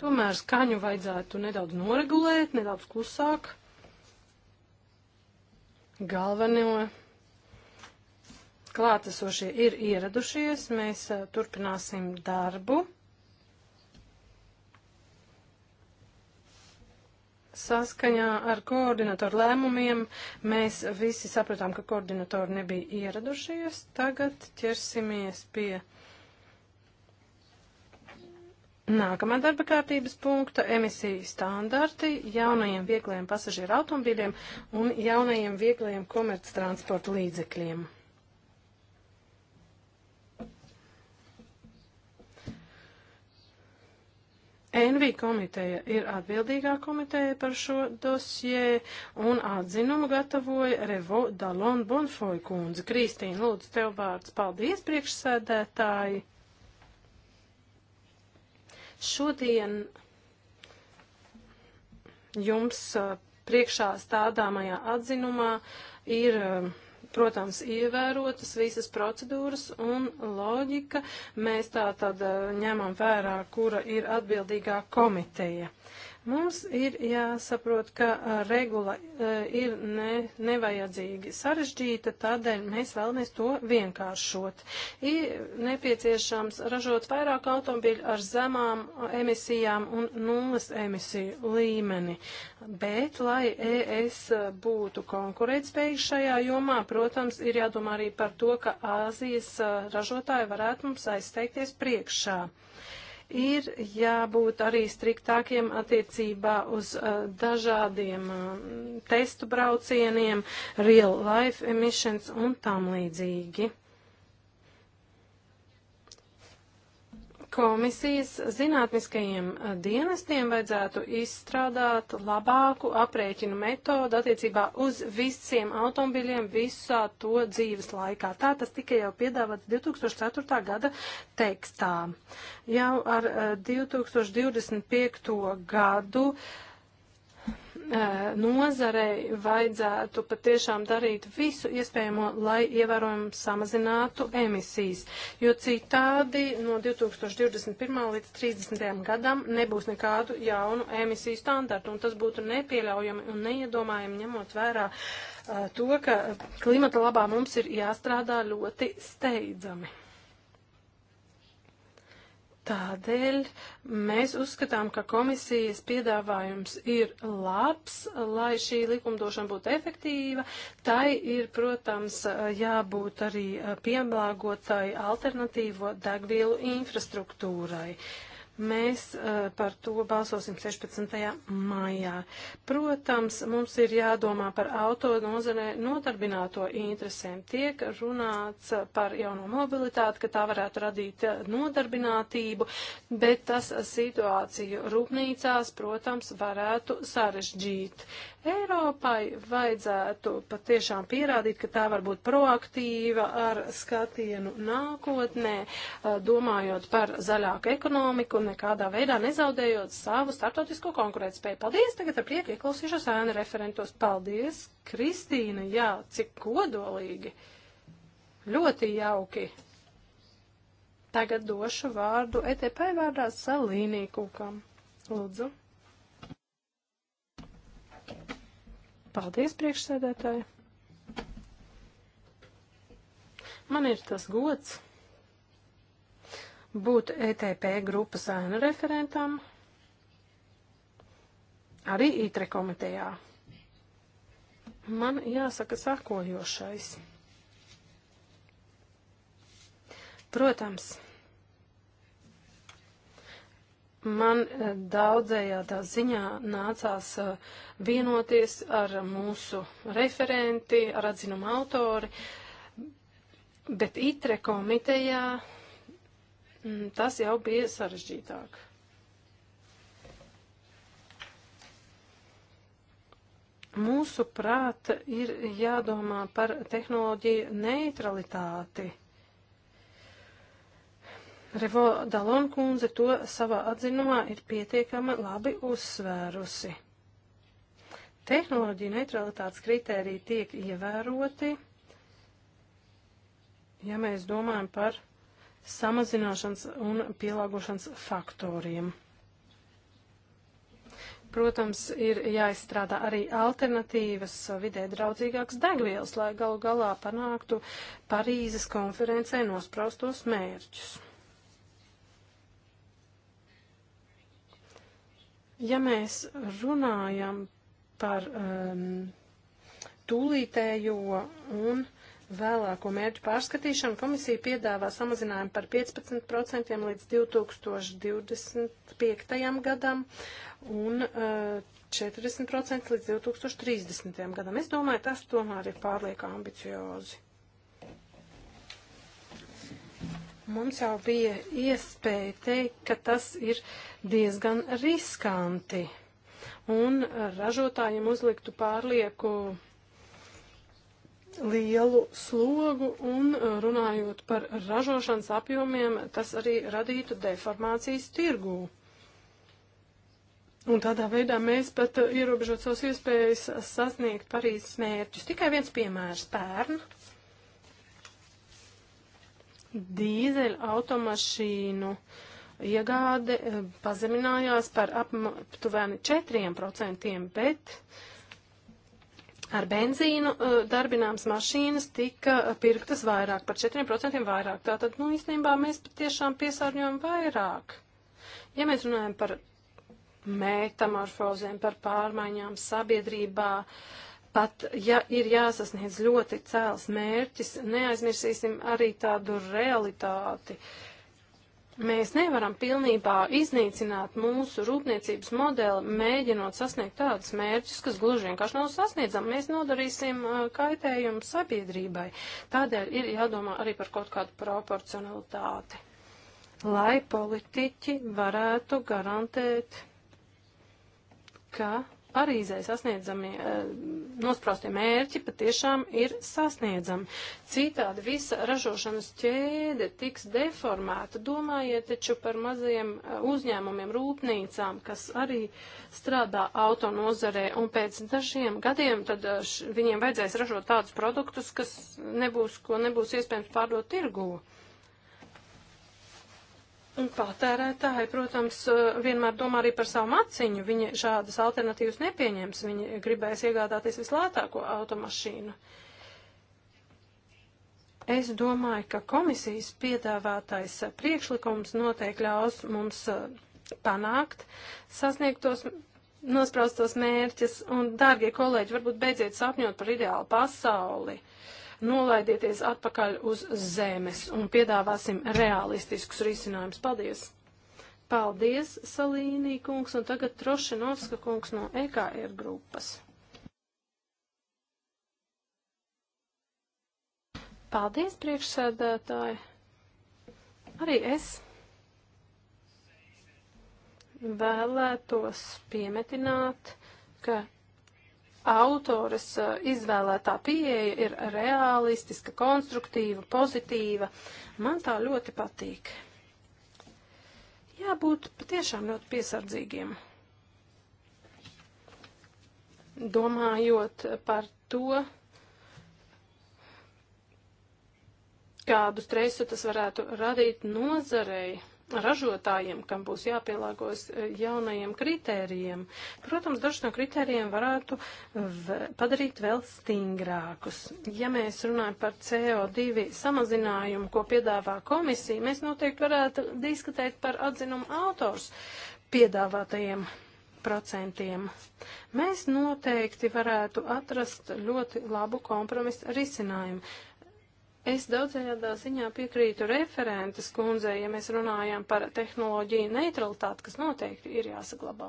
Tomēr skaņu vajadzētu nedaudz noregulēt, nedaudz klusāk. Galveno klātesošie ir ieradušies, mēs eh, turpināsim darbu. Saskaņā ar koordinatoru lēmumiem mēs visi sapratām, ka koordinatori nebija ieradušies. Tagad ķersimies pie. Nākamā darba kārtības punkta - emisiju standarti jaunajiem vieglajiem pasažieru automobīļiem un jaunajiem vieglajiem komerctransporta līdzekļiem. NV komiteja ir atbildīgā komiteja par šo dosjē un atzinumu gatavoja Revo Dalon Bonfoy kundze. Kristīna, lūdzu, tev vārds. Paldies, priekšsēdētāji! Šodien jums priekšā stādāmajā atzinumā ir, protams, ievērotas visas procedūras un loģika. Mēs tā tad ņemam vērā, kura ir atbildīgā komiteja. Uh, Mums ir jāsaprot, ka regula ir ne, nevajadzīgi sarežģīta, tādēļ mēs vēlamies to vienkāršot. Ir nepieciešams ražot vairāk automobīļu ar zemām emisijām un nulles emisiju līmeni, bet, lai ES būtu konkurētspējīgi šajā jomā, protams, ir jādomā arī par to, ka Āzijas ražotāji varētu mums aizsteigties priekšā. Ir jābūt arī striktākiem attiecībā uz uh, dažādiem uh, testu braucieniem, real life emissions un tam līdzīgi. Komisijas zinātniskajiem eh, dienestiem vajadzētu izstrādāt labāku aprēķinu metodu attiecībā uz visiem automobiļiem visā to dzīves laikā. Tā tas tika jau piedāvāts 2004. gada tekstā. Jau ar 2025. Eh, gadu uh, nozarei vajadzētu patiešām darīt visu iespējamo, lai ievērojami samazinātu emisijas, jo citādi no 2021. līdz 30. gadam nebūs nekādu jaunu emisiju standartu, un tas būtu nepieļaujami un neiedomājami ņemot vērā uh, to, ka klimata labā mums ir jāstrādā ļoti steidzami. Tādēļ mēs uzskatām, ka komisijas piedāvājums ir labs, lai šī likumdošana būtu efektīva. Tai ir, protams, jābūt arī piemlāgotai alternatīvo degvielu infrastruktūrai. Uh, Mēs uh, par to balsosim 16. maijā. Protams, mums ir jādomā par auto nozarē nodarbināto interesēm. Tiek runāts par jauno mobilitāti, ka tā varētu radīt eh, nodarbinātību, bet tas situāciju rūpnīcās, protams, varētu sarežģīt. Eiropai vajadzētu patiešām pierādīt, ka tā var būt proaktīva ar skatienu nākotnē, eh, domājot par zaļāku ekonomiku un nekādā veidā nezaudējot savu startautisko konkurētspēju. Paldies, tagad ar prieku ieklausīšos ēnu referentos. Paldies, Kristīna, jā, cik kodolīgi. Ļoti jauki. Tagad došu vārdu ETP vārdā Salīnī kūkam. Lūdzu. Thank you. Paldies, priekšsēdētāji. Man ir tas gods būt ETP grupas ēna referentam, arī ITRE komitejā. Man jāsaka sakojošais. Protams, Man eh, daudzējādā ziņā nācās eh, vienoties ar mūsu referenti, ar atzinumu autori, bet itre komitejā mm, tas jau bija sarežģītāk. Mūsu prāta ir jādomā par tehnoloģiju neutralitāti. Revo Dalonkundze to savā atzinumā ir pietiekami labi uzsvērusi. Tehnoloģija neutralitātes kritērija tiek ievēroti, ja mēs domājam par samazināšanas un pielāgošanas faktoriem. Protams, ir jāizstrādā arī alternatīvas vidē draudzīgākas degvielas, lai galu galā panāktu Parīzes konferencē nospraustos mērķus. Ja mēs runājam par um, tūlītējo un vēlāko mērķu pārskatīšanu, komisija piedāvā samazinājumu par 15% līdz 2025. gadam un uh, 40% līdz 2030. gadam. Es domāju, tas tomēr ir pārlieku ambiciozi. Mums jau bija iespēja teikt, ka tas ir diezgan riskanti un ražotājiem uzliktu pārlieku lielu slogu un runājot par ražošanas apjomiem, tas arī radītu deformācijas tirgū. Un tādā veidā mēs pat ierobežot savus iespējas sasniegt Parīzes mērķus. Tikai viens piemērs - pērn dīzeļa automašīnu iegāde eh, pazeminājās par aptuveni 4%, bet ar benzīnu eh, darbināmas mašīnas tika pirktas vairāk, par 4% vairāk. Tātad, nu, īstenībā mēs patiešām piesārņojam vairāk. Ja mēs runājam par metamorfozēm, par pārmaiņām sabiedrībā, uh, Pat ja ir jāsasniedz ļoti cēls mērķis, neaizmirsīsim arī tādu realitāti. Mēs nevaram pilnībā iznīcināt mūsu rūpniecības modeli, mēģinot sasniegt tādus mērķus, kas gluži vienkārši nav sasniedzami. Mēs nodarīsim kaitējumu sabiedrībai. Tādēļ ir jādomā arī par kaut kādu proporcionalitāti, lai politiķi varētu garantēt, ka Parīzē sasniedzami eh, nospraustie mērķi patiešām ir sasniedzami. Citādi visa ražošanas ķēde tiks deformēta. Domājiet taču par mazajiem eh, uzņēmumiem, rūpnīcām, kas arī strādā autonozarē, un pēc dažiem gadiem tad eh, š, viņiem vajadzēs ražot tādus produktus, kas nebūs, ko nebūs iespējams pārdot tirgū. Un patērētāji, protams, eh, vienmēr domā arī par savu maciņu. Viņi šādas alternatīvas nepieņems. Viņi gribēs iegādāties vislētāko automašīnu. Es domāju, ka komisijas piedāvātais priekšlikums noteikti ļaus mums eh, panākt sasniegtos nospraustos mērķus. Un, dārgie kolēģi, varbūt beidziet sapņot par ideālu pasauli. Uh, Nolaidieties atpakaļ uz zemes un piedāvāsim realistiskus risinājumus. Paldies! Paldies, Salīnī kungs, un tagad Trošinovska kungs no EKR grupas. Paldies, priekšsēdētāji! Arī es vēlētos piemetināt, ka autoras eh, izvēlētā pieeja ir realistiska, konstruktīva, pozitīva. Man tā ļoti patīk. Jābūt patiešām ļoti piesardzīgiem. Domājot par to, kādu stresu tas varētu radīt nozarei, ražotājiem, kam būs jāpielāgojas e, jaunajiem kritērijiem. Protams, dažus no kritērijiem varētu padarīt vēl stingrākus. Ja mēs runājam par CO2 samazinājumu, ko piedāvā komisija, mēs noteikti varētu diskutēt par atzinumu autors piedāvātajiem procentiem. Mēs noteikti varētu atrast ļoti labu kompromisu risinājumu. Es daudzējādā ziņā piekrītu referentes kundzei, ja mēs runājam par tehnoloģiju neutralitāti, kas noteikti ir jāsaglabā.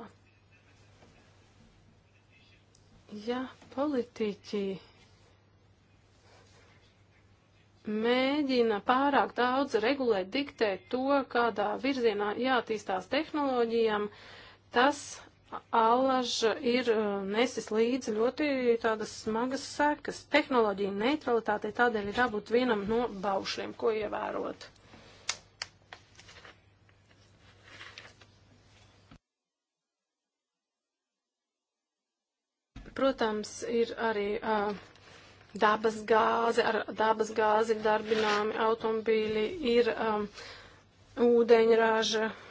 Ja politiķi mēģina pārāk daudz regulēt, diktēt to, kādā virzienā jātīstās tehnoloģijām, tas allaža ir uh, nesis līdzi ļoti tādas smagas sekas. Tehnoloģija neutralitātei tādēļ ir jābūt vienam no baušļiem, ko ievērot. Protams, ir arī uh, dabas gāze, ar dabas gāzi darbināmi automobīļi, ir um, ūdeņraža. Uh,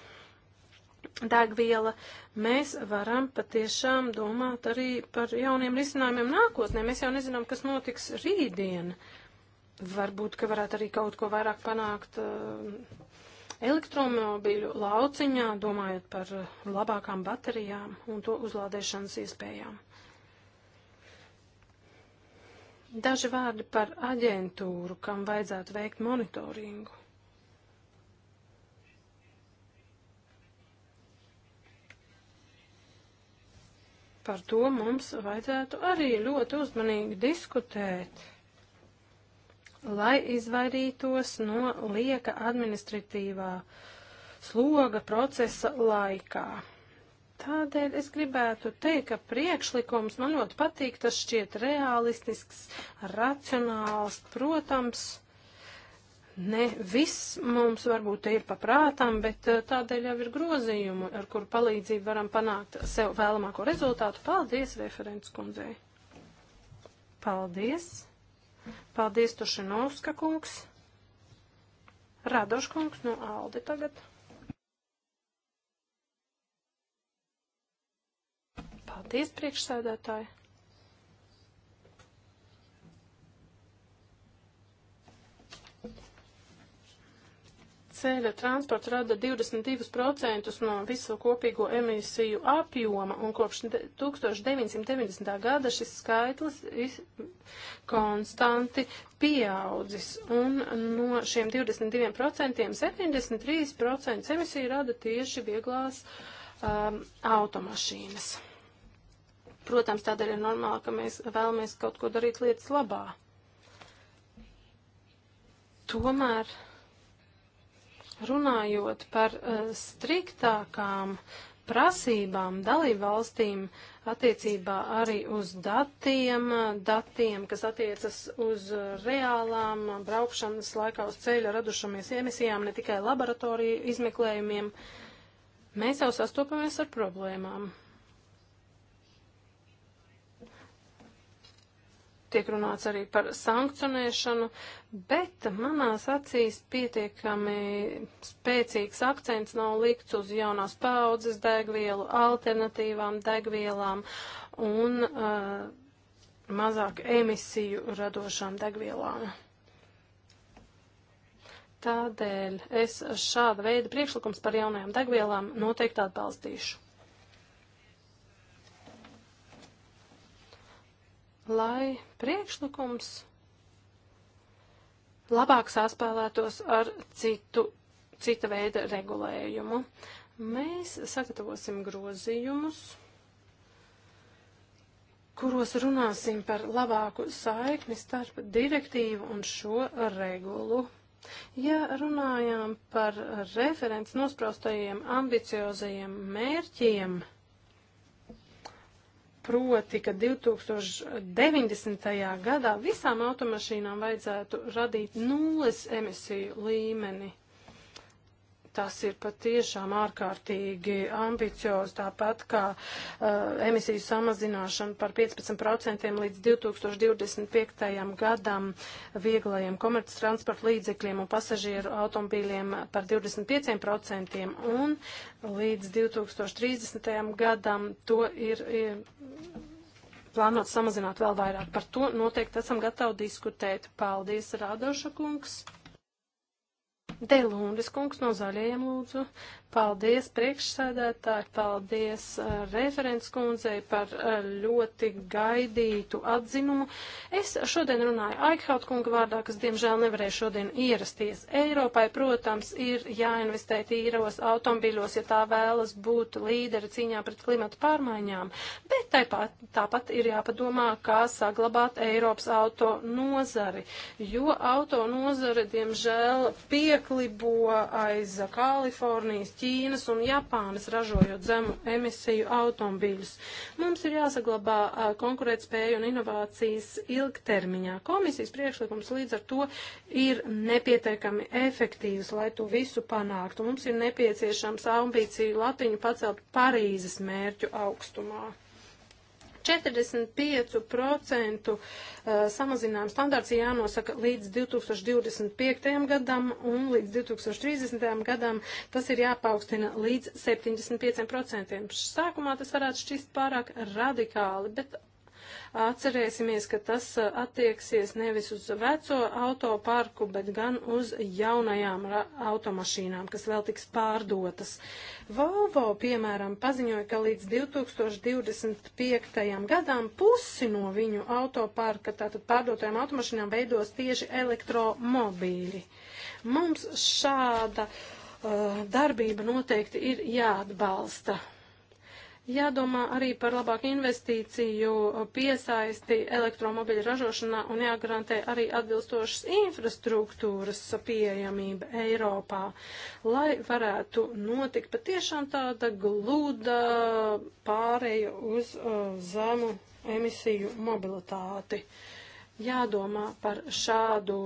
degviela, mēs varam patiešām domāt arī par jauniem risinājumiem nākotnē. Mēs jau nezinām, kas notiks rītdien. Varbūt, ka varētu arī kaut ko vairāk panākt uh, elektromobīļu lauciņā, domājot par labākām baterijām un to uzlādēšanas iespējām. Daži vārdi par aģentūru, kam vajadzētu veikt monitoringu. par to mums vajadzētu arī ļoti uzmanīgi diskutēt, lai izvairītos no lieka administratīvā sloga procesa laikā. Tādēļ es gribētu teikt, ka priekšlikums man ļoti patīk, tas šķiet realistisks, racionāls, protams, Ne viss mums varbūt ir paprātām, bet eh, tādēļ jau ir grozījumi, ar kuru palīdzību varam panākt sev vēlamāko rezultātu. Paldies, referents kundzei! Paldies! Paldies, Tušinovska kungs! Radoškungs no Aldi tagad. Paldies, priekšsēdētāji! ceļa transports rada 22% no visu kopīgo emisiju apjoma, un kopš 1990. gada šis skaitlis konstanti pieaudzis, un no šiem 22% 73% emisiju rada tieši vieglās um, automašīnas. Protams, tādēļ ir normāli, ka mēs vēlamies kaut ko darīt lietas labā. Tomēr Runājot par uh, striktākām prasībām dalībvalstīm attiecībā arī uz datiem, datiem, kas attiecas uz reālām braukšanas laikā uz ceļa radušamies emisijām, ne tikai laboratoriju izmeklējumiem, mēs jau sastopamies ar problēmām. tiek runāts arī par sankcionēšanu, bet manās acīs pietiekami spēcīgs akcents nav likts uz jaunās paudzes degvielu, alternatīvām degvielām un uh, mazāk emisiju radošām degvielām. Tādēļ es šāda veida priekšlikums par jaunajām degvielām noteikti atbalstīšu. lai priekšlikums labāk saspēlētos ar citu, cita veida regulējumu. Mēs sagatavosim grozījumus, kuros runāsim par labāku saikni starp direktīvu un šo regulu. Ja runājām par referents nospraustajiem ambiciozajiem mērķiem, proti, ka 2090. gadā visām automašīnām vajadzētu radīt nulles emisiju līmeni. Tas ir patiešām ārkārtīgi ambiciozs, tāpat kā uh, emisiju samazināšana par 15% līdz 2025. gadam vieglajiem komerctransporta līdzekļiem un pasažieru automobīļiem par 25% un līdz 2030. gadam to ir, ir plānot samazināt vēl vairāk. Par to noteikti esam gatavi diskutēt. Paldies, Rādoša kungs! Delundes kungs no zaļajiem lūdzu. Paldies priekšsēdētāji, paldies uh, referents kundzei par uh, ļoti gaidītu atzinumu. Es šodien runāju Aikhaut kunga vārdā, kas diemžēl nevarēja šodien ierasties. Eiropai, protams, ir jāinvestē tīros automobīļos, ja tā vēlas būt līderi cīņā pret klimatu pārmaiņām, bet tāpat, tāpat ir jāpadomā, kā saglabāt Eiropas auto nozari, jo auto nozare, diemžēl, pieklibo aiz Kalifornijas Ķīnas un Japānas ražojot zemu emisiju automobīļus. Mums ir jāsaglabā konkurētspēja un inovācijas ilgtermiņā. Komisijas priekšlikums līdz ar to ir nepieteikami efektīvs, lai to visu panāktu. Mums ir nepieciešams ambīciju latiņu pacelt Parīzes mērķu augstumā. 45% uh, samazinājuma standārts jānosaka līdz 2025. gadam un līdz 2030. gadam tas ir jāpaukstina līdz 75%. Sākumā tas varētu šķist pārāk radikāli, bet Atcerēsimies, ka tas attieksies nevis uz veco autoparku, bet gan uz jaunajām automašīnām, kas vēl tiks pārdotas. Volvo, piemēram, paziņoja, ka līdz 2025. gadām pusi no viņu autoparka, tātad pārdotajām automašīnām, veidos tieši elektromobīļi. Mums šāda uh, darbība noteikti ir jāatbalsta. Jādomā arī par labāku investīciju piesaisti elektromobiļu ražošanā un jāgarantē arī atbilstošas infrastruktūras pieejamība Eiropā, lai varētu notikt patiešām tāda gluda pāreja uz uh, zemu emisiju mobilitāti. Jādomā par šādu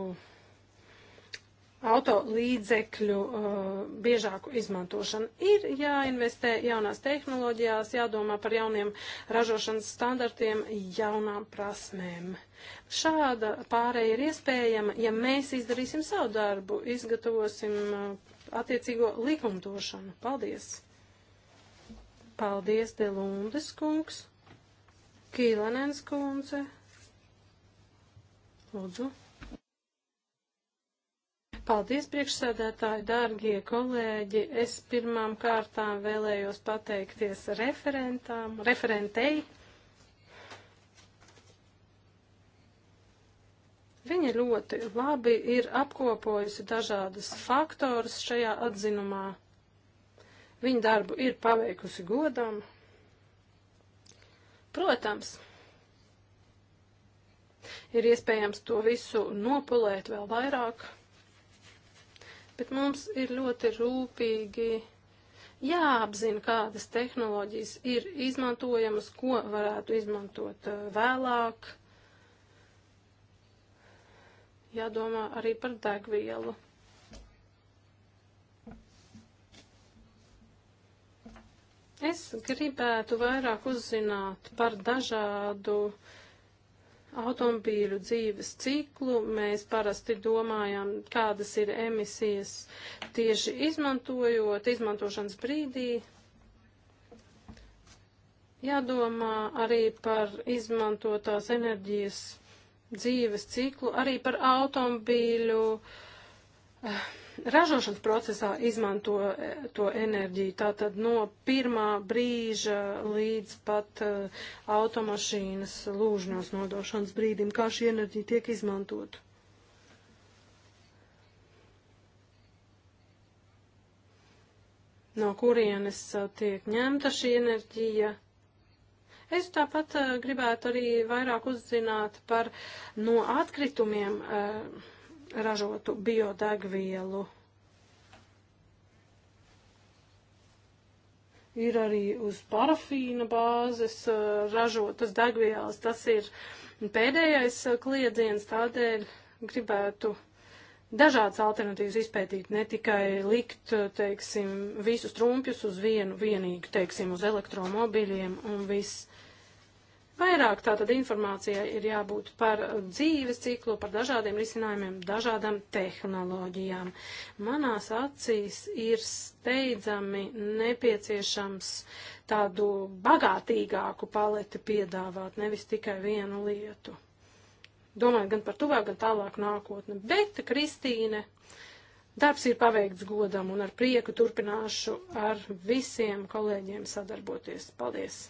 auto līdzekļu uh, biežāku izmantošanu. Ir jāinvestē jaunās tehnoloģijās, jādomā par jauniem ražošanas standartiem, jaunām prasmēm. Šāda pārēja ir iespējama, ja mēs izdarīsim savu darbu, izgatavosim uh, attiecīgo likumdošanu. Paldies! Paldies, Delundes kungs, Kīlenens kundze. Lūdzu. Paldies, priekšsēdētāji, dārgie kolēģi. Es pirmām kārtām vēlējos pateikties referentām, referentei. Viņa ļoti labi ir apkopojusi dažādas faktorus šajā atzinumā. Viņa darbu ir paveikusi godam. Protams, ir iespējams to visu nopulēt vēl vairāk bet mums ir ļoti rūpīgi jāapzina, kādas tehnoloģijas ir izmantojamas, ko varētu izmantot eh, vēlāk. Jādomā arī par degvielu. Es gribētu vairāk uzzināt par dažādu uh, automobīļu dzīves ciklu. Mēs parasti domājam, kādas ir emisijas tieši izmantojot, izmantošanas brīdī. Jādomā arī par izmantotās enerģijas dzīves ciklu, arī par automobīļu uh, ražošanas procesā izmanto e, to enerģiju. Tātad no pirmā brīža līdz pat uh, automašīnas lūžņos nodošanas brīdim, kā šī enerģija tiek izmantot. No kurienes e, tiek ņemta šī enerģija? Es tāpat uh, gribētu arī vairāk uzzināt par no atkritumiem. Uh, ražotu biodegvielu. ir arī uz parafīna bāzes uh, ražotas degvielas. Tas ir pēdējais uh, kliedziens, tādēļ gribētu dažādas alternatīvas izpētīt, ne tikai likt, uh, teiksim, visus trumpjus uz vienu vienīgu, teiksim, uz elektromobiļiem un viss vairāk tātad informācijai ir jābūt par dzīves ciklu, par dažādiem risinājumiem, dažādām tehnoloģijām. Manās acīs ir steidzami nepieciešams tādu bagātīgāku paleti piedāvāt, nevis tikai vienu lietu. Domājot gan par tuvāk, gan tālāk nākotni. Bet, Kristīne, Darbs ir paveikts godam un ar prieku turpināšu ar visiem kolēģiem sadarboties. Paldies!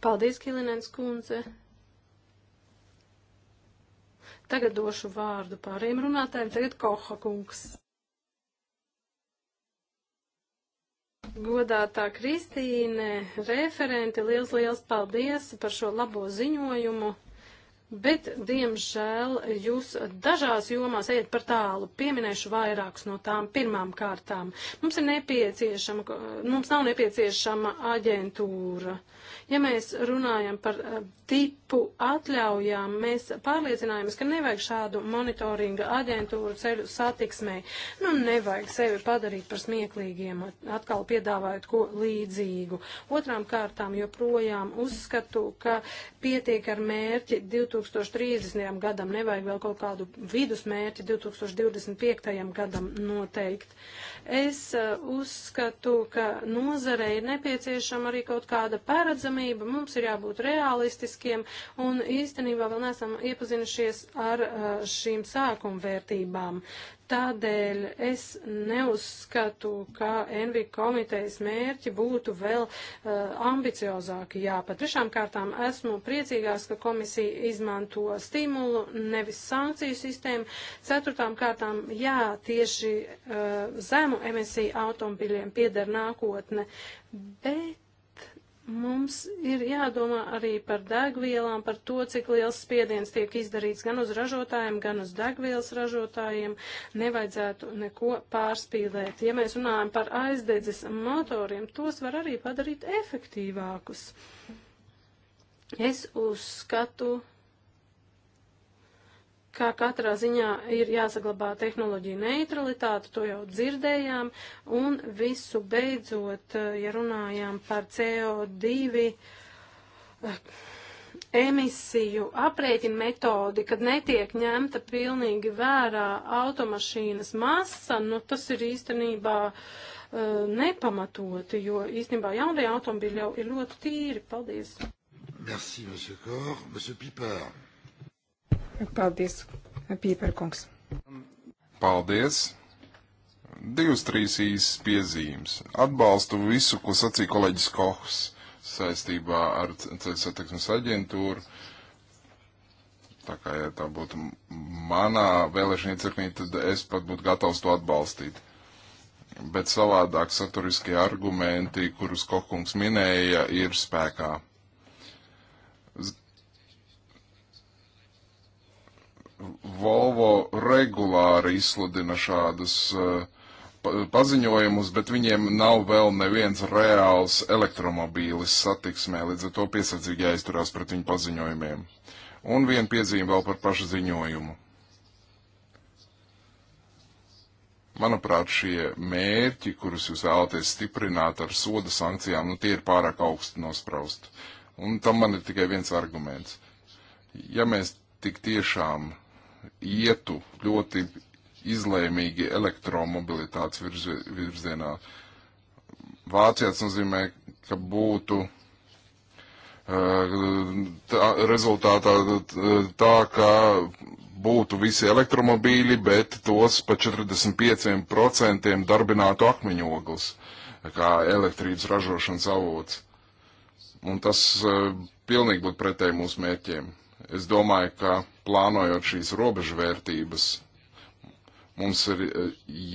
Paldies, Kilinens kundze. Tagad došu vārdu pārējiem runātājiem. Tagad Koha kungs. Godātā Kristīne, referenti, liels, liels paldies par šo labo ziņojumu. Bet, diemžēl, jūs dažās jomās ejat par tālu. Pieminēšu vairākus no tām pirmām kārtām. Mums ir nepieciešama, mums nav nepieciešama aģentūra. Uh, Ja mēs runājam par eh, tipu atļaujām, mēs pārliecinājamies, ka nevajag šādu monitoringa aģentūru ceļu satiksmei. Nu, nevajag sevi padarīt par smieklīgiem, atkal piedāvājot ko līdzīgu. Otrām kārtām joprojām uzskatu, ka pietiek ar mērķi 2030. gadam, nevajag vēl kaut kādu vidusmērķi 2025. gadam noteikt. Es eh, uzskatu, ka nozare ir nepieciešama arī kaut kāda paredzamība, mums ir jābūt realistiskiem un īstenībā vēl neesam iepazinušies ar eh, šīm sākumvērtībām. Tādēļ es neuzskatu, ka NV komitejas mērķi būtu vēl uh, ambiciozāki. Jā, pat trešām kārtām esmu priecīgās, ka komisija izmanto stimulu, nevis sankciju sistēmu. Ceturtām kārtām, jā, tieši uh, zemu emisiju automobiļiem pieder nākotne, bet Mums ir jādomā arī par degvielām, par to, cik liels spiediens tiek izdarīts gan uz ražotājiem, gan uz degvielas ražotājiem. Nevajadzētu neko pārspīlēt. Ja mēs runājam par aizdedzes motoriem, tos var arī padarīt efektīvākus. Es uzskatu, ka katrā ziņā ir jāsaglabā tehnoloģija neutralitāte, to jau dzirdējām, un visu beidzot, ja runājām par CO2 emisiju aprēķinu metodi, kad netiek ņemta pilnīgi vērā automašīnas masa, nu tas ir īstenībā uh, nepamatoti, jo īstenībā jaunie automobīļi jau ir ļoti tīri. Paldies! Merci, monsieur Kor. Monsieur Pipard. Paldies, Pīperkungs. Paldies. Divas, trīs īsas piezīmes. Atbalstu visu, ko sacīja kolēģis Kohs saistībā ar ceļu satiksmes aģentūru. Tā kā, ja tā būtu manā vēlēšana iecirknī, tad es pat būtu gatavs to atbalstīt. Bet savādāk saturiskie argumenti, kurus Kokungs minēja, ir spēkā. Volvo regulāri izsludina šādas uh, paziņojumus, bet viņiem nav vēl neviens reāls elektromobīlis satiksmē, līdz ar to piesardzīgi jāizturās pret viņu paziņojumiem. Un viena piezīme vēl par pašu ziņojumu. Manuprāt, šie mērķi, kurus jūs vēlaties stiprināt ar soda sankcijām, nu tie ir pārāk augsti nospraust. Un tam man ir tikai viens arguments. Ja mēs tik tiešām ietu ļoti izlēmīgi elektromobilitātes virzi, virzienā. Vācijā tas nozīmē, ka būtu uh, tā, rezultātā uh, tā, ka būtu visi elektromobīļi, bet tos pa 45% darbinātu akmeņoglis, kā elektrības ražošanas avots. Un tas uh, pilnīgi būtu pretēji mūsu mērķiem. Es domāju, ka plānojot šīs robežvērtības, mums ir e,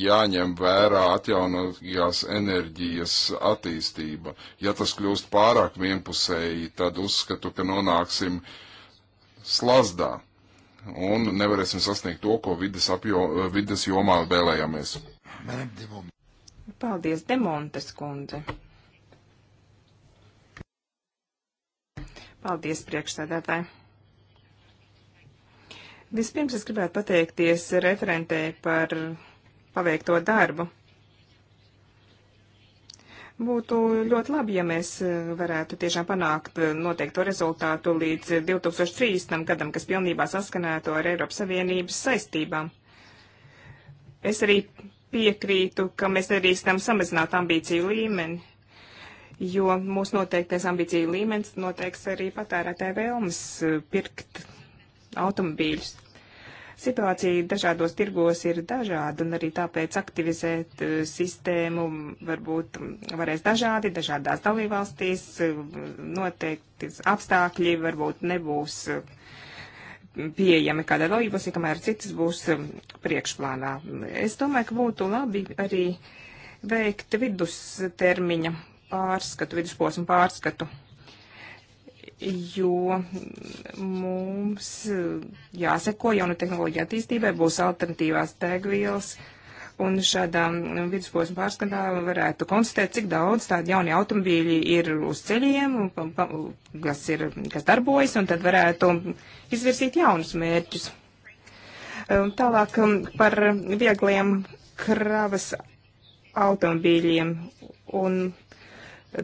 jāņem vērā atjaunīgās enerģijas attīstība. Ja tas kļūst pārāk vienpusēji, tad uzskatu, ka nonāksim slazdā un nevarēsim sasniegt to, ko vides, apjo, e, vides jomā vēlējāmies. Paldies, Demontes kundze. Paldies, priekšsēdētāji. Vispirms es gribētu pateikties referentē par paveikto darbu. Būtu ļoti labi, ja mēs varētu tiešām panākt noteikto rezultātu līdz 2030. gadam, kas pilnībā saskanētu ar Eiropas Savienības saistībām. Es arī piekrītu, ka mēs nedrīkstam samazināt ambīciju līmeni, jo mūsu noteiktais ambīciju līmenis noteiks arī patērētāja vēlmes pirkt automobīļus. Situācija dažādos tirgos ir dažāda, un arī tāpēc aktivizēt e, sistēmu varbūt varēs dažādi, dažādās dalībvalstīs, e, noteikti apstākļi varbūt nebūs e, pieejami kādā dalībvalstī, kamēr citas būs priekšplānā. Es domāju, ka būtu labi arī veikt vidustermiņa pārskatu, vidusposmu pārskatu jo mums eh, jāseko jaunu tehnoloģiju attīstībai, būs alternatīvās degvielas, un šādā mm, vidusposma pārskatā varētu konstatēt, cik daudz tādi jauni automobīļi ir uz ceļiem, kas, ir, kas darbojas, un tad varētu izvirsīt jaunus mērķus. Ehm, tālāk mm, par viegliem kravas automobīļiem un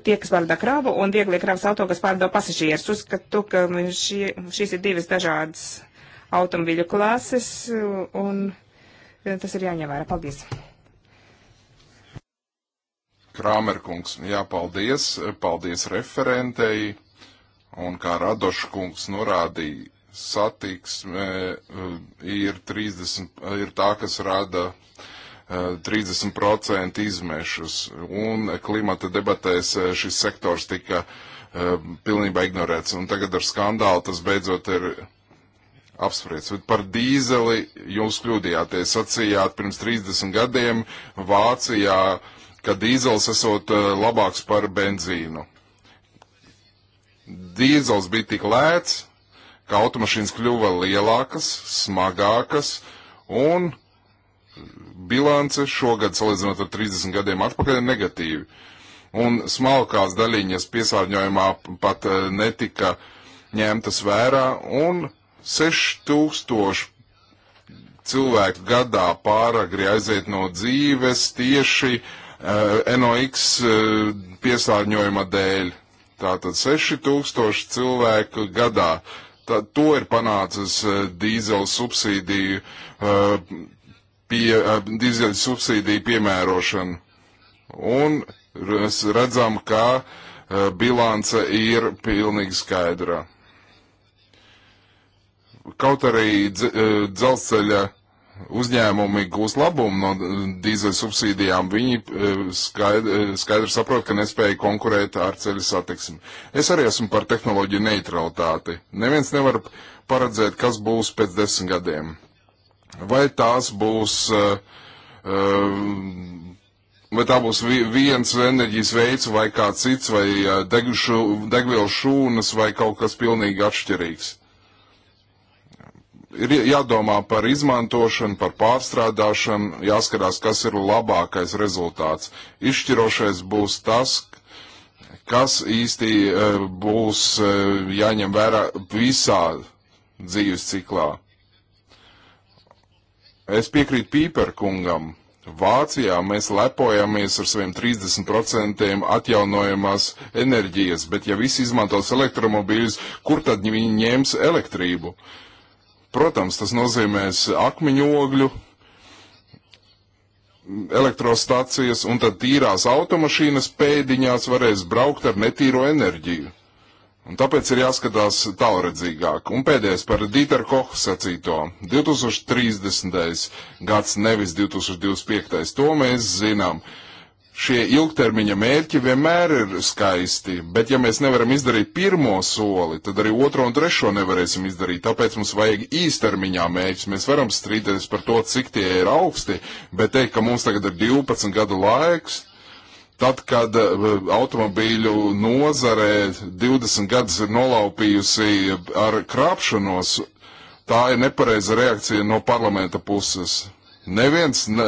tie, kas pārvada kravu, un vieglie kravas auto, kas pārvada pasažierus. Uzskatu, ka šie, šīs ir divas dažādas automobīļu klases, un e, tas ir jāņem vērā. Paldies! Krāmerkungs, jāpaldies, paldies referentei, un kā Radoškungs norādīja, satiksme e, ir 30, ir tā, kas rada uh, 30% eh, izmešus, un eh, klimata debatēs eh, šis sektors tika pilnībā ignorēts, un tagad ar skandālu tas beidzot ir apspriests. Bet par dīzeli jūs kļūdījāties, sacījāt pirms 30 gadiem Vācijā, ka dīzels esot labāks par benzīnu. Dīzels bija tik lēts, ka automašīnas kļuva lielākas, smagākas, un bilance šogad, salīdzinot ar 30 gadiem atpakaļ, ir negatīva. Un smalkās daļiņas piesārņojumā pat eh, netika ņemtas vērā, un 6000 cilvēku gadā pāragri aiziet no dzīves tieši uh, eh, NOx uh, eh, piesārņojuma dēļ. Tātad 6000 cilvēku gadā. Tā, to ir panācis uh, dīzeļu subsīdiju uh, pie dīzeļu subsīdiju piemērošanu. Un redzam, ka bilance ir pilnīgi skaidra. Kaut arī dzelzceļa uzņēmumi gūs labumu no dīzeļu subsīdijām, viņi skaidri, skaidri saprot, ka nespēja konkurēt ar ceļu satiksmi. Es arī esmu par tehnoloģiju neutralitāti. Neviens nevar paredzēt, kas būs pēc desmit gadiem vai tās būs, eh, eh, vai tā būs viens enerģijas veids vai kāds cits, vai eh, degvielu šūnas vai kaut kas pilnīgi atšķirīgs. Ir jādomā par izmantošanu, par pārstrādāšanu, jāskatās, kas ir labākais rezultāts. Izšķirošais būs tas, kas īsti būs jāņem vērā visā dzīves ciklā Es piekrītu Pīperkungam. Vācijā mēs lepojamies ar saviem 30% atjaunojamās enerģijas, bet ja visi izmantos elektromobīļus, kur tad viņi ņems elektrību? Protams, tas nozīmēs akmeņogļu, elektrostacijas un tad tīrās automašīnas pēdiņās varēs braukt ar netīro enerģiju. Un tāpēc ir jāskatās tālredzīgāk. Un pēdējais par Dīteru Kohu sacīto. 2030. gads, nevis 2025. To mēs zinām. Šie ilgtermiņa mērķi vienmēr ir skaisti, bet ja mēs nevaram izdarīt pirmo soli, tad arī otro un trešo nevarēsim izdarīt. Tāpēc mums vajag īstermiņā mērķus. Mēs varam strīdēties par to, cik tie ir augsti, bet teikt, ka mums tagad ir 12 gadu laiks, Tad, kad eh, automobīļu nozare 20 gadus ir nolaupījusi ar krāpšanos, tā ir nepareiza reakcija no parlamenta puses. Neviens ne,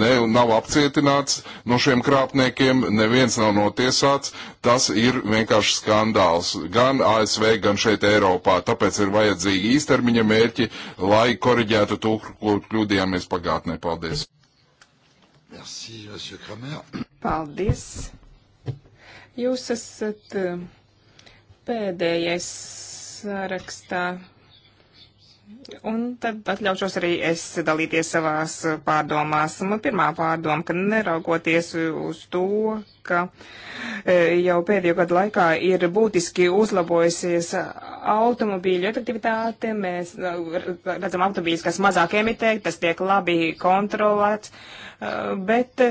ne, nav apcietināts no šiem krāpniekiem, neviens nav notiesāts. Tas ir vienkārši skandāls gan ASV, gan šeit Eiropā. Tāpēc ir vajadzīgi īstermiņa mērķi, lai koriģētu to, kur kļūdījāmies pagātnē. Paldies! Merci, monsieur Kramer. Paldies. Jūs esat eh, pēdējais sarakstā. Un tad atļaušos arī es dalīties savās pārdomās. Man pirmā pārdoma, ka neraugoties uz to, ka e, jau pēdējo gadu laikā ir būtiski uzlabojusies automobīļu efektivitāte. Mēs e, redzam automobīļus, kas mazāk emitē, tas tiek labi kontrolēts. E, bet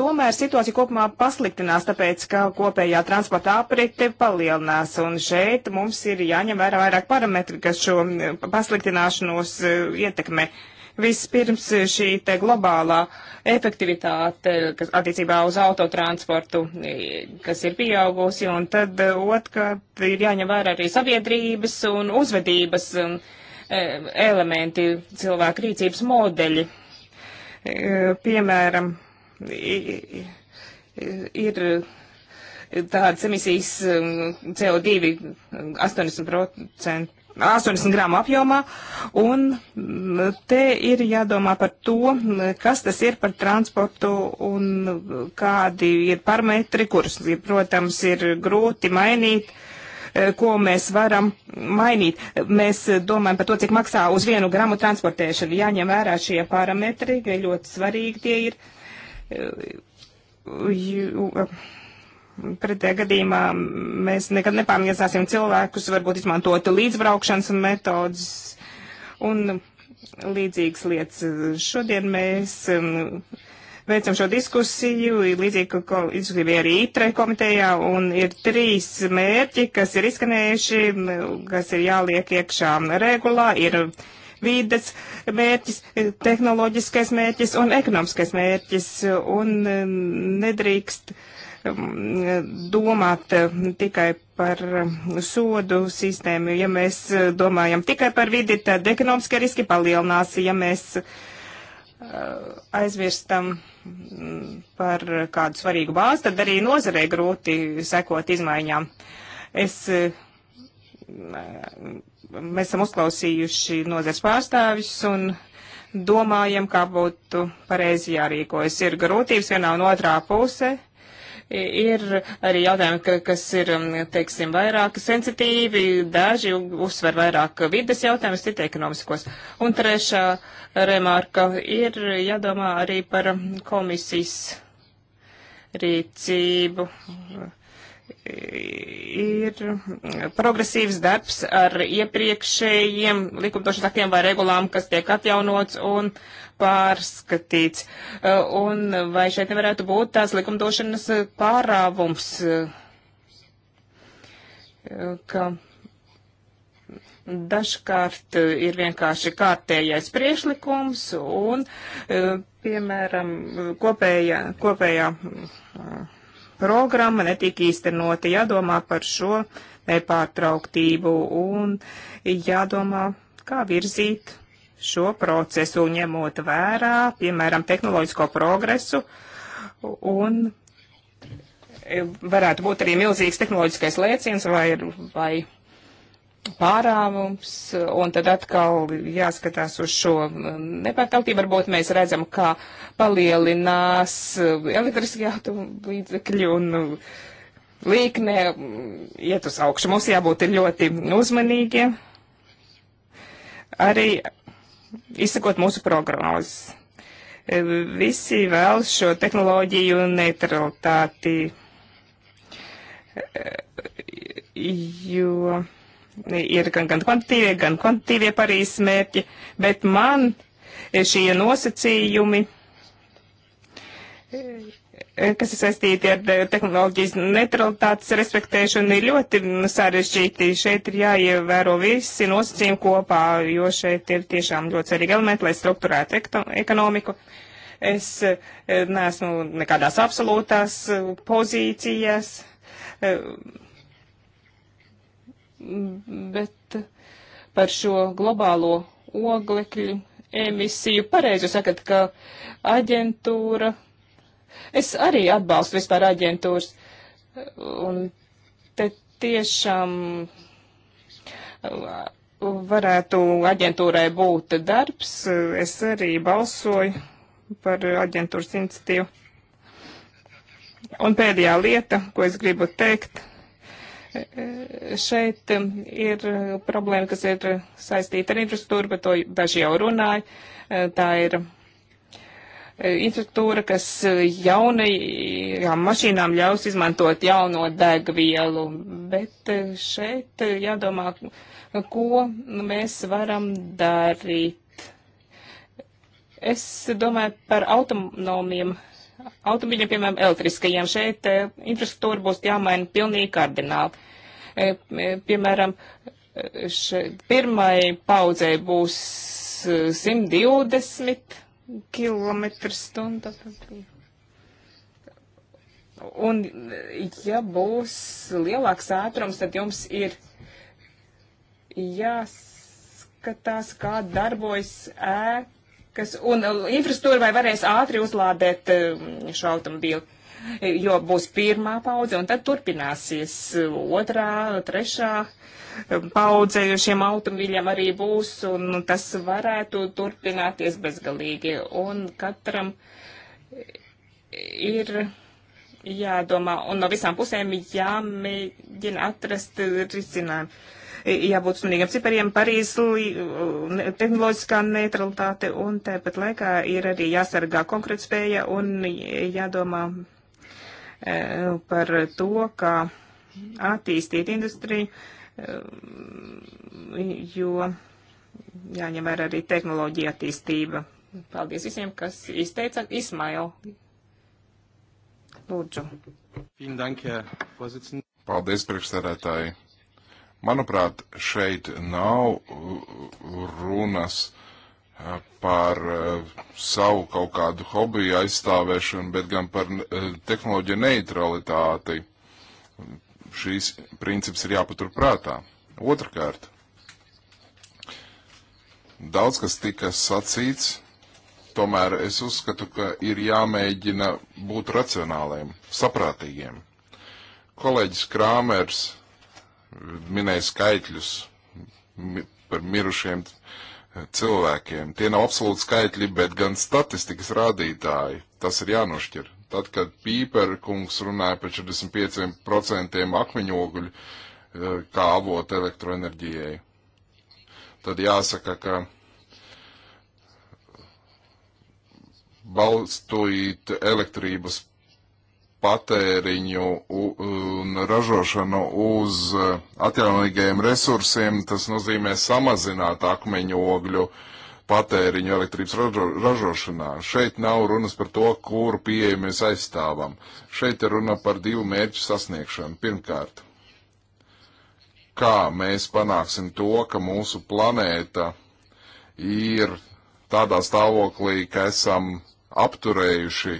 tomēr situācija kopumā pasliktinās, tāpēc, ka kopējā transporta aprite palielinās. Un šeit mums ir jāņem vērā vairāk parametri, kas šo pasliktināšanos ietekmē. Uh, Vispirms šī te globālā efektivitāte, kas attiecībā uz autotransportu, e, kas ir pieaugusi, un tad e, otrkārt ir jāņem vērā arī sabiedrības un uzvedības un, um, e, elementi, cilvēku rīcības modeļi. Piemēram, ir tādas emisijas um, CO2 80% 80 gramu apjomā, un mm, te ir jādomā par to, kas tas ir par transportu un kādi ir parametri, kurus, protams, ir grūti mainīt e, ko mēs varam mainīt. Mēs domājam par to, cik maksā uz vienu gramu transportēšana. Jāņem vērā šie parametri, ļoti svarīgi tie ir. E, Pretējā gadījumā mēs nekad nepārliecināsim cilvēkus, varbūt izmantot līdzbraukšanas metodas un līdzīgas lietas. Šodien mēs um, veicam šo diskusiju, līdzīgi kā izgribēja arī ITRE komitejā, un ir trīs mērķi, kas ir izskanējuši, kas ir jāliek iekšā regulā, ir vīdes mērķis, tehnoloģiskais mērķis un ekonomiskais mērķis, un um, nedrīkst uh, Um, domāt uh, tikai par uh, sodu sistēmu. Ja mēs uh, domājam tikai par vidi, tad ekonomiskie riski palielinās. Ja mēs aizmirstam mm, par kādu svarīgu bāzi, tad arī nozarei grūti sekot izmaiņām. Es, mēs esam uzklausījuši nozars pārstāvis un domājam, kā būtu pareizi jārīkojas. Ir grūtības vienā un otrā pusē. Ir arī jautājumi, kas ir, um, teiksim, vairāk sensitīvi, daži uzsver vairāk vides jautājumus, citi ekonomiskos. Un trešā remarka ir jādomā arī par komisijas rīcību. Ir progresīvs darbs ar iepriekšējiem likumdošanas aktiem vai regulām, kas tiek atjaunots, un pārskatīts. Eh, un vai šeit nevarētu būt tās likumdošanas eh, pārāvums, eh, ka dažkārt ir vienkārši kārtējais priešlikums un, piemēram, kopēja, kopējā programma netiek īstenota. Jādomā par šo nepārtrauktību un jādomā, kā virzīt šo procesu, ņemot vērā, piemēram, tehnoloģisko progresu un varētu būt arī milzīgs tehnoloģiskais lēciens vai, vai pārāvums, un tad atkal jāskatās uz šo nepārtrauktību. Varbūt mēs redzam, kā palielinās elektriskie automobīdzekļi un līknē iet uz augšu. Mums jābūt ļoti uzmanīgiem. Arī izsakot mūsu prognozes. E, visi vēl šo tehnoloģiju neutralitāti, e, jo ir gan, gan kvantitīvie, gan kvantitīvie Parīzes mērķi, bet man šie nosacījumi Eh, kas ir saistīti ar eh, tehnoloģijas neutralitātes respektēšanu, ir ļoti sarežģīti. Šeit ir jāievēro visi nosacījumi kopā, jo šeit ir tiešām ļoti svarīgi elementi, lai strukturētu ekonomiku. Es eh, neesmu nekādās absolūtās pozīcijās, bet par šo globālo oglekļu emisiju pareizi sakat, ka aģentūra Es arī atbalstu vispār aģentūras. Un te tiešām uh, varētu aģentūrai būt darbs. Es arī balsoju par aģentūras iniciatīvu. Un pēdējā lieta, ko es gribu teikt, šeit um, ir problēma, kas ir saistīta ar infrastruktūru, bet to daži jau runāja. Uh, tā ir infrastruktūra, kas eh, jaunajām mašīnām ļaus izmantot jauno degvielu. Bet eh, šeit eh, jādomā, ko mēs varam darīt. Es domāju par autonomiem automobiļiem, piemēram, elektriskajiem. Šeit infrastruktūra būs jāmaina pilnīgi kardināli. Piemēram, šeit pirmai paudzei būs 120 kilometru stundu. Un, ja būs lielāks ātrums, tad jums ir jāskatās, kā darbojas ēkas un infrastruktūra, vai varēs ātri uzlādēt eh, šo automobīlu. Jo būs pirmā paudze, un tad turpināsies otrā, trešā paudze šiem automobiļiem arī būs, un tas varētu turpināties bezgalīgi. Un katram ir jādomā, un no visām pusēm jāmēģina atrast risinājumu. Jābūt smanīgiem cipariem, Parīzes tehnoloģiskā neutralitāte, un tāpat laikā ir arī jāsargā konkrētspēja un jādomā eh, par to, kā attīstīt industriju Ehm, jo jāņem vērā arī tehnoloģija attīstība. Paldies visiem, kas izteica Ismailu. Lūdzu. Paldies, priekšsēdētāji. Manuprāt, šeit nav uh, runas uh, par uh, savu kaut kādu hobiju aizstāvēšanu, bet gan par tehnoloģiju neutralitāti šīs princips ir jāpatur prātā. Otrakārt, daudz kas tika sacīts, tomēr es uzskatu, ka ir jāmēģina būt racionāliem, saprātīgiem. Kolēģis Krāmers minēja skaitļus par mirušiem cilvēkiem. Tie nav absolūti skaitļi, bet gan statistikas rādītāji. Tas ir jānošķir. Tad, kad Pīperkungs runāja par 45% akmeņoguļu eh, kā avotu elektroenerģijai, tad jāsaka, ka balstīt elektrības patēriņu un ražošanu uz eh, atjaunīgajiem resursiem, tas nozīmē samazināt akmeņu ogļu uh, patēriņu elektrības ražo, ražošanā. Šeit nav runas par to, kuru pieeju mēs aizstāvam. Šeit ir runa par divu mērķu sasniegšanu. Pirmkārt, kā mēs panāksim to, ka mūsu planēta ir tādā stāvoklī, ka esam apturējuši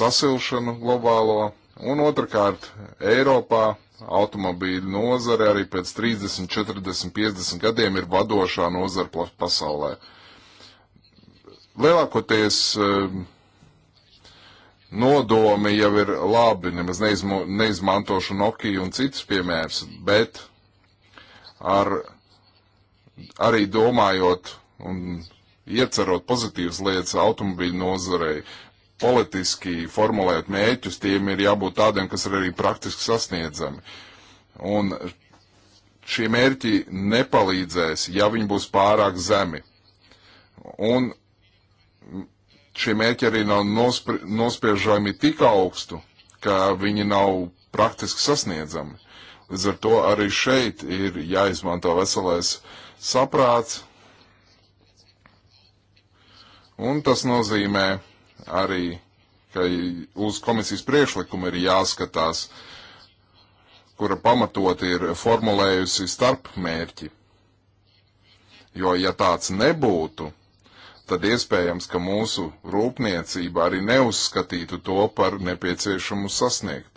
sasilšanu globālo, un otrkārt, Eiropā automobīļu nozare arī pēc 30, 40, 50 gadiem ir vadošā nozara pasaulē. Lielākoties eh, nodomi jau ir labi, nemaz neizmo, neizmantošu Nokiju un citus piemērus, bet ar, arī domājot un iecerot pozitīvas lietas automobīļu nozarei, politiski formulēt mēķus, tiem ir jābūt tādiem, kas ir arī praktiski sasniedzami. Un šie mērķi nepalīdzēs, ja viņi būs pārāk zemi. Un šie mērķi arī nav nospri, nospiežami tik augstu, ka viņi nav praktiski sasniedzami. Līdz ar to arī šeit ir jāizmanto veselais saprāts. Un tas nozīmē, arī, ka uz komisijas priekšlikumu ir jāskatās, kura pamatot ir formulējusi starpmērķi. Jo, ja tāds nebūtu, tad iespējams, ka mūsu rūpniecība arī neuzskatītu to par nepieciešamu sasniegt.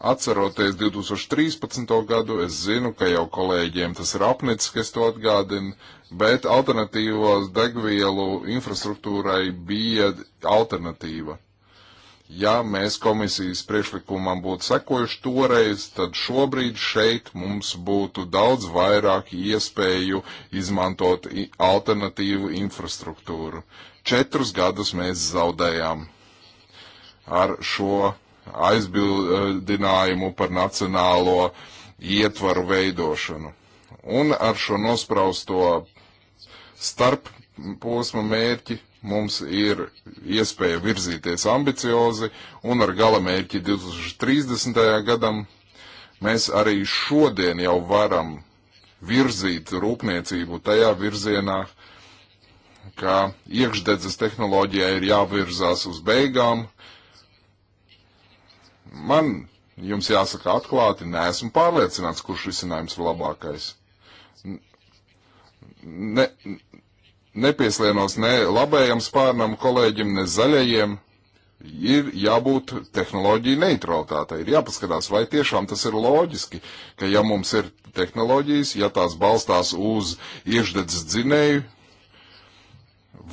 Atceroties 2013. gadu, es zinu, ka jau kolēģiem tas ir apnicis, ka es to atgādinu, bet alternatīvos degvielu infrastruktūrai bija alternatīva. Ja mēs komisijas priekšlikumam būtu sekojuši toreiz, tad šobrīd šeit mums būtu daudz vairāk iespēju izmantot alternatīvu infrastruktūru. Četrus gadus mēs zaudējām ar šo aizbildinājumu par nacionālo ietvaru veidošanu. Un ar šo nosprausto starp posma mērķi mums ir iespēja virzīties ambiciozi un ar gala mērķi 2030. gadam mēs arī šodien jau varam virzīt rūpniecību tajā virzienā, ka iekšdedzes tehnoloģijai ir jāvirzās uz beigām, Man jums jāsaka atklāti, neesmu pārliecināts, kurš risinājums ir labākais. Ne, nepieslienos ne labējam spārnam kolēģim, ne zaļajiem. Ir jābūt tehnoloģiju neutralitātei. Ir jāpaskatās, vai tiešām tas ir loģiski, ka ja mums ir tehnoloģijas, ja tās balstās uz iešdedzes dzinēju,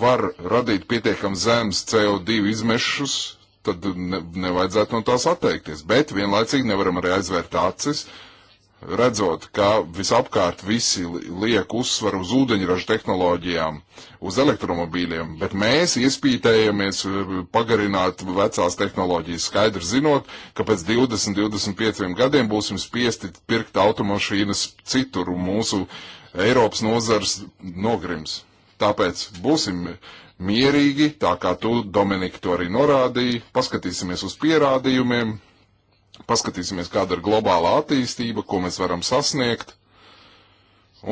var radīt pietiekam zemes CO2 izmešus, tad ne, nevajadzētu no tās atteikties. Bet vienlaicīgi nevaram arī aizvērt acis, redzot, ka visapkārt visi liek uzsvaru uz ūdeņraža tehnoloģijām, uz elektromobīļiem, bet mēs iespītējamies eh, pagarināt vecās tehnoloģijas, skaidri zinot, ka pēc 20, 25 gadiem būsim spiesti pirkt automašīnas citur un mūsu Eiropas nozars nogrims. Tāpēc būsim uh, mierīgi, tā kā tu, Dominika, to arī norādīji, paskatīsimies uz pierādījumiem, paskatīsimies, kāda ir globālā attīstība, ko mēs varam sasniegt,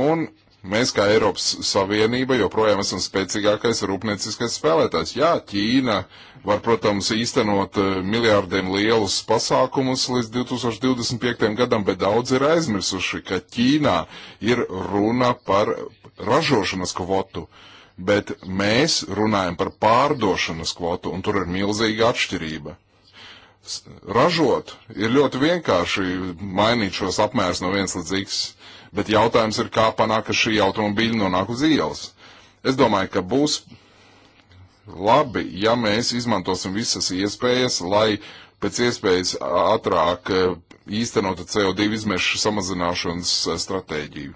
un mēs kā Eiropas Savienība joprojām esam spēcīgākais rūpnieciskais spēlētājs. Jā, Ķīna var, protams, īstenot eh, miljārdiem lielus pasākumus līdz 2025. gadam, bet daudz ir aizmirsuši, ka Ķīnā ir runa par ražošanas kvotu. Uh, bet mēs runājam par pārdošanas kvotu, un tur ir milzīga atšķirība. Ražot ir ļoti vienkārši mainīt šos apmērus no viens līdz x, bet jautājums ir, kā panāk, ka šī automobīļa nonāk uz ielas. Es domāju, ka būs labi, ja mēs izmantosim visas iespējas, lai pēc iespējas ātrāk e, īstenotu CO2 izmešu samazināšanas e, stratēģiju.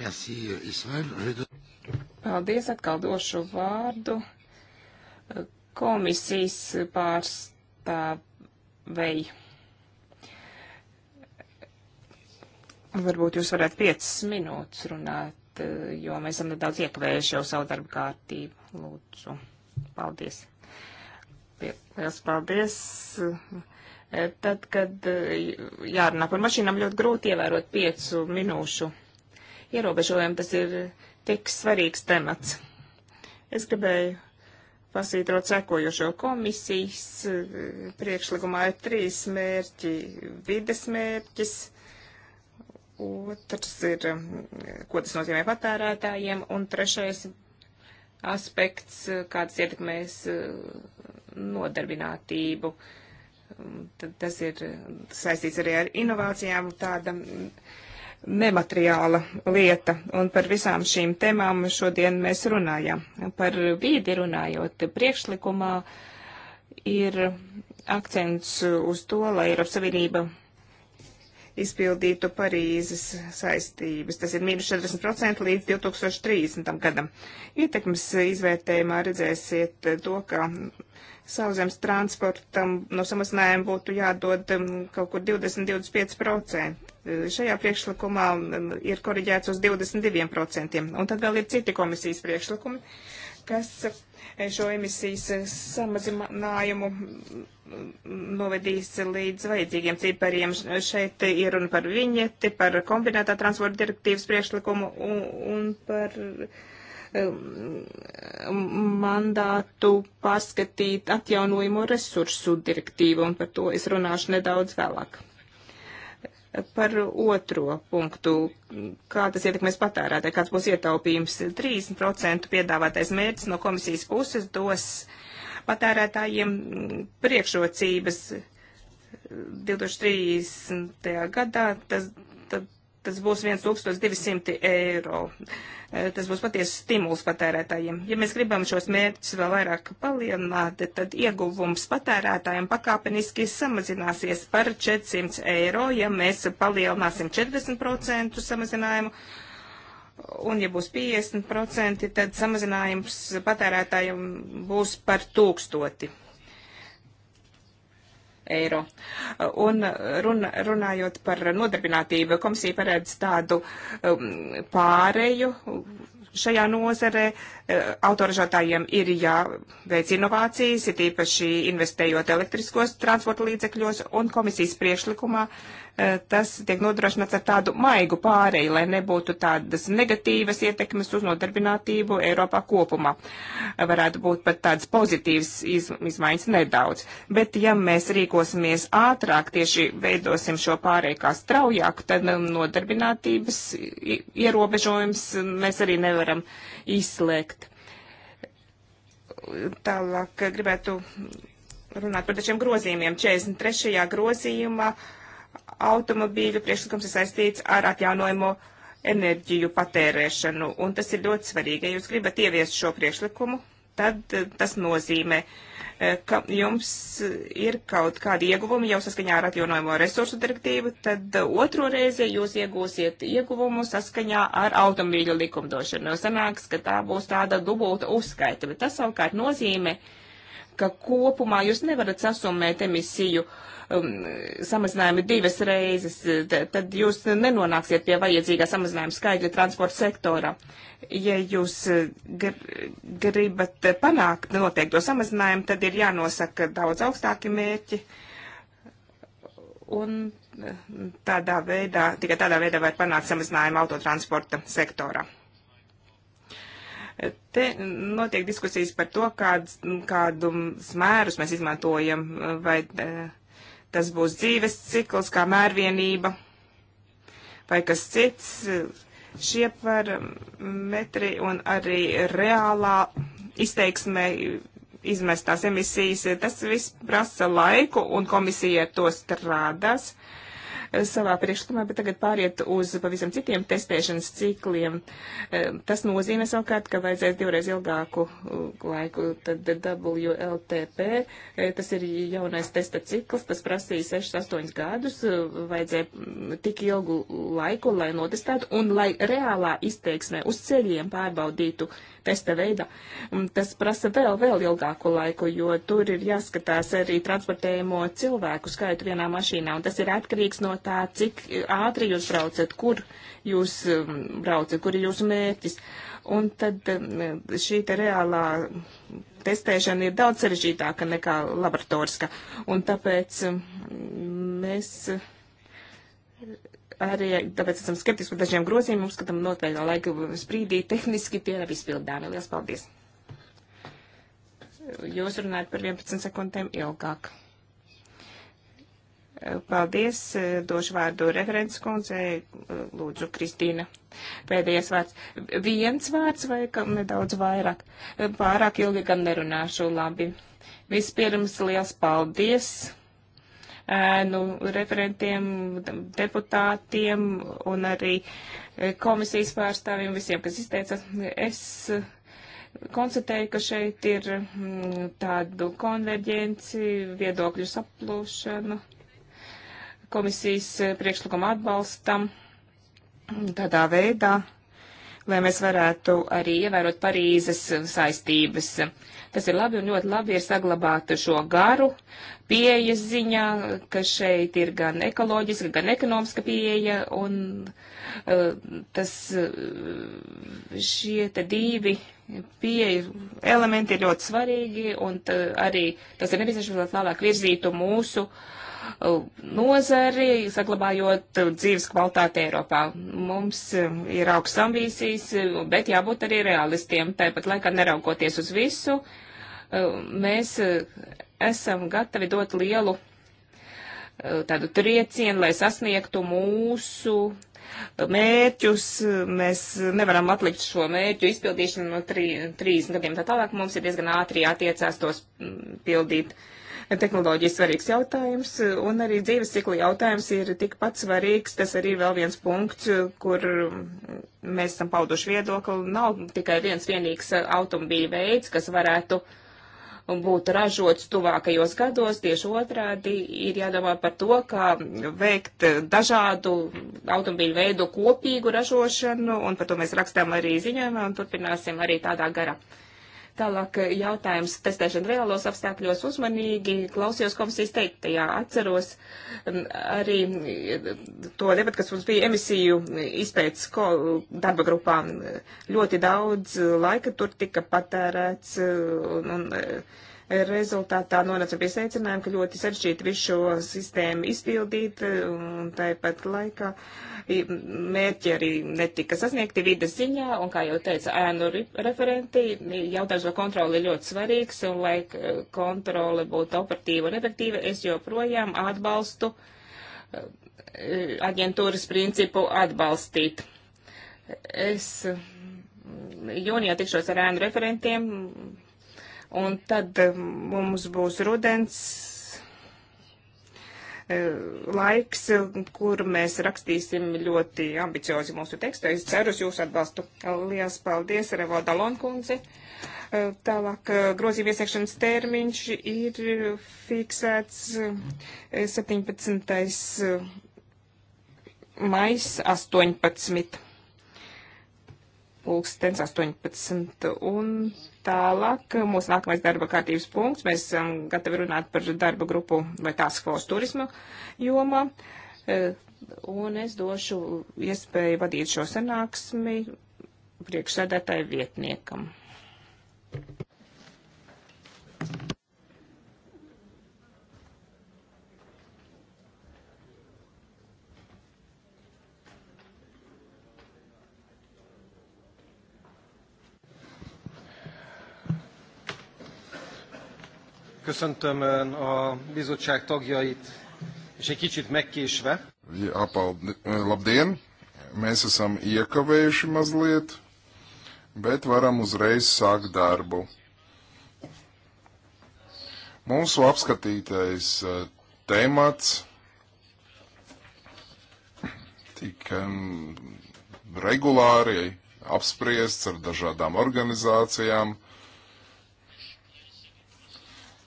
Merci, Ismail. Paldies, atkal došu vārdu komisijas pārstāvei. Varbūt jūs varētu piecas minūtes runāt, jo mēs esam nedaudz iekavējuši jau savu darbu kārtību. Lūdzu, paldies. Lielas paldies. Tad, kad eh, jārunā par mašīnām, ļoti grūti ievērot piecu minūšu ierobežojumu. Tas ir tik svarīgs temats. Es gribēju pasvītrot sekojošo komisijas eh, priekšlikumā ir trīs mērķi - vides mērķis, otrs ir, mm, ko tas nozīmē patērētājiem, un trešais aspekts, kāds ietekmēs eh, nodarbinātību. Mm, tad tas ir mm, saistīts arī ar inovācijām. Tāda nemateriāla lieta, un par visām šīm temām šodien mēs runājam. Par vīdi runājot, priekšlikumā ir akcents uz to, lai Eiropas Savienība izpildītu Parīzes saistības. Tas ir mīnus 40% līdz 2030. gadam. Ietekmes izvērtējumā redzēsiet to, ka sauzemes transportam no samazinājuma būtu jādod um, kaut kur 20-25%. Šajā priekšlikumā mm, ir koriģēts uz 22%, un tad vēl ir citi komisijas priekšlikumi, kas šo emisijas samazinājumu mm, novedīs līdz vajadzīgiem cipariem. Šeit ir runa par viņeti, par kombinētā transporta direktīvas priekšlikumu un, un par um, mandātu pārskatīt atjaunojumu resursu direktīvu, un par to es runāšu nedaudz vēlāk. Par otro punktu, kā tas ietekmēs patērētāju, kāds būs ietaupījums, 30% piedāvātais mērķis no komisijas puses dos patērētājiem priekšrocības 2030. gadā tas tas būs 1200 eiro. E, tas būs patiesi stimuls patērētājiem. Ja mēs gribam šos mērķus vēl vairāk palielināt, tad ieguvums patērētājiem pakāpeniski samazināsies par 400 eiro, ja mēs palielināsim 40% samazinājumu. Un, ja būs 50%, tad samazinājums patērētājiem būs par tūkstoti eiro. Un run, runājot par nodarbinātību, komisija paredz tādu um, pāreju šajā nozarē. Uh, autoražotājiem ir jāveic inovācijas, ir īpaši investējot elektriskos transporta līdzekļos, un komisijas priešlikumā uh, Eh, tas tiek nodrošināts ar tādu maigu pāreju, lai nebūtu tādas negatīvas ietekmes uz nodarbinātību Eiropā kopumā. Eh, varētu būt pat tādas pozitīvas iz, izmaiņas nedaudz. Bet ja mēs rīkosimies ātrāk, tieši veidosim šo pāreju kā straujāk, tad um, nodarbinātības ierobežojums um, mēs arī nevaram izslēgt. Tālāk eh, gribētu runāt par dažiem grozījumiem. 43. grozījumā uh, automobīļu priekšlikums ir saistīts ar atjaunojumu enerģiju patērēšanu, un tas ir ļoti svarīgi. Ja jūs gribat ieviest šo priekšlikumu, tad eh, tas nozīmē, eh, ka jums ir kaut kādi ieguvumi jau saskaņā ar atjaunojumu resursu direktīvu, tad eh, otro reizi jūs iegūsiet ieguvumu saskaņā ar automobīļu likumdošanu. Sanāks, ka tā būs tāda dubulta uzskaita, bet tas savukārt nozīmē, ka ka kopumā jūs nevarat sasummēt emisiju um, samazinājumi divas reizes, tad jūs nenonāksiet pie vajadzīgā samazinājuma skaidra transporta sektorā. Ja jūs eh, gr gribat panākt noteikto samazinājumu, tad ir jānosaka daudz augstāki mērķi. Un eh, tādā veidā, tikai tādā veidā var panākt samazinājumu autotransporta sektorā. Te notiek diskusijas par to, kāds, kādu smērus mēs izmantojam, vai eh, tas būs dzīves cikls, kā mērvienība, vai kas cits. Šie parametri un arī reālā izteiksmē izmestās emisijas, tas viss prasa laiku, un komisija ar to strādās savā priekšlikumā, bet tagad pāriet uz pavisam citiem testēšanas cikliem. E, tas nozīmē savukārt, ka vajadzēs divreiz ilgāku laiku. Tad WLTP, e, tas ir jaunais testa cikls, tas prasīja 6-8 gadus, e, vajadzēja tik ilgu laiku, lai notestētu un lai reālā izteiksmē uz ceļiem pārbaudītu testa veidā. Tas prasa vēl, vēl ilgāku laiku, jo tur ir jāskatās arī transportējumu cilvēku skaitu vienā mašīnā, un tas ir atkarīgs no tā, cik ātri jūs braucat, kur jūs um, braucat, kur ir jūsu mērķis. Un tad um, šī te reālā testēšana ir daudz sarežģītāka nekā laboratoriska, un tāpēc um, mēs arī, tāpēc esam skeptiski par dažiem grozījumiem, uzskatām noteikti laika sprīdī tehniski tie nav izpildāmi. Lielas paldies! Jūs runājat par 11 sekundēm ilgāk. Paldies, došu vārdu referents kundzei, lūdzu, Kristīna. Pēdējais vārds. Viens vārds vai nedaudz vairāk? Pārāk ilgi gan nerunāšu, labi. Vispirms liels paldies ēnu referentiem, deputātiem un arī eh, komisijas pārstāvjiem, visiem, kas izteica. Es eh, konstatēju, ka šeit ir mm, tādu konverģenci, viedokļu saplūšanu, komisijas eh, priekšlikuma atbalstam mm, tādā veidā, lai mēs varētu arī ievērot Parīzes saistības. Uh, Tas ir labi un ļoti labi ir saglabāt šo garu pieejas ziņā, ka šeit ir gan ekoloģiska, gan ekonomiska pieeja, un uh, tas eh, šie te divi pieeju elementi ir ļoti svarīgi, un arī tas ir nepieciešams, lai tālāk virzītu mūsu uh, nozari, saglabājot dzīves kvalitāti Eiropā. Mums ir augsts ambīcijas, bet jābūt arī realistiem, tāpat laikā neraugoties uz visu mēs eh, esam gatavi dot lielu eh, tādu triecienu, lai sasniegtu mūsu eh, mērķus. Mēs nevaram atlikt šo mērķu izpildīšanu no trī, trīs gadiem tā tālāk. Mums ir diezgan ātri jātiecās tos mm, pildīt. Tehnoloģijas svarīgs jautājums, un arī dzīves cikla jautājums ir tikpat svarīgs. Tas arī ir vēl viens punkts, kur mm, mēs esam pauduši viedokli. Nav tikai viens vienīgs automobīļa veids, kas varētu uh, un būtu ražots tuvākajos gados. Tieši otrādi ir jādomā par to, kā veikt dažādu automobīļu veidu kopīgu ražošanu, un par to mēs rakstām arī ziņojumā un turpināsim arī tādā garā. Tālāk eh, jautājums testēšana reālos apstākļos uzmanīgi, klausījos komisijas teiktajā, atceros mm, arī mm, to debatu, kas mums bija emisiju mm, izpētes darba grupā. Ļoti daudz laika tur tika patērēts un, un Rezultātā nonāca pie secinājuma, ka ļoti sarežģīti visu šo sistēmu izpildīt, un tāpat laikā mērķi arī netika sasniegti vides ziņā, un, kā jau teica ēnu referenti, jautājums par kontroli ir ļoti svarīgs, un, lai kontrole būtu operatīva un efektīva, es joprojām atbalstu e, aģentūras principu atbalstīt. Es jūnijā tikšos ar ēnu referentiem, Un tad eh, mums būs rudens eh, laiks, kur mēs rakstīsim ļoti ambiciozi mūsu tekstu. Es ceru uz jūsu atbalstu. Lielas paldies, Revo Dalonkundze. Eh, tālāk grozījuma iesniegšanas termiņš ir fiksēts 17. mais 18. Pulkstens 18. Un Tālāk mūsu nākamais darba kārtības punkts. Mēs esam gatavi runāt par darba grupu vai tās force turismu jomā. Eh, un es došu iespēju vadīt šo sanāksmi priekšsēdētāju vietniekam. Köszöntöm a bizottság tagjait, és egy kicsit megkésve. Apaldi, labdien! Mēs esam iekavējuši mazliet, bet varam uzreiz sākt darbu. Mūsu apskatītais e, temats tika regulāri apspriests ar dažādām organizācijām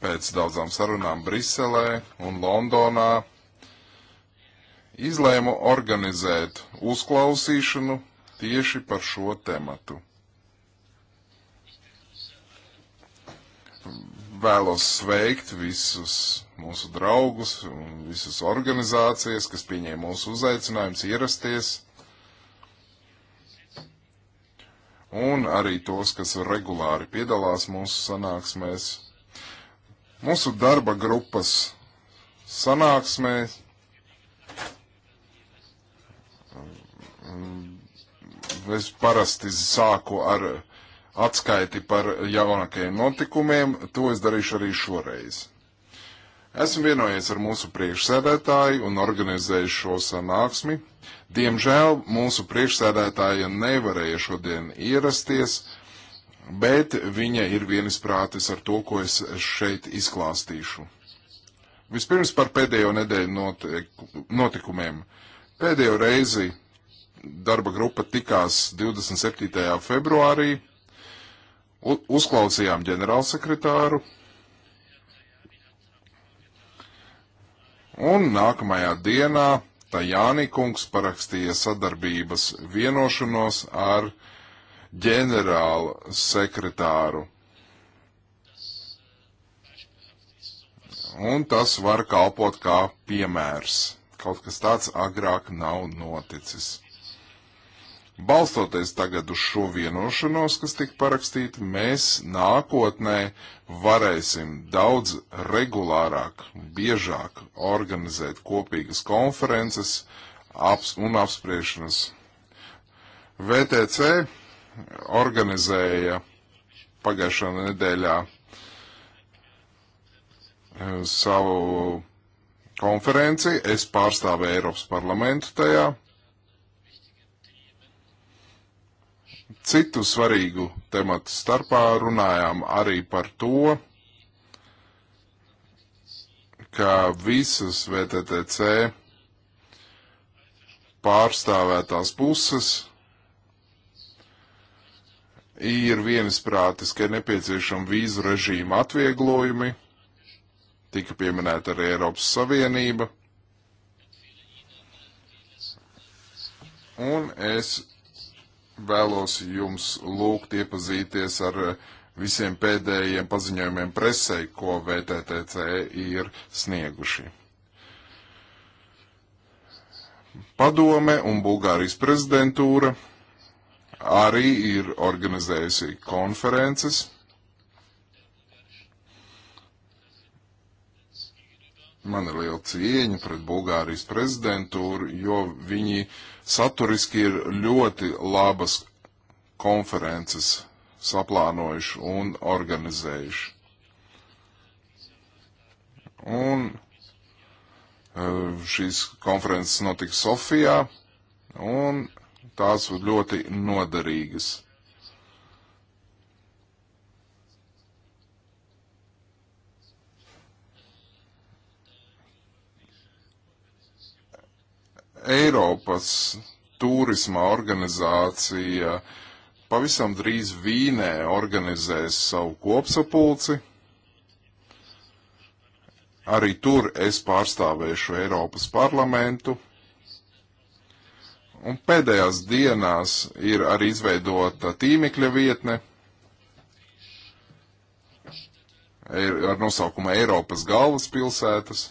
pēc daudzām sarunām Briselē un Londonā izlēmu organizēt uzklausīšanu tieši par šo tematu. Vēlos sveikt visus mūsu draugus un visas organizācijas, kas pieņēma mūsu uzaicinājumus ierasties, un arī tos, kas regulāri piedalās mūsu sanāksmēs. Mūsu darba grupas sanāksmē um, es parasti sāku ar atskaiti par jaunākajiem notikumiem, to es darīšu arī šoreiz. Esmu vienojies ar mūsu priekšsēdētāju un organizēju šo sanāksmi. Diemžēl mūsu priekšsēdētāja nevarēja šodien ierasties, bet viņa ir vienisprātis ar to, ko es šeit izklāstīšu. Vispirms par pēdējo nedēļu notikumiem. Pēdējo reizi darba grupa tikās 27. februārī, uzklausījām ģenerālsekretāru, un nākamajā dienā Tajāni kungs parakstīja sadarbības vienošanos ar uh, ģenerālu sekretāru. Un tas var kalpot kā piemērs. Kaut kas tāds agrāk nav noticis. Balstoties tagad uz šo vienošanos, kas tika parakstīta, mēs nākotnē varēsim daudz regulārāk, biežāk organizēt kopīgas konferences aps un apspriešanas. VTC organizēja pagājušā nedēļā eh, savu konferenci. Es pārstāvu Eiropas parlamentu tajā. Citu svarīgu tematu starpā runājām arī par to, ka visas VTTC pārstāvētās puses ir vienisprātis, ka ir nepieciešama vīzu režīma atvieglojumi, tika pieminēta arī Eiropas Savienība. Un es vēlos jums lūgt iepazīties ar visiem pēdējiem paziņojumiem presē, ko VTTC ir snieguši. Padome un Bulgārijas prezidentūra arī ir organizējusi konferences. Man ir liela cieņa pret Bulgārijas prezidentūru, jo viņi saturiski ir ļoti labas konferences saplānojuši un organizējuši. Un eh, šīs konferences notika Sofijā, un tās ļoti noderīgas. Eiropas turisma organizācija pavisam drīz Vīnē organizēs savu kopsapulci. Arī tur es pārstāvēšu Eiropas parlamentu Un pēdējās dienās ir arī izveidota tīmekļa vietne ar nosaukumu Eiropas galvaspilsētas.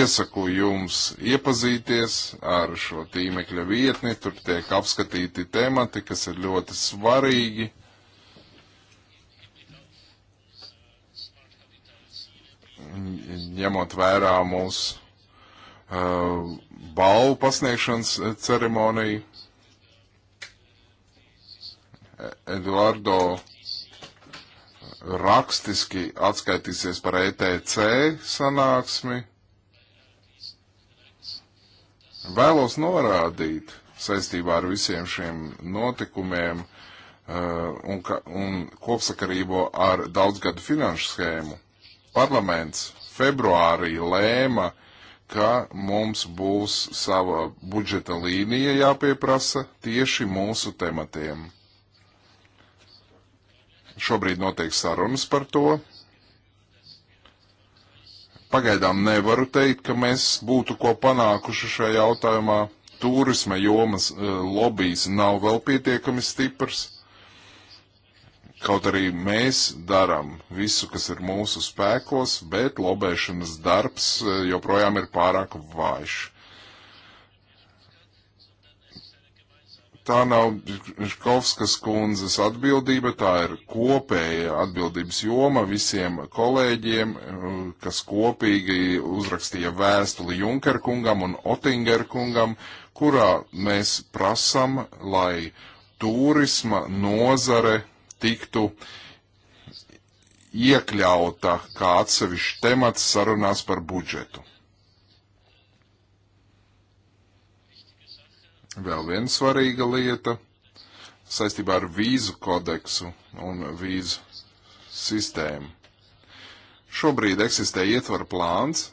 Iesaku jums iepazīties ar šo tīmekļa vietni, tur tiek apskatīti temati, kas ir ļoti svarīgi ņemot vērā mūsu uh, balvu pasniegšanas ceremoniju. Eduardo rakstiski atskaitīsies par ETC sanāksmi. Vēlos norādīt saistībā ar visiem šiem notikumiem uh, un, ka, un kopsakarību ar daudzgadu finanšu schēmu parlaments februārī lēma, ka mums būs sava budžeta līnija jāpieprasa tieši mūsu tematiem. Šobrīd notiek sarunas par to. Pagaidām nevaru teikt, ka mēs būtu ko panākuši šajā jautājumā. Turisma jomas eh, lobbyis nav vēl pietiekami stiprs Kaut arī mēs darām visu, kas ir mūsu spēkos, bet lobēšanas darbs eh, joprojām ir pārāk vājš. tā nav Žkovskas kundzes atbildība, tā ir kopēja atbildības joma visiem kolēģiem, eh, kas kopīgi uzrakstīja vēstuli Junker kungam un Otinger kungam, kurā mēs prasam, lai turisma nozare tiktu iekļauta kā atsevišķa temats sarunās par budžetu. Vēl viena svarīga lieta saistībā ar vīzu kodeksu un vīzu sistēmu. Šobrīd eksistē ietvara plāns,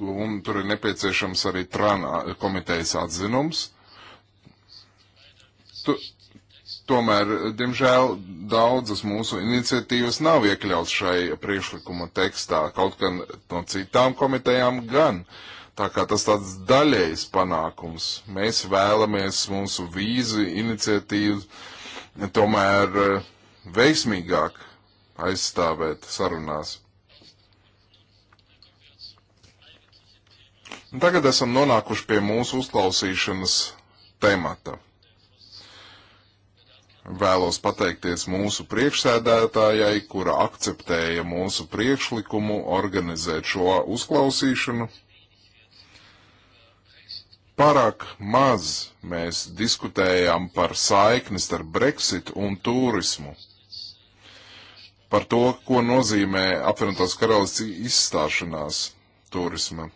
un tur ir nepieciešams arī tran komitejas atzinums. Tu, tomēr, diemžēl, daudzas mūsu iniciatīvas nav iekļauts šai priekšlikuma tekstā, kaut gan no citām komitejām gan. Tā kā tas tāds daļējs panākums. Mēs vēlamies mūsu vīzi iniciatīvu tomēr veiksmīgāk aizstāvēt sarunās. Tagad esam nonākuši pie mūsu uzklausīšanas temata. Vēlos pateikties mūsu priekšsēdētājai, kura akceptēja mūsu priekšlikumu organizēt šo uzklausīšanu. Parāk maz mēs diskutējām par saikni starp Brexit un turismu. Par to, ko nozīmē apvienotās karalists izstāšanās turisma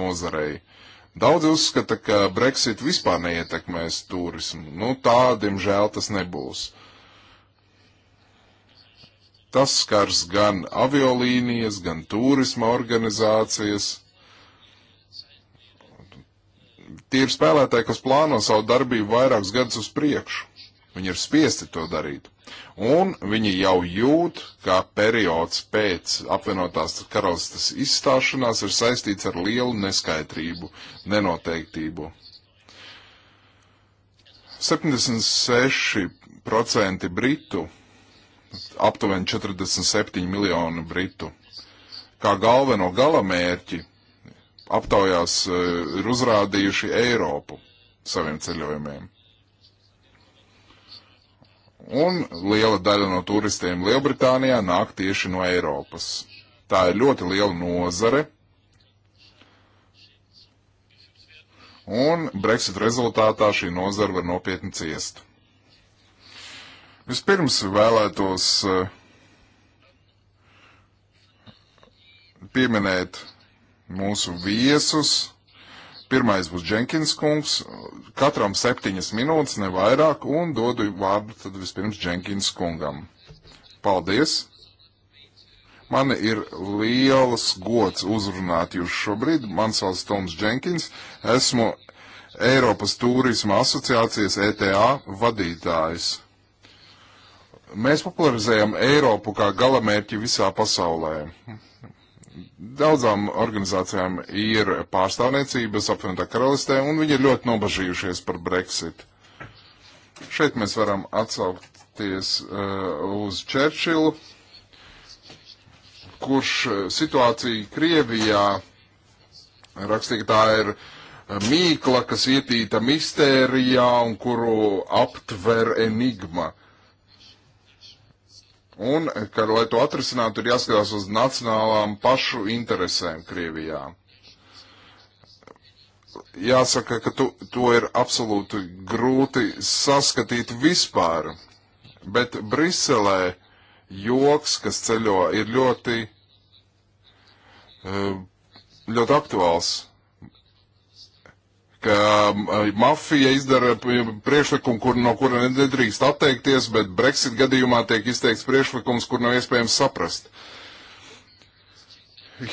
nozarei. Uh, Daudzi uzskata, ka Brexit vispār neietekmēs turismu. Nu, tā, diemžēl, tas nebūs. Tas skars gan aviolīnijas, gan turisma organizācijas. Tie ir spēlētāji, kas plāno savu darbību vairākus gadus uz priekšu. Viņi ir spiesti to darīt. Un viņi jau jūt, ka periods pēc apvienotās karalistas izstāšanās ir saistīts ar lielu neskaidrību, nenoteiktību. 76% britu, aptuveni 47 miljoni britu, kā galveno galamērķi aptaujās eh, ir uzrādījuši Eiropu saviem ceļojumiem. Un liela daļa no turistiem Lielbritānijā nāk tieši no Eiropas. Tā ir ļoti liela nozare. Un Brexit rezultātā šī nozara var nopietni ciest. Vispirms vēlētos eh, pieminēt mūsu viesus. Pirmais būs Dženkins kungs, katram septiņas minūtes, ne vairāk, un dodu vārdu tad vispirms Dženkins kungam. Paldies! Man ir liels gods uzrunāt jūs šobrīd. Mans vārds Toms Dženkins. Esmu Eiropas Tūrisma asociācijas ETA vadītājs. Mēs popularizējam Eiropu kā galamērķi visā pasaulē. Daudzām organizācijām ir pārstāvniecības apvienotā karalistē, un viņi ir ļoti nobažījušies par Brexit. Šeit mēs varam atsaukties uh, uz Čērčilu, kurš eh, situācija Krievijā rakstīja, ka tā ir eh, mīkla, kas ietīta mistērijā un kuru aptver enigma. Uh, Un, ka, lai to atrisinātu, ir jāskatās uz nacionālām pašu interesēm Krievijā. Jāsaka, ka tu, to ir absolūti grūti saskatīt vispār, bet Briselē joks, kas ceļo, ir ļoti, eh, ļoti aktuāls ka um, mafija izdara priekšlikumu, kur, no kura nedrīkst atteikties, bet Brexit gadījumā tiek izteikts priekšlikums, kur nav iespējams saprast.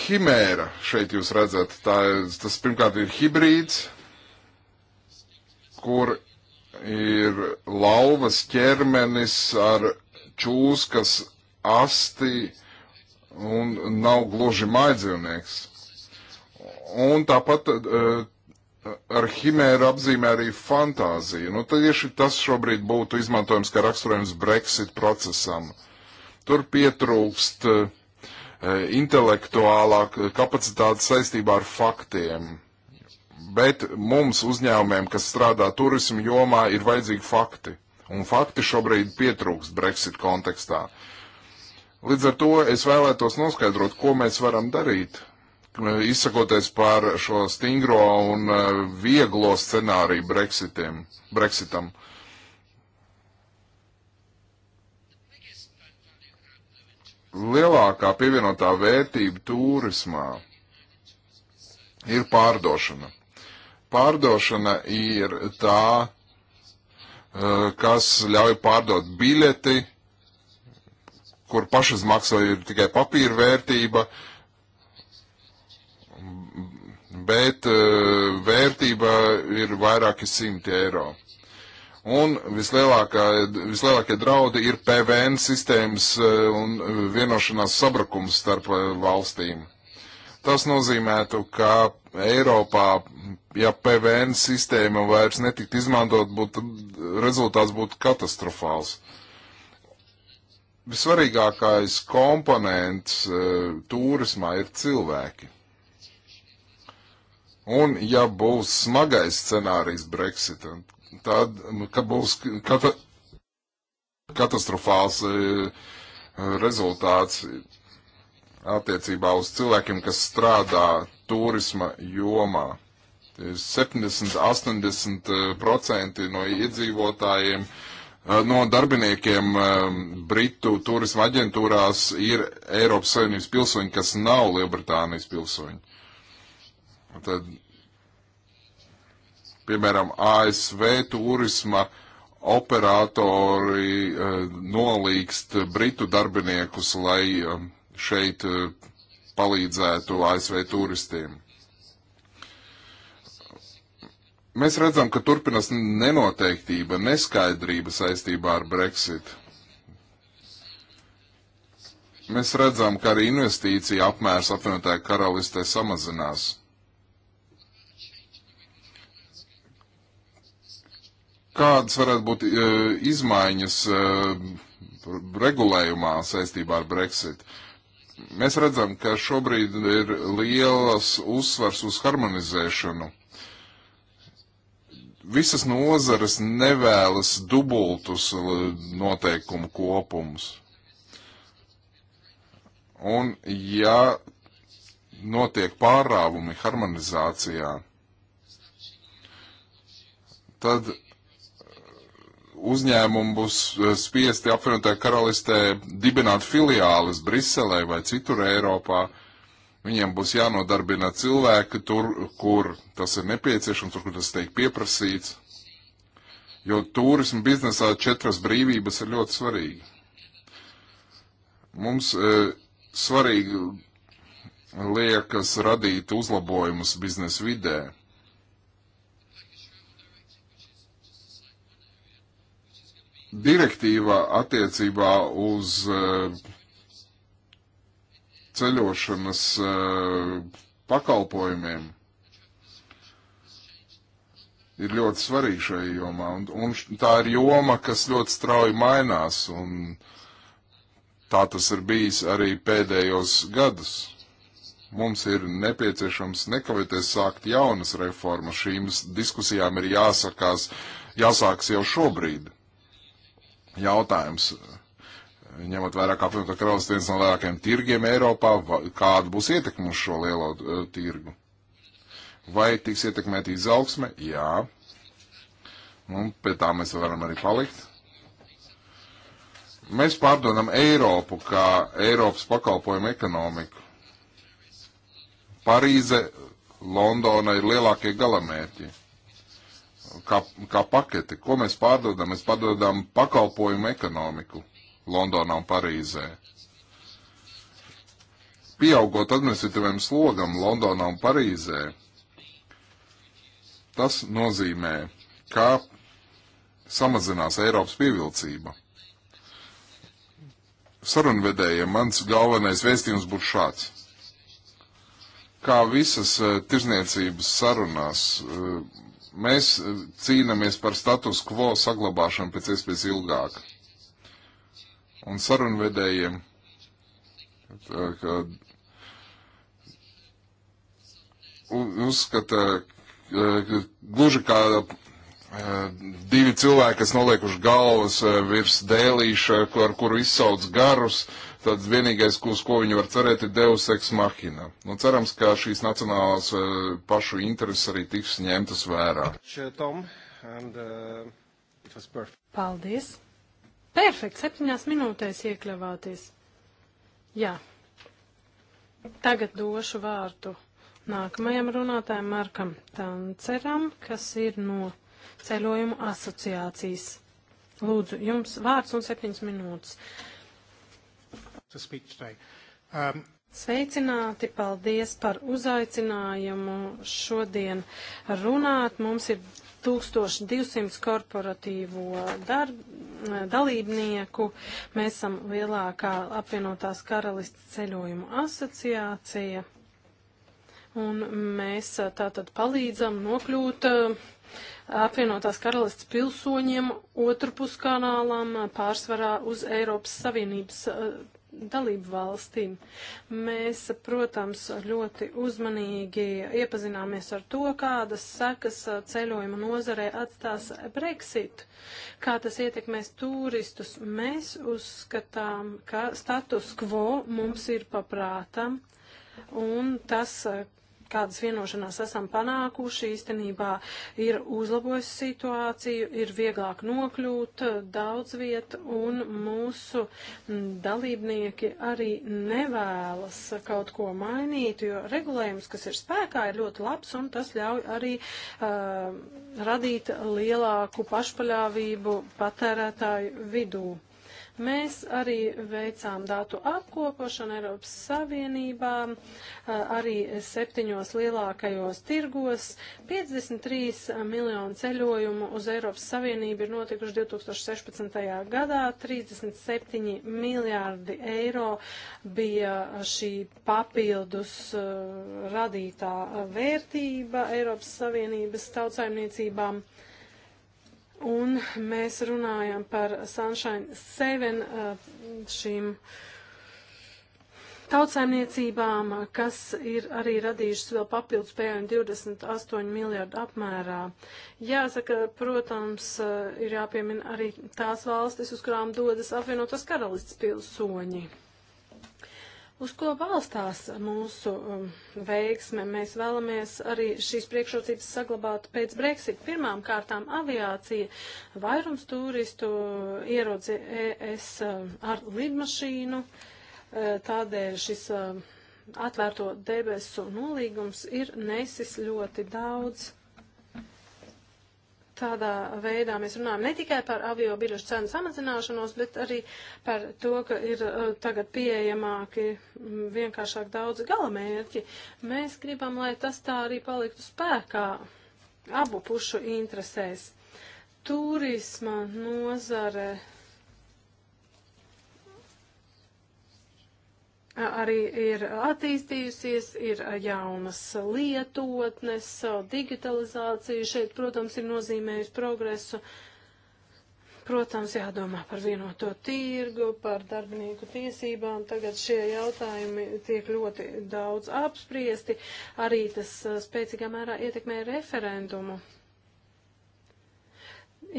Himēra šeit jūs redzat, tā, tas pirmkārt ir hibrīds, kur ir lauvas ķermenis ar čūskas asti un nav gluži mājdzīvnieks. Un tāpat ar Himēru apzīmē arī fantāziju. Nu, tieši tas šobrīd būtu izmantojams kā raksturojums Brexit procesam. Tur pietrūkst e, intelektuālā kapacitāte saistībā ar faktiem. Bet mums uzņēmumiem, kas strādā turismu jomā, ir vajadzīgi fakti. Un fakti šobrīd pietrūkst Brexit kontekstā. Līdz ar to es vēlētos noskaidrot, ko mēs varam darīt, izsakoties par šo stingro un e, vieglo scenāriju Brexitiem, Brexitam. Lielākā pievienotā vērtība turismā ir pārdošana. Pārdošana ir tā, e, kas ļauj pārdot biļeti, kur pašas maksā ir tikai papīra vērtība, uh, bet eh, vērtība ir vairāki simti eiro. Un vislielākie draudi ir PVN sistēmas eh, un eh, vienošanās sabrakums starp valstīm. Tas nozīmētu, ka Eiropā, ja PVN sistēma vairs netikt izmantot, būtu, rezultāts būtu katastrofāls. Visvarīgākais komponents turismā ir cilvēki. Un ja būs smagais scenārijs Brexit, tad nu, ka būs kata, katastrofāls e, rezultāts attiecībā uz cilvēkiem, kas strādā turisma jomā. 70-80% e, e, no iedzīvotājiem, no darbiniekiem Britu turisma aģentūrās ir Eiropas Savienības pilsoņi, kas nav Lielbritānijas pilsoņi. Tad, piemēram, ASV turisma operatori e, nolīgst britu darbiniekus, lai e, šeit e, palīdzētu ASV turistiem. Mēs redzam, ka turpinās nenoteiktība, neskaidrība saistībā ar Brexit. Mēs redzam, ka arī investīcija apmērs apvienotāju karalistē samazinās. kādas varētu būt e, izmaiņas e, regulējumā saistībā ar Brexit? Mēs redzam, ka šobrīd ir lielas uzsvars uz harmonizēšanu. Visas nozares nevēlas dubultus e, noteikumu kopumus. Un ja notiek pārāvumi harmonizācijā, tad uzņēmumi būs eh, spiesti apvienotā karalistē dibināt filiālis Briselē vai citur Eiropā. Viņiem būs jānodarbina cilvēki tur, kur tas ir nepieciešams, tur, kur tas tiek pieprasīts. Jo turismu biznesā četras brīvības ir ļoti svarīgi. Mums e, svarīgi liekas radīt uzlabojumus biznesa vidē direktīva attiecībā uz eh, ceļošanas eh, pakalpojumiem ir ļoti svarīga šajā jomā. Un, un tā ir joma, kas ļoti strauji mainās, un tā tas ir bijis arī pēdējos gadus. Mums ir nepieciešams nekavēties sākt jaunas reformas. Šīm diskusijām ir jāsakās, jāsāks jau šobrīd jautājums. Ņemot vērā, ka apvienotā karalists viens no lielākajiem tirgiem Eiropā, kāda būs ietekme uz šo lielo uh, tirgu? Vai tiks ietekmēta izaugsme? Jā. Un nu, pie tā mēs varam arī palikt. Mēs pārdodam Eiropu kā Eiropas pakalpojumu ekonomiku. Parīze, Londona ir lielākie galamērķi kā, kā paketi. Ko mēs pārdodam? Mēs pārdodam pakalpojumu ekonomiku Londonā un Parīzē. Pieaugot administratīviem slogam Londonā un Parīzē, tas nozīmē, ka samazinās Eiropas pievilcība. Sarunvedējiem mans galvenais vēstījums būs šāds kā visas eh, tirzniecības sarunās, eh, Mēs e, cīnāmies par status quo saglabāšanu pēc iespējas ilgāk. Un sarunvedējiem, e, ka uzskata, e, gluži kā divi cilvēki, kas noliekuši galvas virs dēlīša, ar kuru izsauc garus, tad vienīgais, uz ko viņi var cerēt, ir Deus ex machina. Nu, cerams, ka šīs nacionālās e, pašu intereses arī tiks ņemtas vērā. Uh, Paldies! Perfekt, septiņās minūtēs iekļavāties. Jā. Tagad došu vārdu nākamajam runātājam Markam Tanceram, kas ir no ceļojumu asociācijas. Lūdzu, jums vārds un septiņas minūtes. Uh, to speak today. Um, Sveicināti, paldies par uzaicinājumu šodien runāt. Mums ir 1200 korporatīvo darb, eh, dalībnieku. Mēs esam lielākā apvienotās karalists ceļojumu asociācija. Un mēs eh, tātad palīdzam nokļūt eh, apvienotās karalists pilsoņiem otrpus kanālam pārsvarā uz Eiropas Savienības dalību valstīm. Mēs, protams, ļoti uzmanīgi iepazināmies ar to, kādas sekas ceļojuma nozarē atstās Brexit, kā tas ietekmēs turistus. Mēs uzskatām, ka status quo mums ir paprātam. Un tas, kādas vienošanās esam panākuši, īstenībā ir uzlabojis situāciju, ir vieglāk nokļūt daudz viet, un mūsu mm, dalībnieki arī nevēlas kaut ko mainīt, jo regulējums, kas ir spēkā, ir ļoti labs, un tas ļauj arī uh, radīt lielāku pašpaļāvību patērētāju vidū. Mēs arī veicām datu apkopošanu Eiropas Savienībā, arī septiņos lielākajos tirgos. 53 miljonu ceļojumu uz Eiropas Savienību ir notikuši 2016. gadā, 37 miljārdi eiro bija šī papildus radītā vērtība Eiropas Savienības tautsaimniecībām. Uh, Un mēs runājam par Sunshine 7 eh, šīm tautsaimniecībām, kas ir arī radījušas vēl papildus pēļņu 28 miljārdu apmērā. Jāsaka, protams, eh, ir jāpiemina arī tās valstis, uz kurām dodas apvienotās karalists pilsoņi. Uz ko balstās mūsu um, veiksme? Mēs vēlamies arī šīs priekšrocības saglabāt pēc Brexit. Pirmām kārtām aviācija. Vairums turistu ierodas e ES um, ar lidmašīnu. Uh, tādēļ šis um, atvērto debesu nolīgums ir nesis ļoti daudz tādā veidā mēs runājam ne tikai par avio biļešu cenu samazināšanos, bet arī par to, ka ir uh, tagad pieejamāki mm, vienkāršāk daudz galamērķi. Mēs gribam, lai tas tā arī paliktu spēkā abu pušu interesēs. Turisma nozare arī ir attīstījusies, ir jaunas lietotnes, digitalizācija šeit, protams, ir nozīmējusi progresu. Protams, jādomā par vienoto tirgu, par darbinieku tiesībām. Tagad šie jautājumi tiek ļoti daudz apspriesti. Arī tas spēcīgā mērā ietekmē referendumu.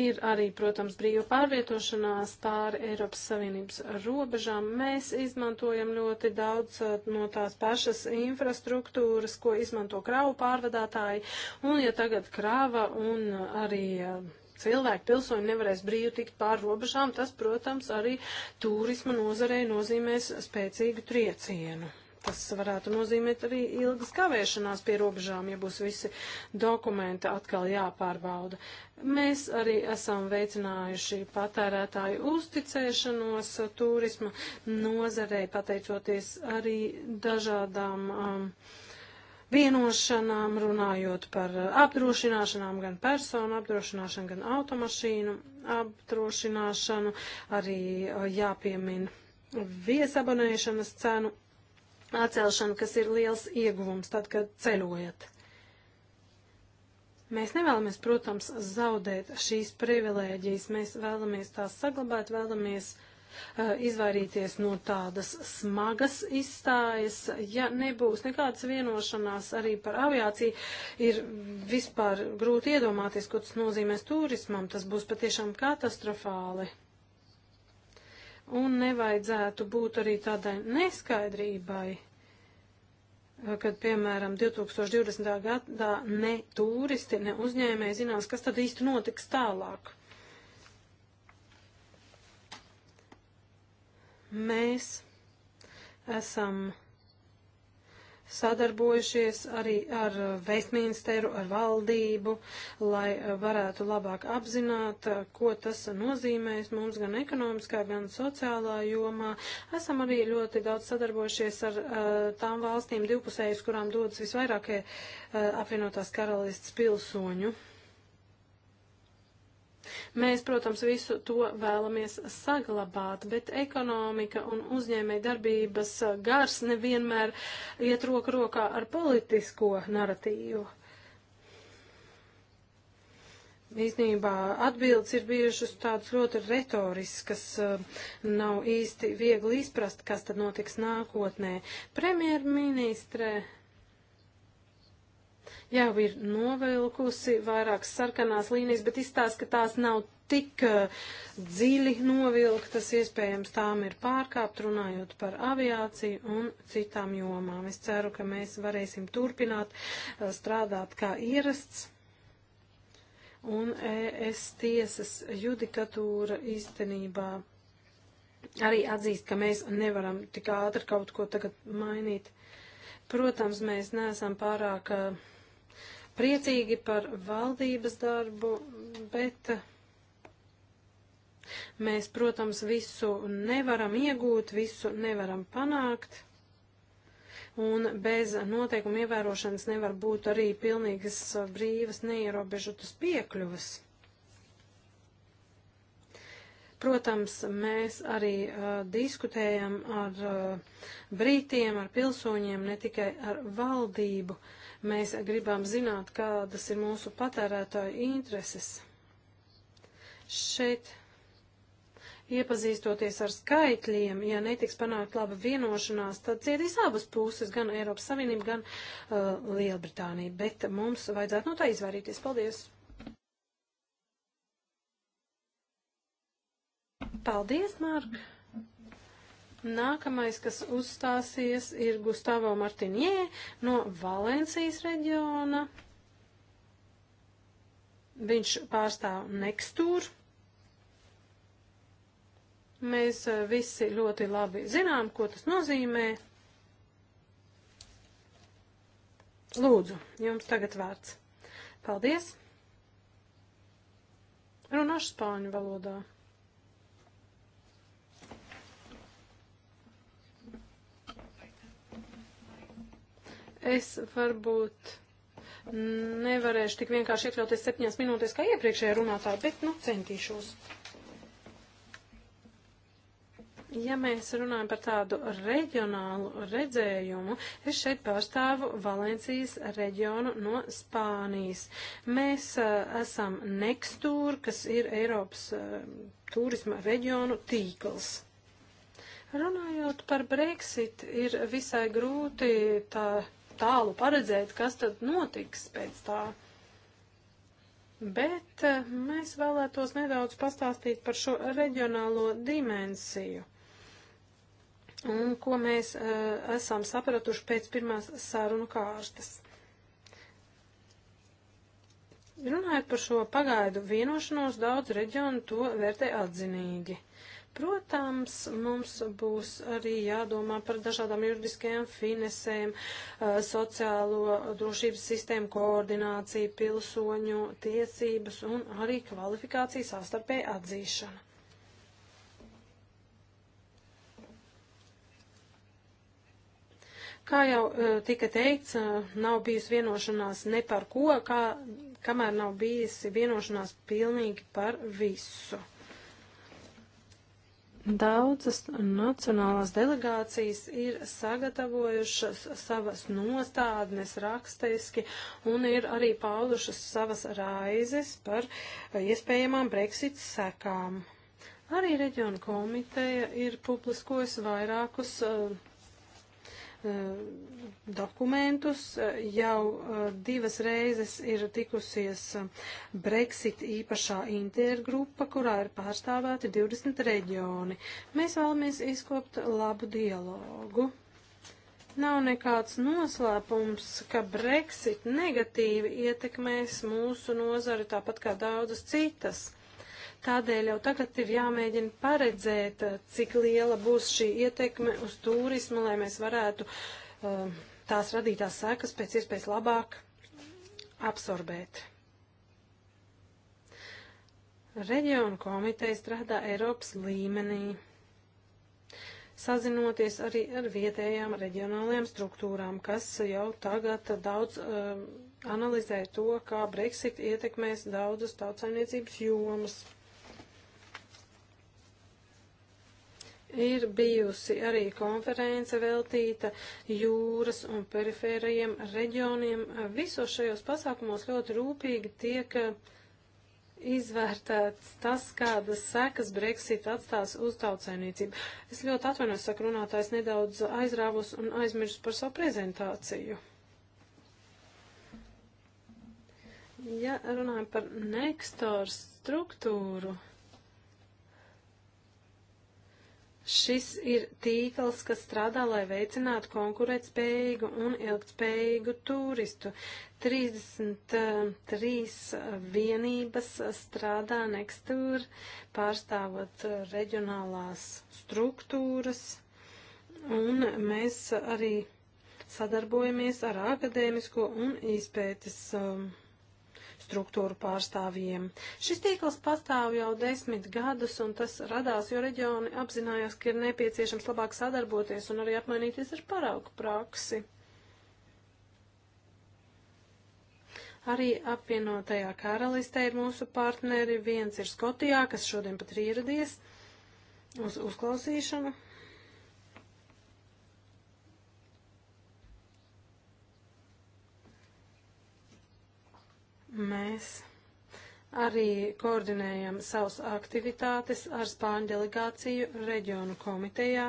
Ir arī, protams, brīva pārvietošanās pāri Eiropas Savienības robežām. Mēs izmantojam ļoti daudz eh, no tās pašas infrastruktūras, ko izmanto kravu pārvadātāji. Un ja tagad krava un arī eh, cilvēki, pilsoņi nevarēs brīvi tikt pāri robežām, tas, protams, arī turisma nozarei nozīmēs spēcīgu triecienu. Tas varētu nozīmēt arī ilgas kavēšanās pie robežām, ja būs visi dokumenti atkal jāpārbauda. Mēs arī esam veicinājuši patērētāju uzticēšanos turisma nozarei, pateicoties arī dažādām um, vienošanām, runājot par apdrošināšanām, gan personu apdrošināšanu, gan automašīnu apdrošināšanu, arī uh, jāpiemina viesabonēšanas cenu atcelšana, kas ir liels ieguvums tad, kad ceļojat. Mēs nevēlamies, protams, zaudēt šīs privilēģijas, mēs vēlamies tās saglabāt, vēlamies uh, izvairīties no tādas smagas izstājas. Ja nebūs nekādas vienošanās arī par aviāciju, ir vispār grūti iedomāties, ko tas nozīmēs turismam. Tas būs patiešām katastrofāli un nevajadzētu būt arī tādai neskaidrībai, kad, piemēram, 2020. gadā ne turisti, ne uzņēmēji zinās, kas tad īsti notiks tālāk. Mēs esam sadarbojušies arī ar Vestminsteru, ar valdību, lai varētu labāk apzināt, ko tas nozīmēs mums gan ekonomiskā, gan sociālā jomā. Esam arī ļoti daudz sadarbojušies ar uh, tām valstīm divpusējas, kurām dodas visvairākie uh, apvienotās karalists pilsoņu. Mēs, protams, visu to vēlamies saglabāt, bet ekonomika un uzņēmē darbības gars nevienmēr iet roku rokā ar politisko naratīvu. Īsnībā atbildes ir bijušas tādas ļoti retoriskas, nav īsti viegli izprast, kas tad notiks nākotnē. Premjerministre jau ir novilkusi vairākas sarkanās līnijas, bet izstāsta, ka tās nav tik uh, dziļi novilktas, iespējams, tām ir pārkāpt runājot par aviāciju un citām jomām. Es ceru, ka mēs varēsim turpināt uh, strādāt kā ierasts. Un ES tiesas judikatūra īstenībā arī atzīst, ka mēs nevaram tik ātri kaut ko tagad mainīt. Protams, mēs neesam pārāk uh, priecīgi par valdības darbu, bet. Mēs, protams, visu nevaram iegūt, visu nevaram panākt, un bez noteikuma ievērošanas nevar būt arī pilnīgas brīvas, neierobežotas piekļuvas. Protams, mēs arī uh, diskutējam ar uh, brītiem, ar pilsoņiem, ne tikai ar valdību. Uh, Mēs gribam zināt, kādas ir mūsu patērētāju intereses. Šeit iepazīstoties ar skaitļiem, ja netiks panākt laba vienošanās, tad cietīs abas puses, gan Eiropas Savienība, gan uh, Lielbritānija. Bet mums vajadzētu no tā izvairīties. Paldies! Paldies, Mārk! Nākamais, kas uzstāsies, ir Gustavo Martinjē no Valencijas reģiona. Viņš pārstāv Nextūru. Mēs eh, visi ļoti labi zinām, ko tas nozīmē. Lūdzu, jums tagad vārds. Paldies! Runāšu spāņu valodā. Es varbūt nevarēšu tik vienkārši iekļauties septiņās minūtēs kā iepriekšējā runātāja, bet nu centīšos. Ja mēs runājam par tādu reģionālu redzējumu, es šeit pārstāvu Valencijas reģionu no Spānijas. Mēs uh, esam Nextūr, kas ir Eiropas uh, turisma reģionu tīkls. Runājot par Brexit, ir visai grūti tā tālu paredzēt, kas tad notiks pēc tā. Bet eh, mēs vēlētos nedaudz pastāstīt par šo reģionālo dimensiju. Un ko mēs uh, esam sapratuši pēc pirmās sarunu kārstas. Runājot par šo pagaidu vienošanos, daudz reģionu to vērtē atzinīgi. Uh, Protams, mums būs arī jādomā par dažādām juridiskajām finesēm, eh, sociālo drošības sistēmu koordināciju, pilsoņu tiesības un arī kvalifikācijas sastarpēja atzīšana. Kā jau eh, tika teikts, eh, nav bijusi vienošanās ne par ko, kā, kamēr nav bijusi vienošanās pilnīgi par visu. Daudzas nacionālās delegācijas ir sagatavojušas savas nostādnes rakstiski un ir arī paudušas savas raizes par iespējamām Brexit sekām. Arī reģiona komiteja ir publiskojusi vairākus uh, Eh, dokumentus. Jau eh, divas reizes ir tikusies eh, Brexit īpašā intergrupa, kurā ir pārstāvēti 20 reģioni. Mēs vēlamies izkopt labu dialogu. Nav nekāds noslēpums, ka Brexit negatīvi ietekmēs mūsu nozari tāpat kā daudzas citas. Tādēļ jau tagad ir jāmēģina paredzēt, eh, cik liela būs šī ietekme uz turismu, lai mēs varētu uh, tās radītās sekas pēc iespējas labāk absorbēt. Reģionu komiteja strādā Eiropas līmenī, sazinoties arī ar vietējām reģionālajām struktūrām, kas jau tagad daudz uh, analizē to, kā Brexit ietekmēs daudzas tautsaimniecības jomas. Ir bijusi arī konference veltīta jūras un perifērajiem reģioniem. Visos šajos pasākumos ļoti rūpīgi tiek izvērtēts tas, kādas sekas Brexit atstās uz tautsainīcību. Es ļoti atvainojos, saka runātājs, nedaudz aizrāvus un aizmirsu par savu prezentāciju. Ja runājam par Nextor struktūru. Šis ir tīkls, kas strādā, lai veicinātu konkurētspējīgu un ilgtspējīgu turistu. 33 eh, eh, vienības strādā Nextur, pārstāvot eh, reģionālās struktūras, un mēs arī sadarbojamies ar akadēmisko un izpētes um, struktūru pārstāvjiem. Šis tīkls pastāv jau desmit gadus, un tas radās, jo reģioni apzinājās, ka ir nepieciešams labāk sadarboties un arī apmainīties ar paraugu praksi. Arī apvienotajā karalistē ir mūsu partneri. Viens ir Skotijā, kas šodien pat ir ieradies uz uzklausīšanu. Mēs arī koordinējam savas aktivitātes ar Spāņu delegāciju reģionu komitejā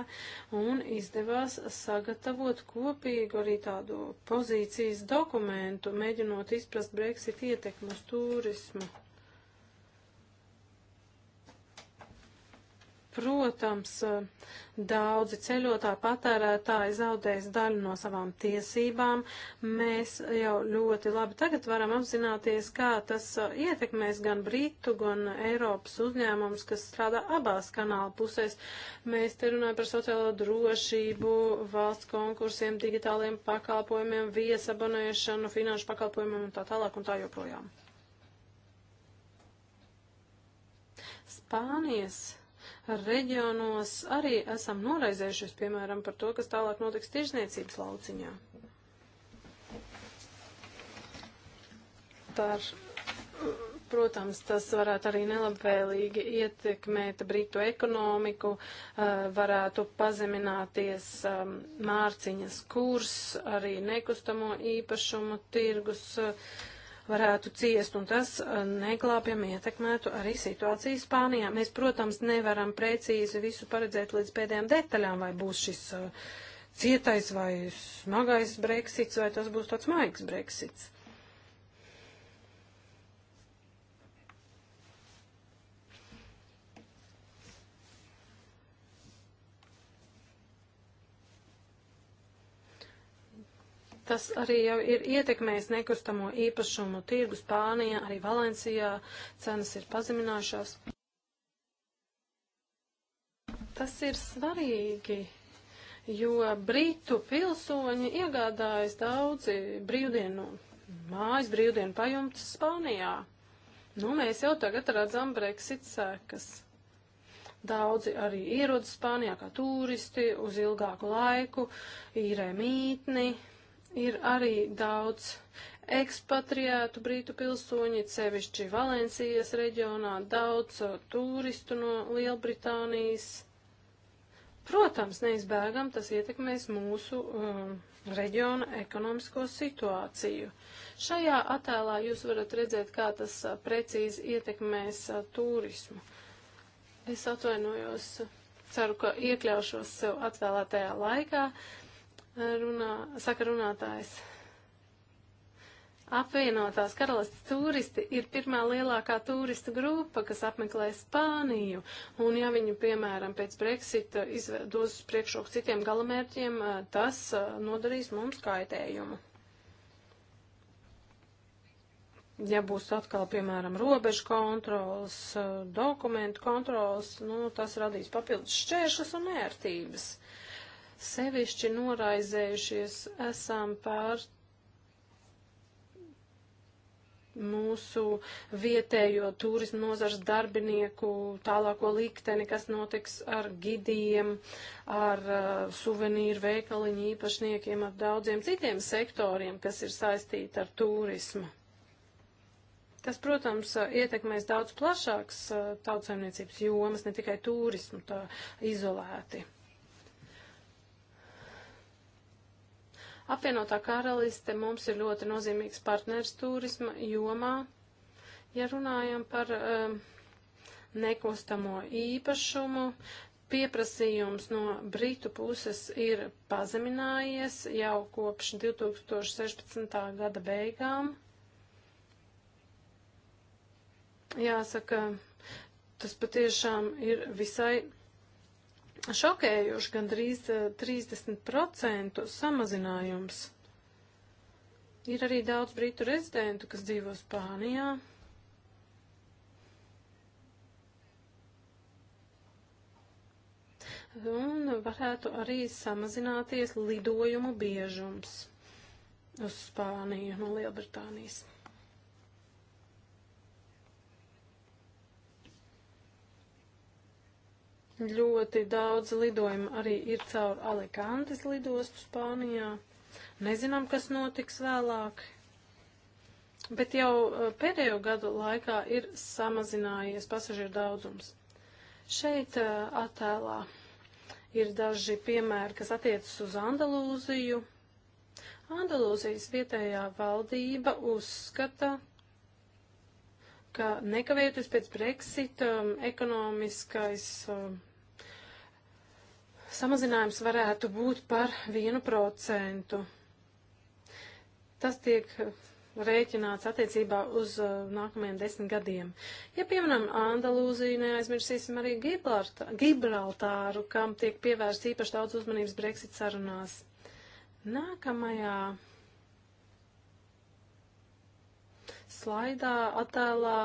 un izdevās sagatavot kopīgu arī tādu pozīcijas dokumentu, mēģinot izprast Brexit ietekmu uz turismu. Protams, eh, daudzi ceļotāji patērētāji zaudēs daļu no savām tiesībām. Mēs jau ļoti labi tagad varam apzināties, kā tas eh, ietekmēs gan Britu, gan Eiropas uzņēmums, kas strādā abās kanāla pusēs. Mēs te runājam par sociālo drošību, valsts konkursiem, digitāliem pakalpojumiem, viesabonēšanu, finanšu pakalpojumiem un tā tālāk un tā joprojām. Spānijas reģionos arī esam noraizējušies, piemēram, par to, kas tālāk notiks tirzniecības lauciņā. Par, protams, tas varētu arī nelabvēlīgi ietekmēt britu ekonomiku, eh, varētu pazemināties ehm, mārciņas kurs, arī nekustamo īpašumu tirgus eh, varētu ciest, un tas uh, neglābjami ietekmētu arī situāciju Spānijā. Mēs, protams, nevaram precīzi visu paredzēt līdz pēdējām detaļām, vai būs šis uh, cietais vai smagais breksits, vai tas būs tāds maigs breksits. Tas arī jau ir ietekmējis nekustamo īpašumu tirgu Spānijā, arī Valencijā cenas ir pazeminājušās. Tas ir svarīgi, jo Britu pilsoņi iegādājas daudzi brīvdienu, mājas brīvdienu pajumtes Spānijā. Nu, mēs jau tagad redzam Brexit sekas. Daudzi arī ierodas Spānijā kā turisti uz ilgāku laiku, īrē mītni, ir arī daudz ekspatriētu brītu pilsoņi, sevišķi Valencijas reģionā, daudz uh, turistu no Lielbritānijas. Protams, neizbēgam tas ietekmēs mūsu um, reģiona ekonomisko situāciju. Šajā attēlā jūs varat redzēt, kā tas uh, precīzi ietekmēs uh, turismu. Es atvainojos, ceru, ka iekļaušos sev atvēlētajā laikā. Uh, runā, saka runātājs. Apvienotās karalistas turisti ir pirmā lielākā turistu grupa, kas apmeklē Spāniju, un ja viņu, piemēram, pēc Brexita izdos uz priekšroku citiem galamērķiem, eh, tas eh, nodarīs mums kaitējumu. Ja būs atkal, piemēram, robežu kontrols, eh, dokumentu kontrols, nu, tas radīs papildus šķēršas un ērtības. Sevišķi noraizējušies esam pār mūsu vietējo turismu nozars darbinieku tālāko likteni, kas notiks ar gidiem, ar uh, suvenīru veikaliņu īpašniekiem, ar daudziem citiem sektoriem, kas ir saistīti ar turismu. Tas, protams, uh, ietekmēs daudz plašāks uh, tautsaimniecības jomas, ne tikai turismu tā izolēti. Apvienotā karaliste mums ir ļoti nozīmīgs partners turisma jomā. Ja runājam par um, nekostamo īpašumu, pieprasījums no Britu puses ir pazeminājies jau kopš 2016. gada beigām. Jāsaka, tas patiešām ir visai šokējoši gandrīz 30% eh, samazinājums. Ir arī daudz brītu rezidentu, kas dzīvo Spānijā. Un varētu arī samazināties lidojumu biežums uz Spāniju no Lielbritānijas. Ļoti daudz lidojumu arī ir caur Alicantes lidostu Spānijā. Nezinām, kas notiks vēlāk. Bet jau eh, pēdējo gadu laikā ir samazinājies pasažieru daudzums. Šeit eh, attēlā ir daži piemēri, kas attiecas uz Andalūziju. Andalūzijas vietējā valdība uzskata, ka nekavējoties pēc Brexit um, ekonomiskais um, samazinājums varētu būt par vienu procentu. Tas tiek uh, rēķināts attiecībā uz uh, nākamajiem desmit gadiem. Ja pieminam Andalūziju, neaizmirsīsim arī Gibraltā, Gibraltāru, kam tiek pievērsts īpaši daudz uzmanības Brexit sarunās. Nākamajā slaidā attēlā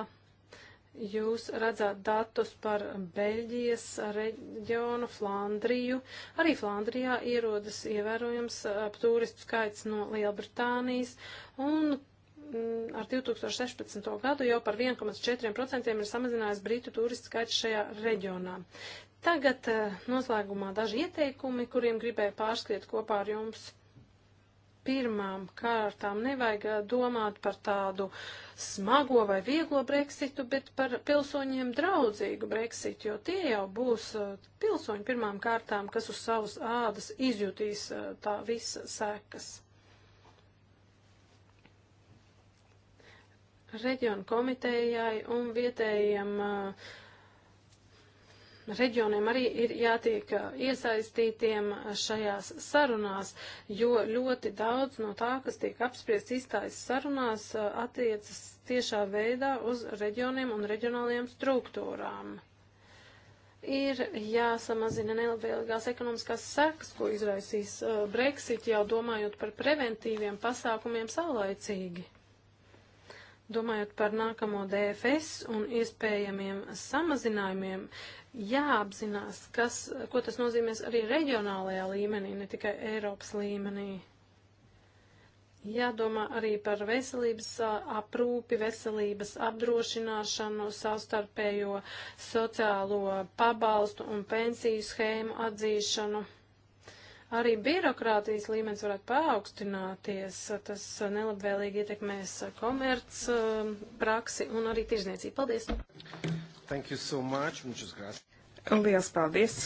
jūs redzat datus par Beļģijas reģionu, Flandriju. Arī Flandrijā ierodas ievērojams turistu skaits no Lielbritānijas, un mm, ar 2016. gadu jau par 1,4% ir samazinājis brītu turistu skaits šajā reģionā. Tagad noslēgumā daži ieteikumi, kuriem gribēju pārskriet kopā ar jums. Pirmām kārtām nevajag domāt par tādu smago vai vieglo breksitu, bet par pilsoņiem draudzīgu breksitu, jo tie jau būs pilsoņi pirmām kārtām, kas uz savas ādas izjutīs tā visa sekas. Reģionu komitejai un vietējiem uh, reģioniem arī ir jātiek uh, iesaistītiem uh, šajās sarunās, jo ļoti daudz no tā, kas tiek apspriests izstājas sarunās, uh, attiecas tiešā veidā uz reģioniem un reģionālajām struktūrām ir jāsamazina nelabvēlīgās ekonomiskās sekas, ko izraisīs uh, Brexit, jau domājot par preventīviem pasākumiem saulaicīgi. Domājot par nākamo DFS un iespējamiem samazinājumiem, jāapzinās, kas, ko tas nozīmēs arī reģionālajā līmenī, ne tikai Eiropas līmenī. Jādomā arī par veselības aprūpi, veselības apdrošināšanu, savstarpējo sociālo pabalstu un pensiju schēmu atzīšanu. Arī birokrātijas līmenis varētu paaugstināties, tas nelabvēlīgi ietekmēs komerc um, praksi un arī tirzniecību. Paldies! Thank you so much, muchas gracias. Lielas paldies!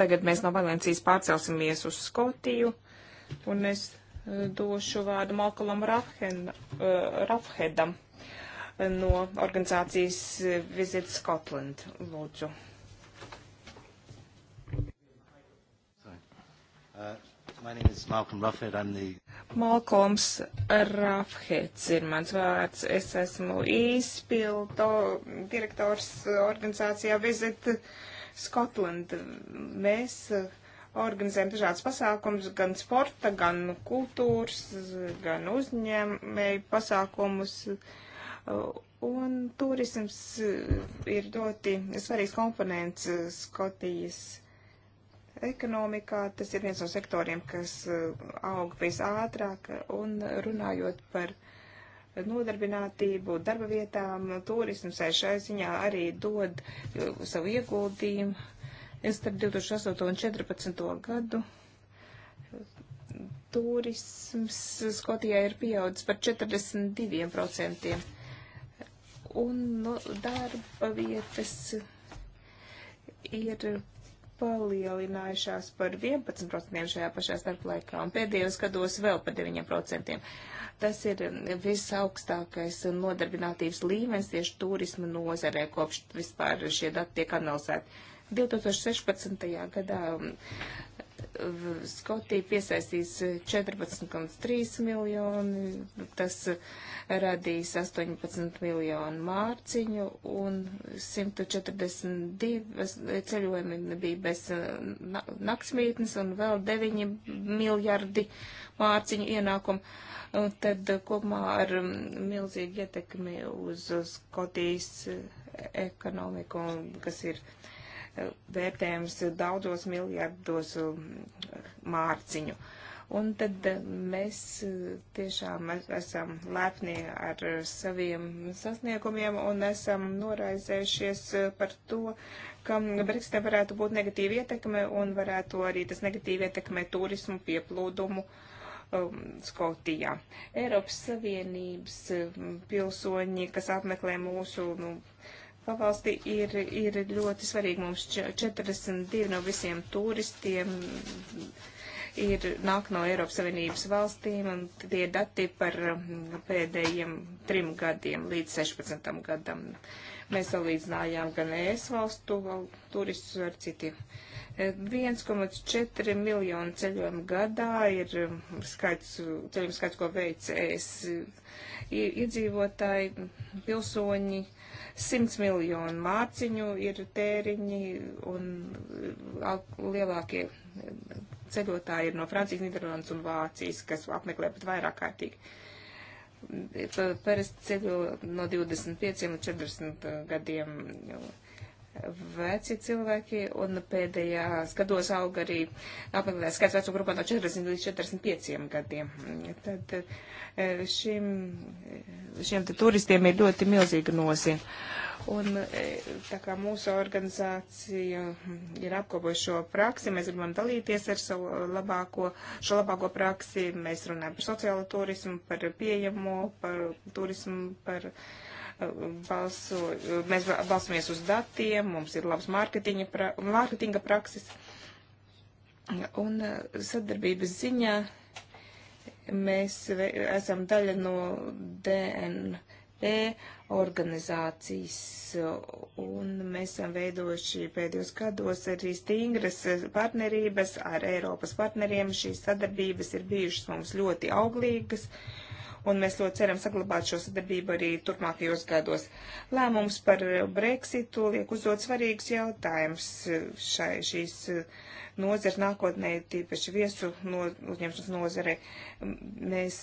Tagad mēs no Valencijas pārcelsimies uz Skotiju, un es eh, došu vārdu Malkolam Rafhedam eh, eh, no organizācijas Visit Scotland. Lūdzu. My name is Malcolm Ruffhead. I'm the... Malcolms Ruffheads ir mans vārds. Es esmu izpildo direktors organizācijā Visit Scotland. Mēs eh, organizējam dažādas pasākumus, gan sporta, gan kultūras, gan uzņēmēju pasākumus. Eh, un turisms eh, ir ļoti svarīgs komponents Skotijas ekonomikā. Tas ir viens no sektoriem, kas eh, aug visātrāk un runājot par nodarbinātību, darba vietām, turisms šai ziņā arī dod eh, savu ieguldījumu. Es starp 2008 un 2014 gadu eh, turisms Skotijā ir pieaudzis par 42%. Un no, nu, darba vietas ir palielinājušās par 11% šajā pašā starplaikā un pēdējos gados vēl par 9%. Tas ir visaugstākais nodarbinātības līmenis tieši turisma nozarē, kopš vispār šie dati tiek analizēti. 2016. gadā Skotija piesaistīs 14,3 miljoni, tas radīs 18 miljonu mārciņu un 142 eh, ceļojumi bija bez eh, naktsmītnes un vēl 9 miljardi mārciņu ienākumu. Un tad eh, kopumā ar mm, milzīgu ietekmi uz Skotijas ekonomiku, kas ir vērtējums daudzos miljardos mm, mārciņu. Un tad eh, mēs eh, tiešām esam lepni ar saviem sasniegumiem un esam noraizējušies eh, par to, ka Brexitam varētu būt negatīva ietekme un varētu arī tas negatīvi ietekmē turismu pieplūdumu. Um, Skotijā. Eiropas Savienības pilsoņi, kas apmeklē mūsu nu, uh, pavalsti ir, ir ļoti svarīgi. Mums 42 no visiem turistiem ir nāk no Eiropas Savienības valstīm, un tie dati par um, pēdējiem trim gadiem līdz 16 gadam. Mēs salīdzinājām gan ES valstu turistus ar citiem. 1,4 miljonu ceļojumu gadā ir um, skaits, ceļojumu skaits, ko veic ES iedzīvotāji, pilsoņi 100 miljonu mārciņu ir tēriņi un e, lielākie e, ceļotāji ir no Francijas, Nīderlandes un Vācijas, kas apmeklē pat vairāk kārtīgi. E, parasti ceļo no 25 līdz 40 gadiem. Jo, veci cilvēki, un pēdējās gados auga arī apmeklētājs skaits vecu grupā no 40 līdz 45 gadiem. Tad e, šim, e, šiem te turistiem ir ļoti milzīga nozīme. Un e, tā kā mūsu organizācija ir apkopojuši šo praksi, mēs gribam dalīties ar savu labāko, šo labāko praksi. Mēs runājam par sociālo turismu, par pieejamo, par turismu, par. Uh, balso, mēs balsamies uz datiem, mums ir labs mārketinga, pra, mārketinga prakses. Un e, sadarbības ziņā mēs esam daļa no DNP organizācijas, un mēs esam veidojuši pēdējos gados arī stingras partnerības ar Eiropas partneriem. Šīs sadarbības ir bijušas mums ļoti auglīgas. Uh, un mēs ļoti ceram saglabāt šo sadarbību arī turpmākajos gados. Lēmums par Brexitu liek uzdot svarīgus jautājumus šai šīs nozars nākotnē, tīpaši viesu no, uzņemšanas nozare. Mēs,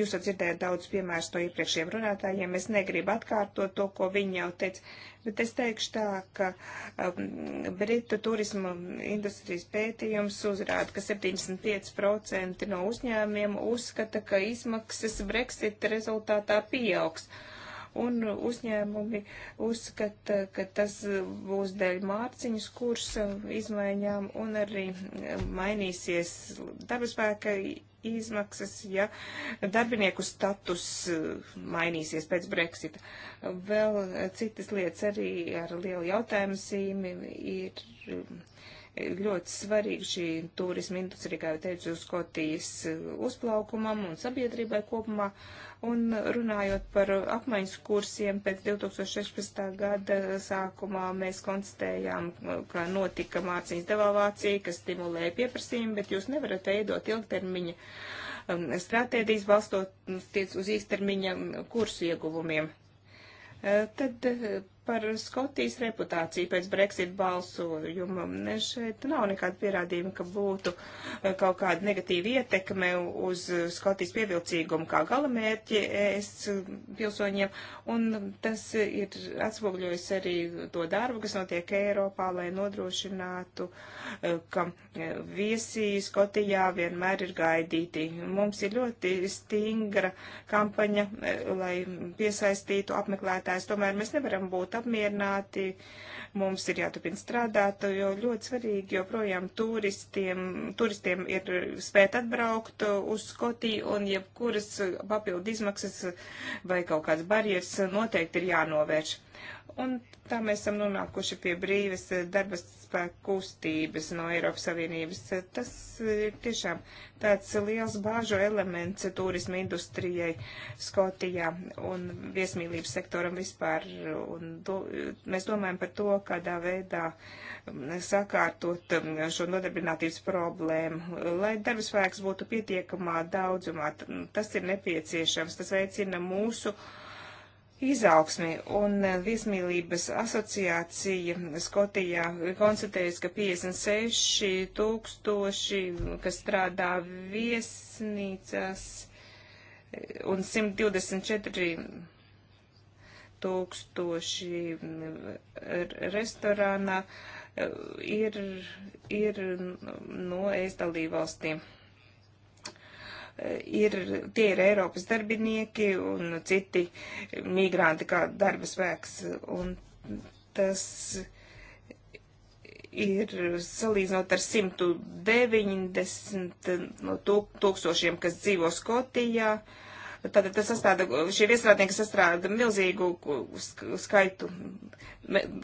jūs jau dzirdējat daudz piemērus no iepriekšējiem runātājiem, es negribu atkārtot to, ko viņi jau teica, bet es teikšu tā, ka um, Britu turisma industrijas pētījums uzrāda, ka 75% no uzņēmiem uzskata, ka izmaksas Brexit rezultātā pieaugs. Uh, un uzņēmumi uzskata, ka tas būs dēļ mārciņas kursa izmaiņām un arī mainīsies darbspēka izmaksas, ja darbinieku status mainīsies pēc Brexita. Vēl citas lietas arī ar lielu jautājumu zīmi ir ļoti svarīga šī turisma industrija, kā jau teicu, Skotijas eh, uzplaukumam un sabiedrībai kopumā. Un runājot par apmaiņas kursiem, pēc 2016. gada sākumā mēs konstatējām, eh, ka notika mācības devalvācija, kas stimulēja pieprasījumu, bet jūs nevarat veidot ilgtermiņa um, stratēdijas balstoties uz īstermiņa kursu ieguvumiem. Eh, tad par Skotijas reputāciju pēc Brexit balsojuma. Šeit nav nekāda pierādījuma, ka būtu eh, kaut kāda negatīva ietekme uz Skotijas pievilcīgumu kā galamērķi es pilsoņiem, un tas ir atspogļojis arī to darbu, kas notiek Eiropā, lai nodrošinātu, eh, ka viesi Skotijā vienmēr ir gaidīti. Mums ir ļoti stingra kampaņa, eh, lai piesaistītu apmeklētājs. Tomēr mēs nevaram būt būt apmierināti, mums ir jāturpina strādāt, jo ļoti svarīgi joprojām turistiem, turistiem ir spēt atbraukt uz Skotiju un jebkuras papildu izmaksas vai kaut kāds barjeras noteikti ir jānovērš. Un tā mēs esam nonākuši pie brīvas eh, darba spēka kustības no Eiropas Savienības. Eh, tas eh, ir tiešām tāds liels bāžu elements turisma industrijai Skotijā un viesmīlības sektoram vispār. Un do, mēs domājam par to, kādā veidā mm, sakārtot mm, šo nodarbinātības problēmu, lai darba spēks būtu pietiekamā daudzumā. Mm, tas ir nepieciešams, tas veicina mūsu. Uh, izaugsmi, un eh, Viesmīlības asociācija Skotijā konstatējas, ka 56 tūkstoši, kas strādā viesnīcās, un 124 tūkstoši mm, restorānā eh, ir, ir mm, no ēst dalībvalstīm. valstīm ir, tie ir Eiropas darbinieki un citi migranti kā darba spēks. Un tas ir salīdzinot ar 190 no tūkstošiem, kas dzīvo Skotijā. Tātad tas sastāda, šie viesrādnieki sastāda milzīgu skaitu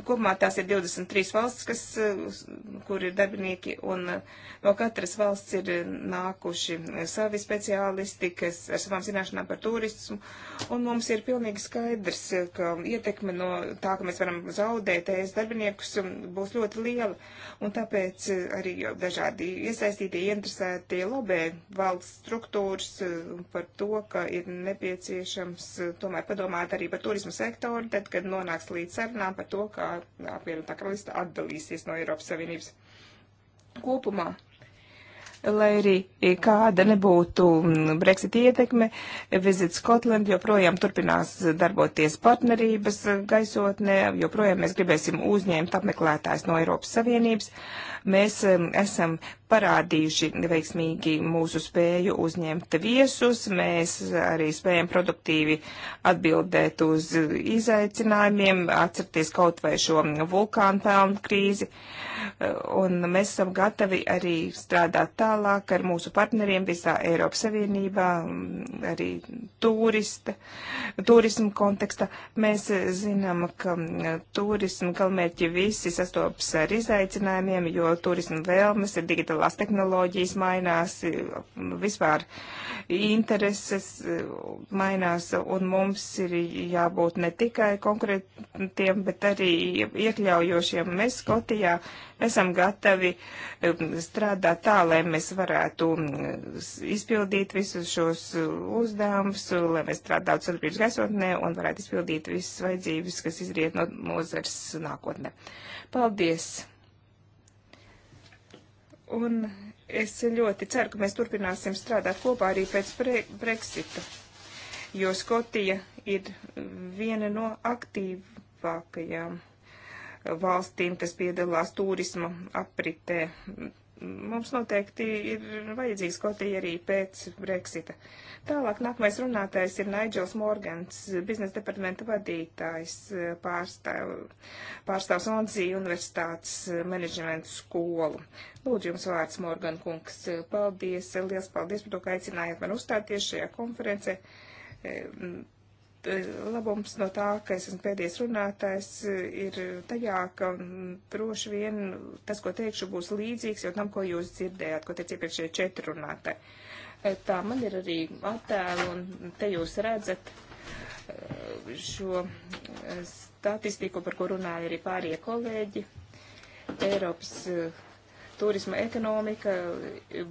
Kopumā tās ir 23 valstis, kas, eh, kur ir darbinieki, un no eh, katras valsts ir eh, nākuši savi speciālisti, kas ar savām zināšanām par turismu, un mums ir pilnīgi skaidrs, ka ietekme no tā, ka mēs varam zaudēt ES darbiniekus, um, būs ļoti liela, un tāpēc arī dažādi iesaistītie, interesētie lobē valsts struktūras par to, ka ir nepieciešams tomēr padomāt arī par turismu sektoru, tad, kad nonāks līdz sarunām par to, to, kā apvienotā karalista atdalīsies no Eiropas Savienības kopumā. Lai arī kāda nebūtu mm, Brexit ietekme, Visit Scotland joprojām turpinās darboties partnerības gaisotnē, joprojām mēs gribēsim uzņemt apmeklētājs no Eiropas Savienības. Mēs mm, esam parādījuši veiksmīgi mūsu spēju uzņemt viesus. Mēs arī spējam produktīvi atbildēt uz izaicinājumiem, atcerties kaut vai šo vulkānu pelnu krīzi. Un mēs esam gatavi arī strādāt tālāk ar mūsu partneriem visā Eiropas Savienībā, arī turista, turismu kontekstā. Mēs zinām, ka turismu galvenmērķi visi sastopas ar izaicinājumiem, jo turismu vēlmes ir digitāli mobilās tehnoloģijas mainās, vispār intereses e, mainās, un mums ir jābūt ne tikai konkrētiem, bet arī iekļaujošiem. Mēs Skotijā esam gatavi e, strādāt tā, lai mēs varētu izpildīt visus šos uzdevumus, lai mēs strādātu sadarbības gaisotnē un varētu izpildīt visas vajadzības, kas izriet no nozars nākotnē. Paldies! Un es ļoti ceru, ka mēs turpināsim strādāt kopā arī pēc bre Brexita, jo Skotija ir viena no aktīvākajām valstīm, kas piedalās turisma apritē mums noteikti ir vajadzīgs Skotija arī pēc Brexita. Tālāk nākamais runātājs ir Nigels Morgans, biznesa departamenta vadītājs, pārstāv, pārstāvs Onzija universitātes menedžmentu skolu. Lūdzu jums vārds, Morgan kungs. Paldies, liels paldies par to, ka aicinājāt man uzstāties šajā konferencē labums no tā, ka es esmu pēdējais runātājs, ir tajā, ka droši vien tas, ko teikšu, būs līdzīgs jau tam, ko jūs dzirdējāt, ko teica iepriekšējie četri runātāji. E, tā man ir arī attēlu, un te jūs redzat e, šo e, statistiku, par ko runāja arī pārējie kolēģi. Eiropas uh, turisma ekonomika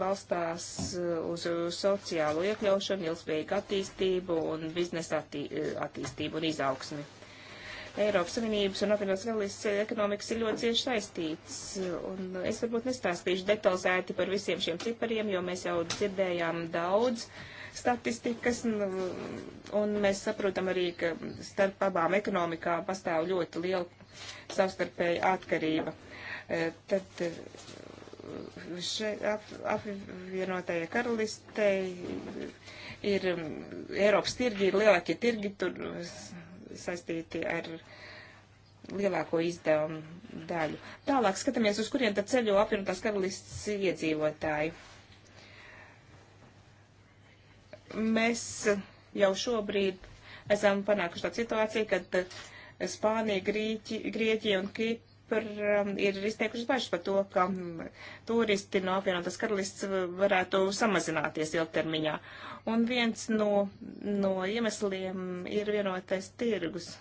balstās uh, uz sociālo iekļaušanu, ilgspējīgu attīstību un biznesa attī uh, attīstību un izaugsmi. Eiropas Savienības un apvienotās karalistes ekonomikas ir ļoti cieši saistīts, uh, un es varbūt nestāstīšu detalizēti par visiem šiem cipariem, jo mēs jau dzirdējām daudz statistikas, un mēs saprotam arī, ka starp abām ekonomikām pastāv ļoti liela savstarpēja atkarība. Tad šeit ap, apvienotajai karalistei ir um, Eiropas tirgi, ir lielākie tirgi, tur saistīti ar lielāko izdevumu daļu. Tālāk skatāmies, uz kuriem tad ceļo apvienotās karalists iedzīvotāji. Mēs jau šobrīd esam panākuši tādu situāciju, kad Spānija, Grieķi, Grieķija un Kipra par, um, ir izteikušas bažas par to, ka um, turisti no apvienotās karalists varētu samazināties ilgtermiņā. Un viens no, no iemesliem ir vienotais tirgus.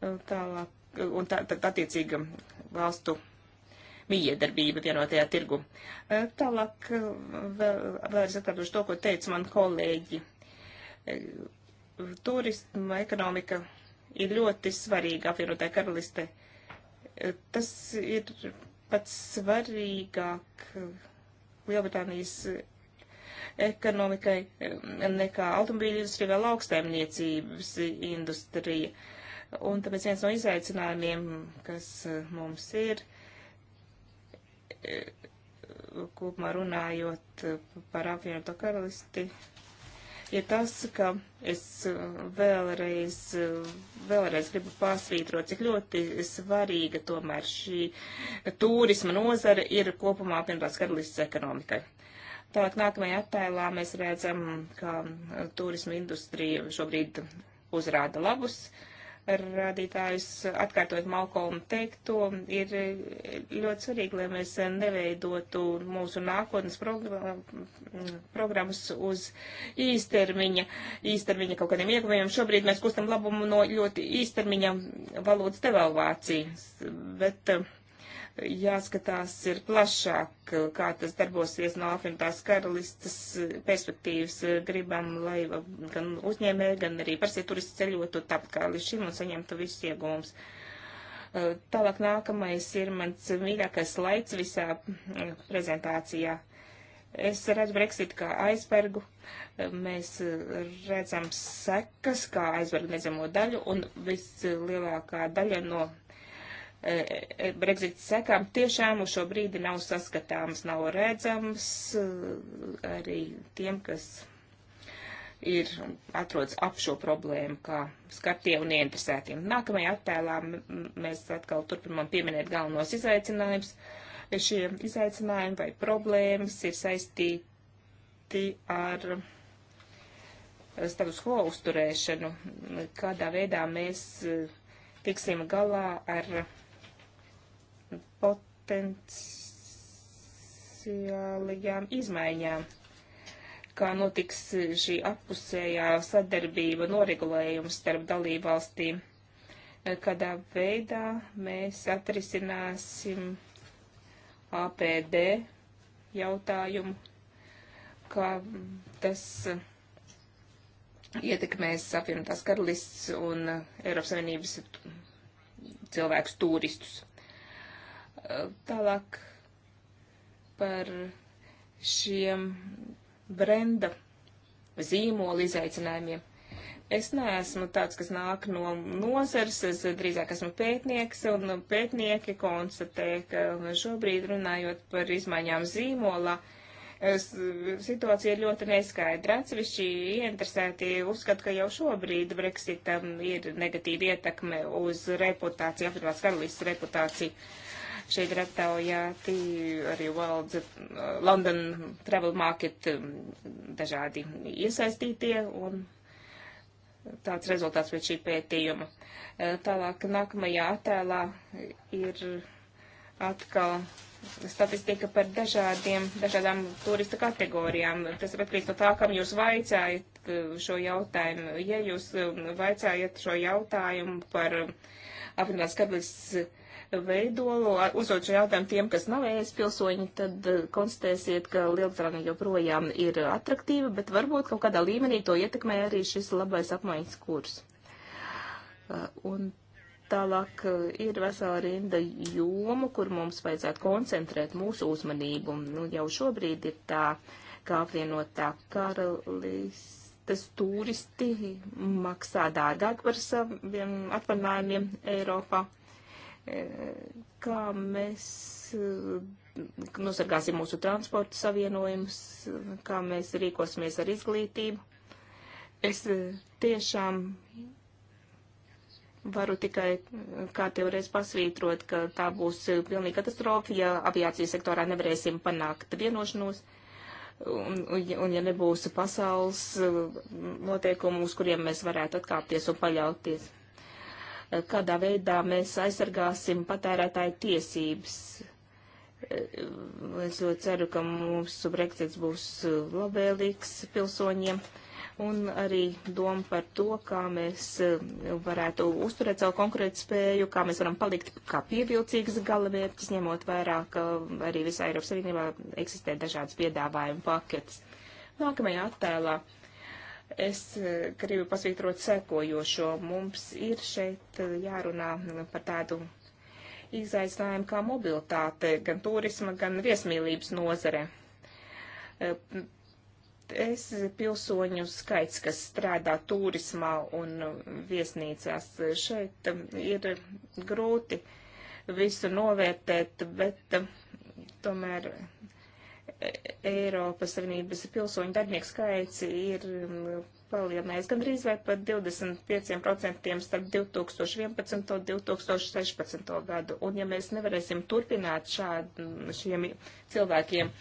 Uh, tālāk, uh, un tā, tā, attiecīga valstu mijiedarbība vienotajā tirgu. Uh, tālāk vēl, vēlreiz atkārtošu to, ko teica man kolēģi. Turisma ekonomika ir ļoti svarīga apvienotāja karaliste. Uh, Tas ir pats svarīgāk Lielbritānijas ekonomikai um, nekā automobīļu industrija vai lauksaimniecības industrija. Un tāpēc viens no izaicinājumiem, kas uh, mums ir, uh, kopumā runājot uh, par apvienoto karalisti, ir tas, ka es uh, vēlreiz, uh, vēlreiz gribu pasvītrot, cik ļoti svarīga tomēr šī turisma nozara ir kopumā apvienotās karalistas ekonomikai. Tālāk nākamajā attēlā mēs redzam, ka turisma industrija šobrīd uzrāda labus uh, rādītājus, atkārtot Malkolmu teikto, ir ļoti svarīgi, lai mēs neveidotu mūsu nākotnes programmas uz īstermiņa, īstermiņa kaut kādiem ieguvējiem. Šobrīd mēs kustam labumu no ļoti īstermiņa valūtas devalvācijas, bet uh, jāskatās ir plašāk, kā tas darbosies no Afrikas karalistas perspektīvas. Gribam, lai gan uzņēmēji, gan arī parasti turisti ceļotu tāpat kā līdz šim un saņemtu visus iegūmus. Tālāk nākamais ir mans mīļākais slaids visā prezentācijā. Es redzu Brexit kā aizbergu, mēs redzam sekas kā aizbergu nezemo daļu, un vislielākā daļa no E, e, Brexit sekām tiešām uz šo brīdi nav saskatāms, nav redzams e, arī tiem, kas ir atrodas ap šo problēmu, kā skatiem un ieinteresētiem. Nākamajā attēlā mēs atkal turpinām pieminēt galvenos izaicinājumus. Šie izaicinājumi vai problēmas ir saistīti ar status quo uzturēšanu, kādā veidā mēs tiksim galā ar potenciālajām izmaiņām, kā notiks šī appusējā sadarbība, noregulējums starp dalībvalstīm, kādā veidā mēs atrisināsim APD jautājumu, kā tas ietekmēs apvienotās karalists un Eiropas Savienības cilvēkus turistus. Tālāk par šiem brenda zīmola izaicinājumiem. Es neesmu tāds, kas nāk no nozars, es drīzāk esmu pētnieks, un pētnieki konstatē, ka šobrīd runājot par izmaiņām zīmolā, situācija ir ļoti neskaidra. Atsevišķi interesēti uzskata, ka jau šobrīd Brexitam ir negatīva ietekme uz reputāciju, apvienotās karalīsts reputāciju. Uh, Šeit ir attaujāti arī World uh, London Travel Market um, dažādi iesaistītie un tāds rezultāts pēc šī pētījuma. Uh, tālāk nākamajā attēlā ir atkal statistika par dažādiem, dažādām turista kategorijām. Tas ir atkarīgs no tā, kam jūs vaicājat uh, šo jautājumu. Ja jūs um, vaicājat šo jautājumu par um, apvienotās karalistes veidolu. Uzdot šo jautājumu tiem, kas nav ēs pilsoņi, tad eh, konstatēsiet, ka Lielbritānija joprojām ir atraktīva, bet varbūt kaut kādā līmenī to ietekmē arī šis labais apmaiņas kurs. Eh, un tālāk eh, ir vesela rinda jomu, kur mums vajadzētu koncentrēt mūsu uzmanību. Nu, jau šobrīd ir tā, kā apvienotā karalīs tas turisti maksā dārgāk par saviem atvaļinājumiem Eiropā kā mēs nosargāsim mūsu transporta savienojumus, kā mēs rīkosimies ar izglītību. Es eh, tiešām varu tikai eh, kā teoreiz pasvītrot, ka tā būs eh, pilnīga katastrofa, ja aviācijas sektorā nevarēsim panākt vienošanos. Un, un, un ja nebūs pasaules noteikumu, uz kuriem mēs varētu atkāpties un paļauties kādā veidā mēs aizsargāsim patērētāju tiesības. Es ļoti ceru, ka mūsu Brexits būs labvēlīgs pilsoņiem. Un arī doma par to, kā mēs varētu uzturēt savu konkrētu spēju, kā mēs varam palikt kā pievilcīgs galamērķis, ņemot vairāk arī visā Eiropas Savienībā eksistē dažādas piedāvājuma paketes. Nākamajā attēlā. Uh, Es eh, gribu pasvītrot sekojošo. Mums ir šeit eh, jārunā eh, par tādu izaicinājumu kā mobilitāte, gan turisma, gan viesmīlības nozare. Es pilsoņu skaits, kas strādā turismā un viesnīcās, šeit ir grūti visu novērtēt, bet tomēr Eiropas Savienības pilsoņu darbinieku skaits ir um, palielinājies gandrīz vai pat 25% starp 2011. un 2016. gadu. Un ja mēs nevarēsim turpināt šād, šiem cilvēkiem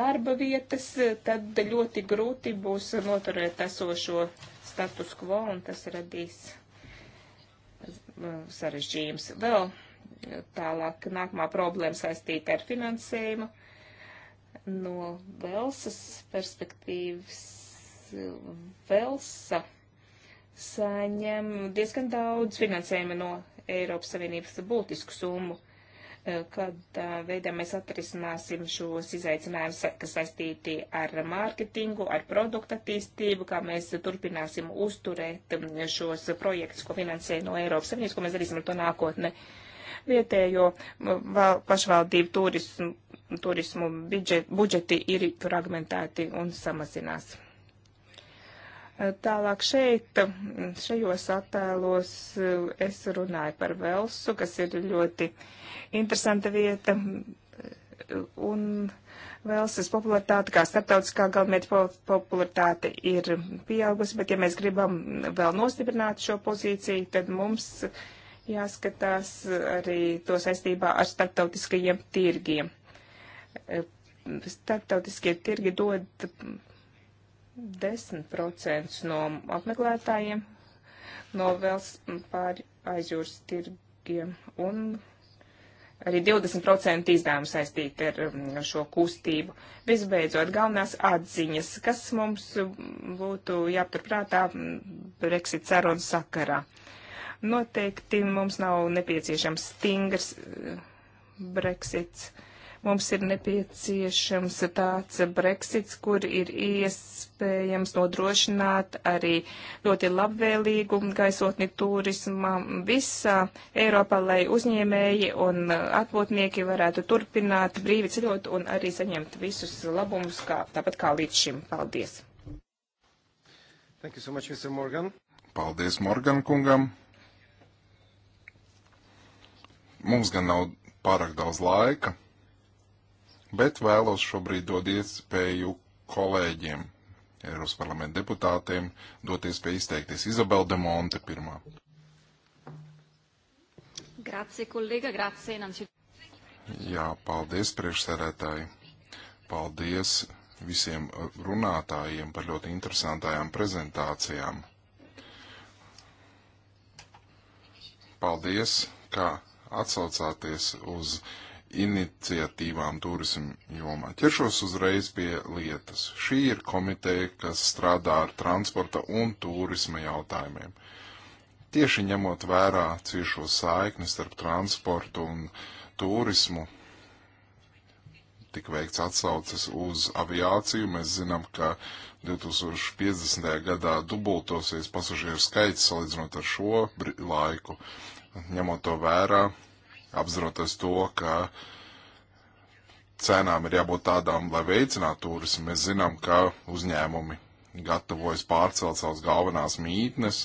darba vietas, tad ļoti grūti būs noturēt esošo status quo, un tas radīs uh, sarežģījums. Vēl tālāk nākamā problēma saistīta ar finansējumu no Velsas perspektīvas Velsa saņem diezgan daudz finansējuma no Eiropas Savienības būtisku summu, e, kad veidā mēs atrisināsim šos izaicinājumus, kas saistīti ar mārketingu, ar produktu attīstību, kā mēs turpināsim uzturēt šos projektus, ko finansē no Eiropas Savienības, ko mēs darīsim ar to nākotne vietējo pašvaldību turismu turismu budžet, budžeti ir fragmentēti un samazinās. Eh, tālāk šeit, šajos attēlos, eh, es runāju par Velsu, kas ir ļoti interesanta vieta, eh, un Velsas popularitāte, kā starptautiskā galvenmērķa popularitāte, ir pieaugusi, bet ja mēs gribam vēl nostiprināt šo pozīciju, tad mums jāskatās arī to saistībā ar starptautiskajiem tirgiem starptautiskie tirgi dod 10% no apmeklētājiem, no vēl pār aizjūras tirgiem un arī 20% izdevumu saistīti um, ar šo kustību. Visbeidzot, galvenās atziņas, kas mums um, būtu jāpaturprātā um, Brexit sarunu sakarā. Noteikti mums nav nepieciešams stingrs uh, Brexits Mums ir nepieciešams tāds Brexits, kur ir iespējams nodrošināt arī ļoti labvēlīgu gaisotni turismam visā Eiropā, lai uzņēmēji un atpūtnieki varētu turpināt brīvi ceļot un arī saņemt visus labumus, kā, tāpat kā līdz šim. Paldies! Thank you so much, Mr. Morgan. Paldies Morgan kungam. Mums gan nav pārāk daudz laika bet vēlos šobrīd dod iespēju kolēģiem, Eiropas parlamenta deputātiem, dot iespēju izteikties. Izabela de Monte pirmā. Grazie, kolēga, grazie. Jā, paldies priekšsēdētāji. Paldies visiem runātājiem par ļoti interesantajām prezentācijām. Paldies, ka atsaucāties uz uh, iniciatīvām turismu jomā. Ķeršos uzreiz pie lietas. Šī ir komiteja, kas strādā ar transporta un turisma jautājumiem. Tieši ņemot vērā ciešo saikni starp transportu un turismu, tika veikts atsauces uz aviāciju. Mēs zinām, ka 2050. gadā dubultosies pasažieru skaits salīdzinot ar šo laiku. Ņemot to vērā, apzinoties to, ka cenām ir jābūt tādām, lai veicinātu turismu. Mēs zinām, ka uzņēmumi gatavojas pārcelt savas galvenās mītnes.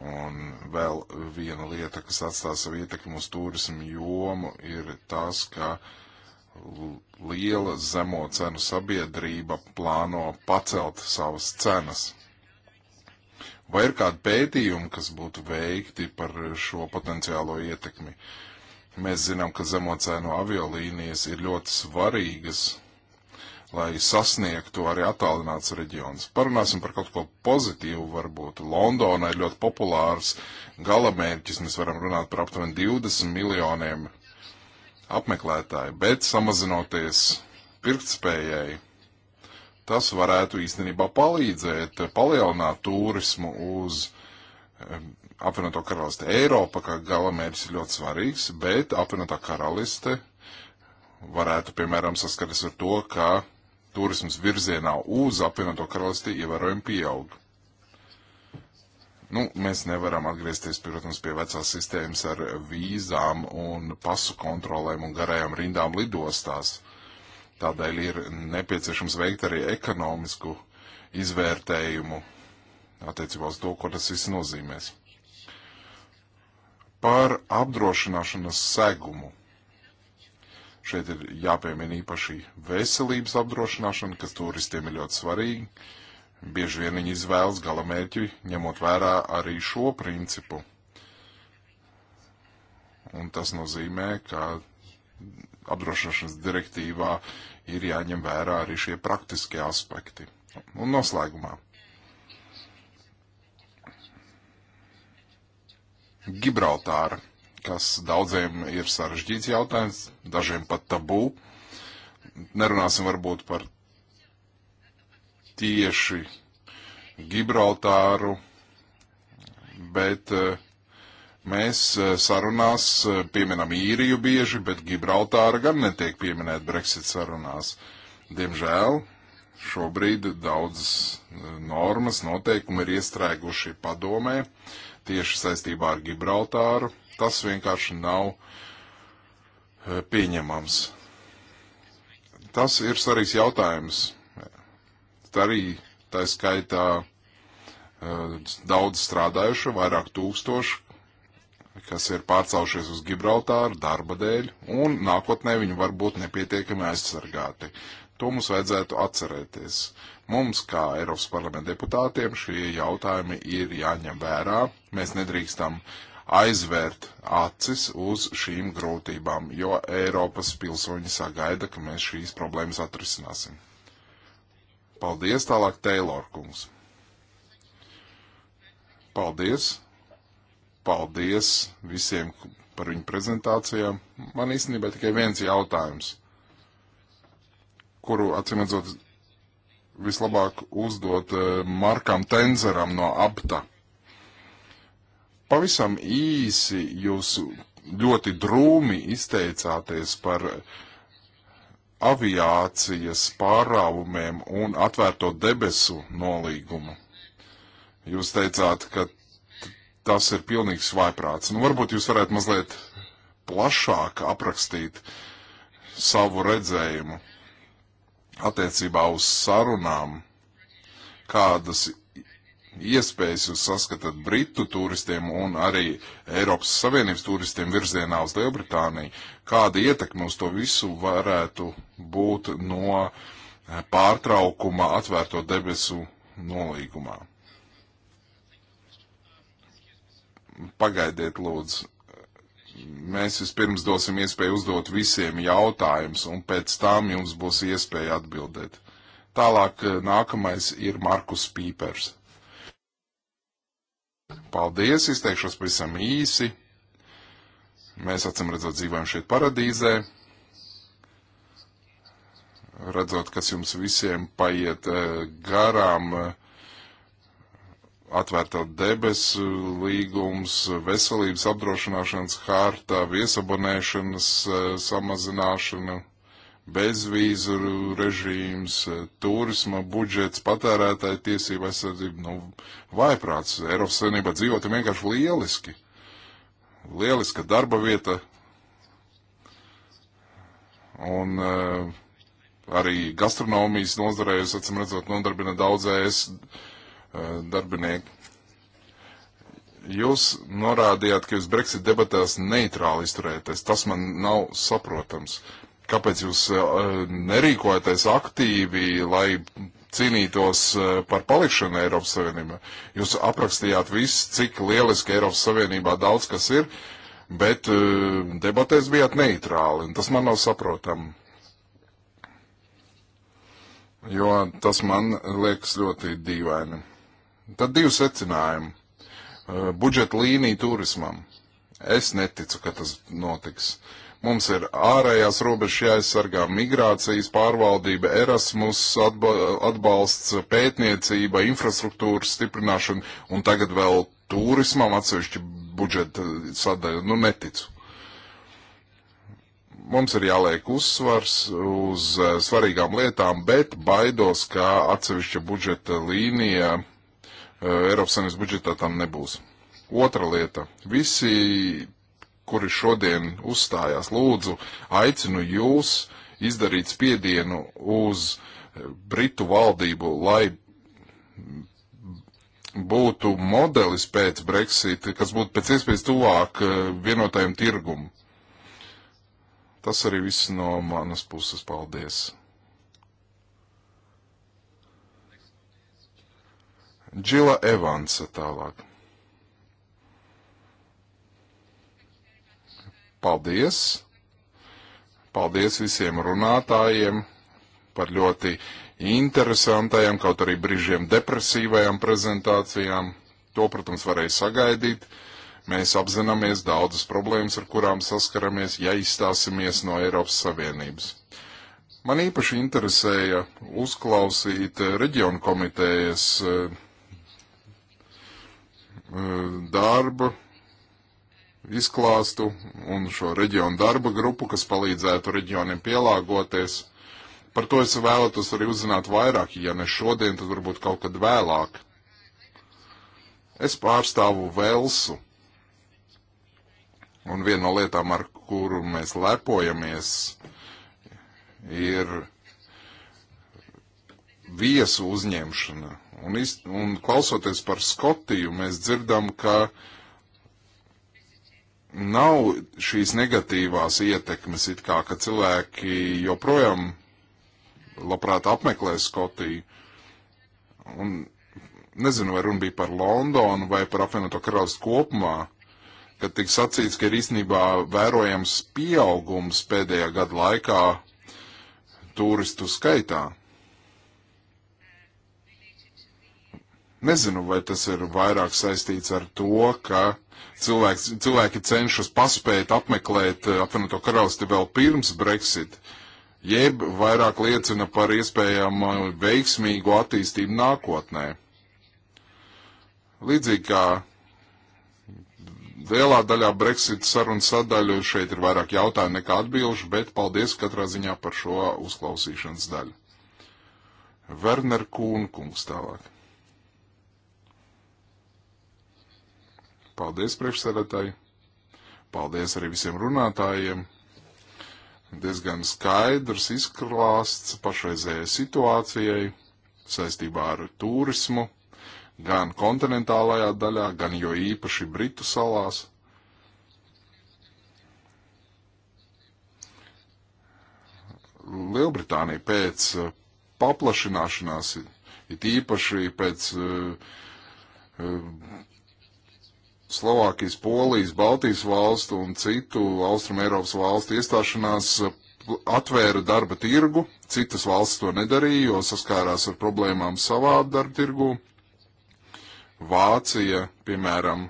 Un vēl viena lieta, kas atstās savu ietekmi uz turismu jomu, ir tas, ka liela zemo cenu sabiedrība plāno pacelt savas cenas. Vai ir kādi pētījumi, kas būtu veikti par šo potenciālo ietekmi? Mēs zinām, ka zemocēnu aviolīnijas ir ļoti svarīgas, lai sasniegtu arī attālināts reģions. Parunāsim par kaut ko pozitīvu, varbūt. Londonā ir ļoti populārs galamērķis, mēs varam runāt par aptuveni 20 miljoniem apmeklētāju, bet samazinoties pirktspējai Tas varētu īstenībā palīdzēt palielināt turismu uz apvienoto karalisti. Eiropa kā galamērķis ir ļoti svarīgs, bet apvienotā karaliste varētu, piemēram, saskaras ar to, ka turismas virzienā uz apvienoto karalisti ievērojami pieaug. Nu, mēs nevaram atgriezties, protams, pie vecās sistēmas ar vīzām un pasu kontrolēm un garajām rindām lidostās. Tādēļ ir nepieciešams veikt arī ekonomisku izvērtējumu attiecībā uz to, ko tas viss nozīmēs. Par apdrošināšanas segumu. Šeit ir jāpiemina īpaši veselības apdrošināšana, kas turistiem ir ļoti svarīga. Bieži vien viņi izvēlas galamērķi, ņemot vērā arī šo principu. Un tas nozīmē, ka apdrošināšanas direktīvā ir jāņem vērā arī šie praktiskie aspekti. Un noslēgumā. Gibraltāra, kas daudziem ir sarežģīts jautājums, dažiem pat tabū. Nerunāsim varbūt par tieši Gibraltāru, bet uh, Mēs eh, sarunās eh, pieminam īriju bieži, bet Gibraltāra gan netiek pieminēt Brexit sarunās. Diemžēl šobrīd daudzas eh, normas, noteikumi ir iestrēguši padomē tieši saistībā ar Gibraltāru. Tas vienkārši nav pieņemams. Tas ir svarīgs jautājums. Tā arī tā skaitā daudz strādājuši, vairāk tūkstoši, kas ir pārcaušies uz Gibraltāru darba dēļ, un nākotnē viņi var būt nepietiekami aizsargāti. To mums vajadzētu atcerēties. Mums, kā Eiropas parlamenta deputātiem, šie jautājumi ir jāņem vērā. Mēs nedrīkstam aizvērt acis uz šīm grūtībām, jo Eiropas pilsoņi sagaida, ka mēs šīs problēmas atrisināsim. Paldies tālāk, Teilor kungs. Paldies! paldies visiem par viņu prezentācijām. Man īstenībā tikai viens jautājums, kuru atcīmredzot vislabāk uzdot eh, Markam Tenzeram no apta. Pavisam īsi jūs ļoti drūmi izteicāties par aviācijas pārāvumiem un atvērto debesu nolīgumu. Jūs teicāt, ka tas ir pilnīgs vaiprāts. Nu, varbūt jūs varētu mazliet plašāk aprakstīt savu redzējumu attiecībā uz sarunām, kādas iespējas jūs saskatāt Britu turistiem un arī Eiropas Savienības turistiem virzienā uz Lielbritāniju, kāda ietekme uz to visu varētu būt no pārtraukuma atvērto debesu nolīgumā. pagaidiet lūdzu. Mēs vispirms dosim iespēju uzdot visiem jautājumus, un pēc tam jums būs iespēja atbildēt. Tālāk eh, nākamais ir Markus Pīpers. Paldies, izteikšos pavisam īsi. Mēs acīm redzot dzīvojam šeit paradīzē, redzot, kas jums visiem paiet eh, garām atvērtā debesu līgums, veselības apdrošināšanas hārta, viesabonēšanas e, samazināšana, bezvīzu režīms, e, turisma budžets, patērētāja tiesība aizsardzība. Nu, vaiprāts, Eiropas Savienībā dzīvot ir vienkārši lieliski. Lieliska darba vieta. Un uh, arī gastronomijas nozarē, es acim redzot, nodarbina daudz es. Uh, Eh, darbinieki. Jūs norādījāt, ka jūs Brexit debatēs neitrāli izturēties. Tas man nav saprotams. Kāpēc jūs eh, nerīkojaties aktīvi, lai cīnītos eh, par palikšanu Eiropas Savienībā? Jūs aprakstījāt visu, cik lieliski Eiropas Savienībā daudz kas ir, bet debatēs bijāt neitrāli, un tas man nav saprotami. Jo tas man liekas ļoti dīvaini. Tad divi secinājumi. Uh, budžeta līnija turismam. Es neticu, ka tas notiks. Mums ir ārējās robežas jāaizsargā migrācijas pārvaldība, Erasmus atba atbalsts, pētniecība, infrastruktūras stiprināšana un tagad vēl turismam atsevišķi budžeta sadaļa. Nu, neticu. Mums ir jāliek uzsvars uz eh, svarīgām lietām, bet baidos, ka atsevišķa budžeta līnija Eh, Eiropas Savienības budžetā tam nebūs. Otra lieta. Visi, kuri šodien uzstājās, lūdzu, aicinu jūs izdarīt spiedienu uz eh, Britu valdību, lai būtu modelis pēc Brexit, kas būtu pēc iespējas tuvāk eh, vienotajam tirgumam. Tas arī viss no manas puses. Paldies! Džila Evansa tālāk. Paldies! Paldies visiem runātājiem par ļoti interesantajām, kaut arī brīžiem depresīvajām prezentācijām. To, protams, varēja sagaidīt. Mēs apzināmies daudzas problēmas, ar kurām saskaramies, ja izstāsimies no Eiropas Savienības. Man īpaši interesēja uzklausīt reģionu komitejas uh, E, darbu, izklāstu un šo reģionu darba grupu, kas palīdzētu reģioniem pielāgoties. Par to es vēlētos arī uzzināt vairāk, ja ne šodien, tad varbūt kaut kad vēlāk. Es pārstāvu Velsu. Un viena no lietām, ar kuru mēs lepojamies, ir viesu uzņemšana. Un, iz, un klausoties par Skotiju, mēs dzirdam, ka nav šīs negatīvās ietekmes, it kā, ka cilvēki joprojām labprāt apmeklē Skotiju. Un nezinu, vai runa bija par Londonu vai par apvienoto karalistu kopumā, kad tika sacīts, ka ir īstenībā vērojams pieaugums pēdējā gada laikā turistu skaitā. Nezinu, vai tas ir vairāk saistīts ar to, ka cilvēks, cilvēki cenšas paspēt apmeklēt eh, apvienoto karalisti vēl pirms Brexit, jeb vairāk liecina par iespējamu eh, veiksmīgu attīstību nākotnē. Līdzīgi kā lielā daļā Brexit sarunu sadaļu, šeit ir vairāk jautājumu nekā atbilžu, bet paldies katrā ziņā par šo uzklausīšanas daļu. Werner Kūnkungs tālāk. Paldies priekšsēdētāji. Paldies arī visiem runātājiem. Diezgan skaidrs izklāsts pašreizējai situācijai saistībā ar turismu gan kontinentālajā daļā, gan jo īpaši Britu salās. Lielbritānija pēc uh, paplašināšanās, it īpaši pēc uh, uh Slovākijas, Polijas, Baltijas valstu un citu Austrum Eiropas valstu iestāšanās eh, atvēra darba tirgu. Citas valsts to nedarīja, jo saskārās ar problēmām savā darba tirgu. Vācija, piemēram,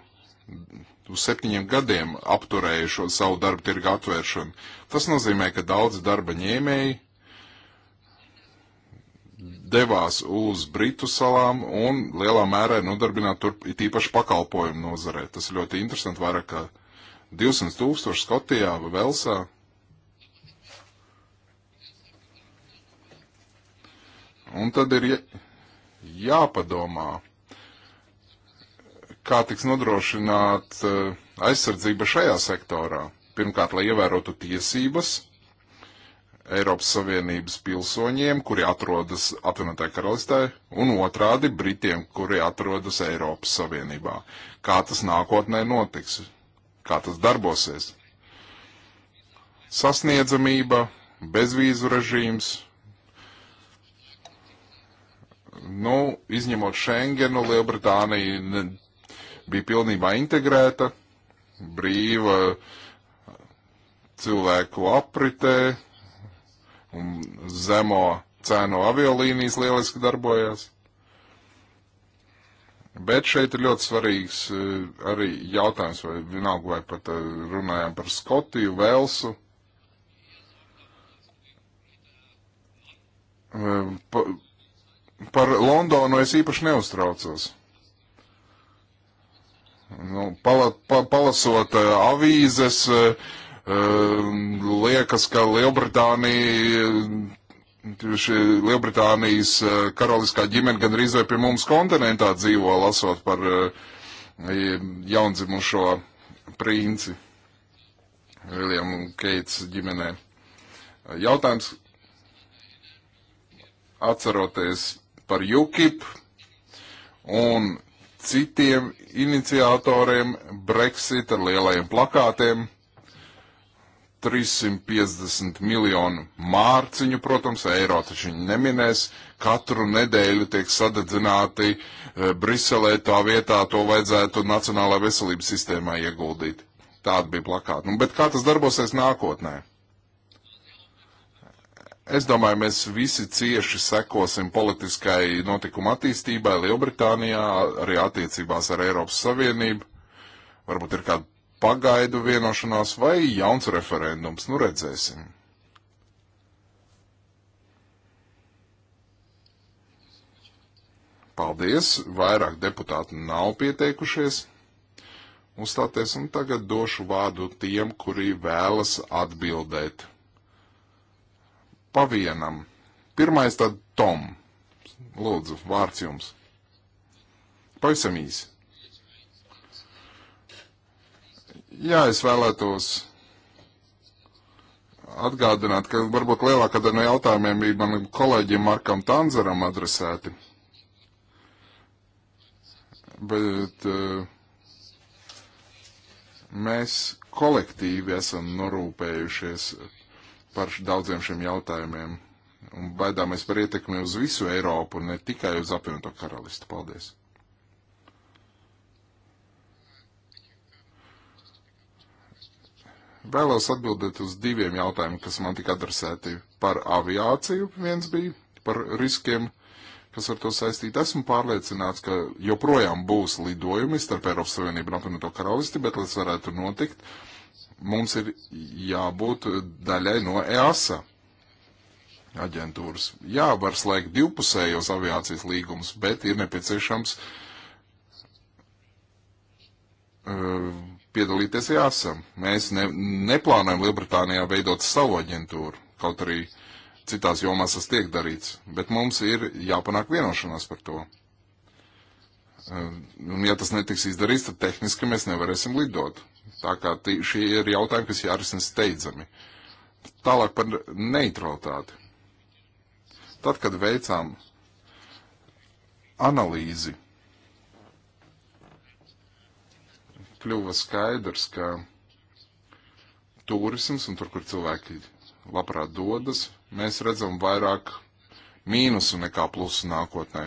uz septiņiem gadiem apturēja šo savu darba tirgu atvēršanu. Tas nozīmē, ka daudz darba ņēmēji devās uz Britu salām un lielā mērā nodarbināt tur it īpaši pakalpojumu nozarē. Tas ir ļoti interesanti, vairāk kā 200 tūkstoši Skotijā vai Velsā. Un tad ir jāpadomā, kā tiks nodrošināta eh, aizsardzība šajā sektorā. Pirmkārt, lai ievērotu tiesības Eiropas Savienības pilsoņiem, kuri atrodas apvienotāju karalistē, un otrādi Britiem, kuri atrodas Eiropas Savienībā. Kā tas nākotnē notiks? Kā tas darbosies? Sasniedzamība, bezvīzu režīms, nu, izņemot Schengenu, Lielbritānija bija pilnībā integrēta, brīva cilvēku apritē, un zemo cēnu aviolīnijas lieliski darbojās. Bet šeit ir ļoti svarīgs eh, arī jautājums, vai vienalga vai pat eh, runājām par Skotiju, Velsu. Eh, pa, par Londonu es īpaši neuztraucos. Nu, pala, pa, palasot avīzes, uh, Ehm, liekas, ka Lielbritānija, Lielbritānijas eh, karaliskā ģimene gan rīzē pie mums kontinentā dzīvo, lasot par eh, jaundzimušo princi Viljamu Keits ģimenē. Jautājums atceroties par UKIP un citiem iniciatoriem Brexit ar lielajiem plakātiem – 350 miljonu mārciņu, protams, eiro taču viņi neminēs. Katru nedēļu tiek sadedzināti e, Briselē, tā vietā to vajadzētu Nacionālā veselības sistēmā ieguldīt. Tāda bija plakāta. Nu, bet kā tas darbosies nākotnē? Es domāju, mēs visi cieši sekosim politiskai notikuma attīstībai Lielbritānijā, arī attiecībās ar Eiropas Savienību. Varbūt ir kāda pagaidu vienošanās vai jauns referendums. Nu redzēsim. Paldies, vairāk deputāti nav pieteikušies uzstāties, un tagad došu vārdu tiem, kuri vēlas atbildēt. Pa vienam. Pirmais tad Tom. Lūdzu, vārds jums. Pavisam īsi. Jā, es vēlētos atgādināt, ka varbūt lielākā daļa no jautājumiem bija manam kolēģim Markam Tanzaram adresēti. Bet uh, mēs kolektīvi esam norūpējušies par daudziem šiem jautājumiem un baidāmies par ietekmi uz visu Eiropu, ne tikai uz apvienoto karalistu. Paldies! Vēlos atbildēt uz diviem jautājumiem, kas man tika adresēti par aviāciju. Viens bija par riskiem, kas ar to saistīti. Esmu pārliecināts, ka joprojām būs lidojumi starp Eiropas Savienību un apvienoto karalisti, bet, lai tas varētu notikt, mums ir jābūt daļai no EASA aģentūras. Jā, var slēgt divpusējos aviācijas līgumus, bet ir nepieciešams uh, piedalīties jāsam. Mēs ne, neplānojam Lielbritānijā veidot savu aģentūru, kaut arī citās jomās tas tiek darīts, bet mums ir jāpanāk vienošanās par to. Ehm, un ja tas netiks izdarīts, tad tehniski mēs nevarēsim lidot. Tā kā šie ir jautājumi, kas jārisina steidzami. Tālāk par neutralitāti. Tad, kad veicām analīzi kļuva skaidrs, ka turisms un tur, kur cilvēki labprāt dodas, mēs redzam vairāk mīnusu nekā plusu nākotnē.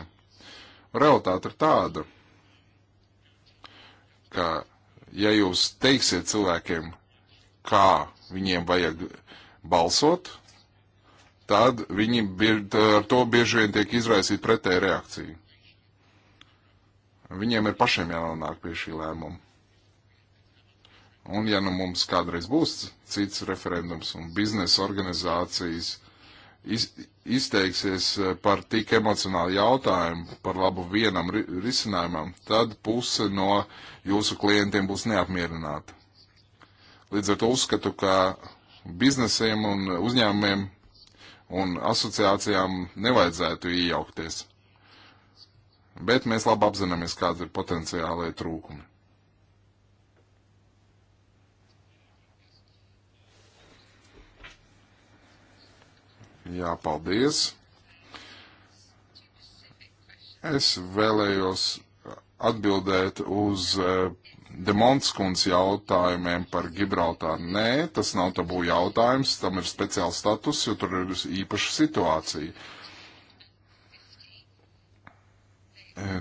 Realtāte ir tāda, ka ja jūs teiksiet cilvēkiem, kā viņiem vajag balsot, tad viņi ar to bieži vien tiek izraisīt pretēju reakciju. Viņiem ir pašiem jānonāk pie šī lēmuma. Un ja nu mums kādreiz būs cits referendums un biznesa organizācijas iz, izteiksies eh, par tik emocionālu jautājumu, par labu vienam risinājumam, tad puse no jūsu klientiem būs neapmierināta. Līdz ar to uzskatu, ka biznesiem un uzņēmumiem un asociācijām nevajadzētu iejaukties. Bet mēs labi apzināmies, kāda ir potenciālai trūkumi. Jā, paldies. Es vēlējos atbildēt uz eh, Demonskundas jautājumiem par Gibraltāru. Nē, tas nav tabū jautājums, tam ir speciāls status, jo tur ir īpaša situācija. Eh,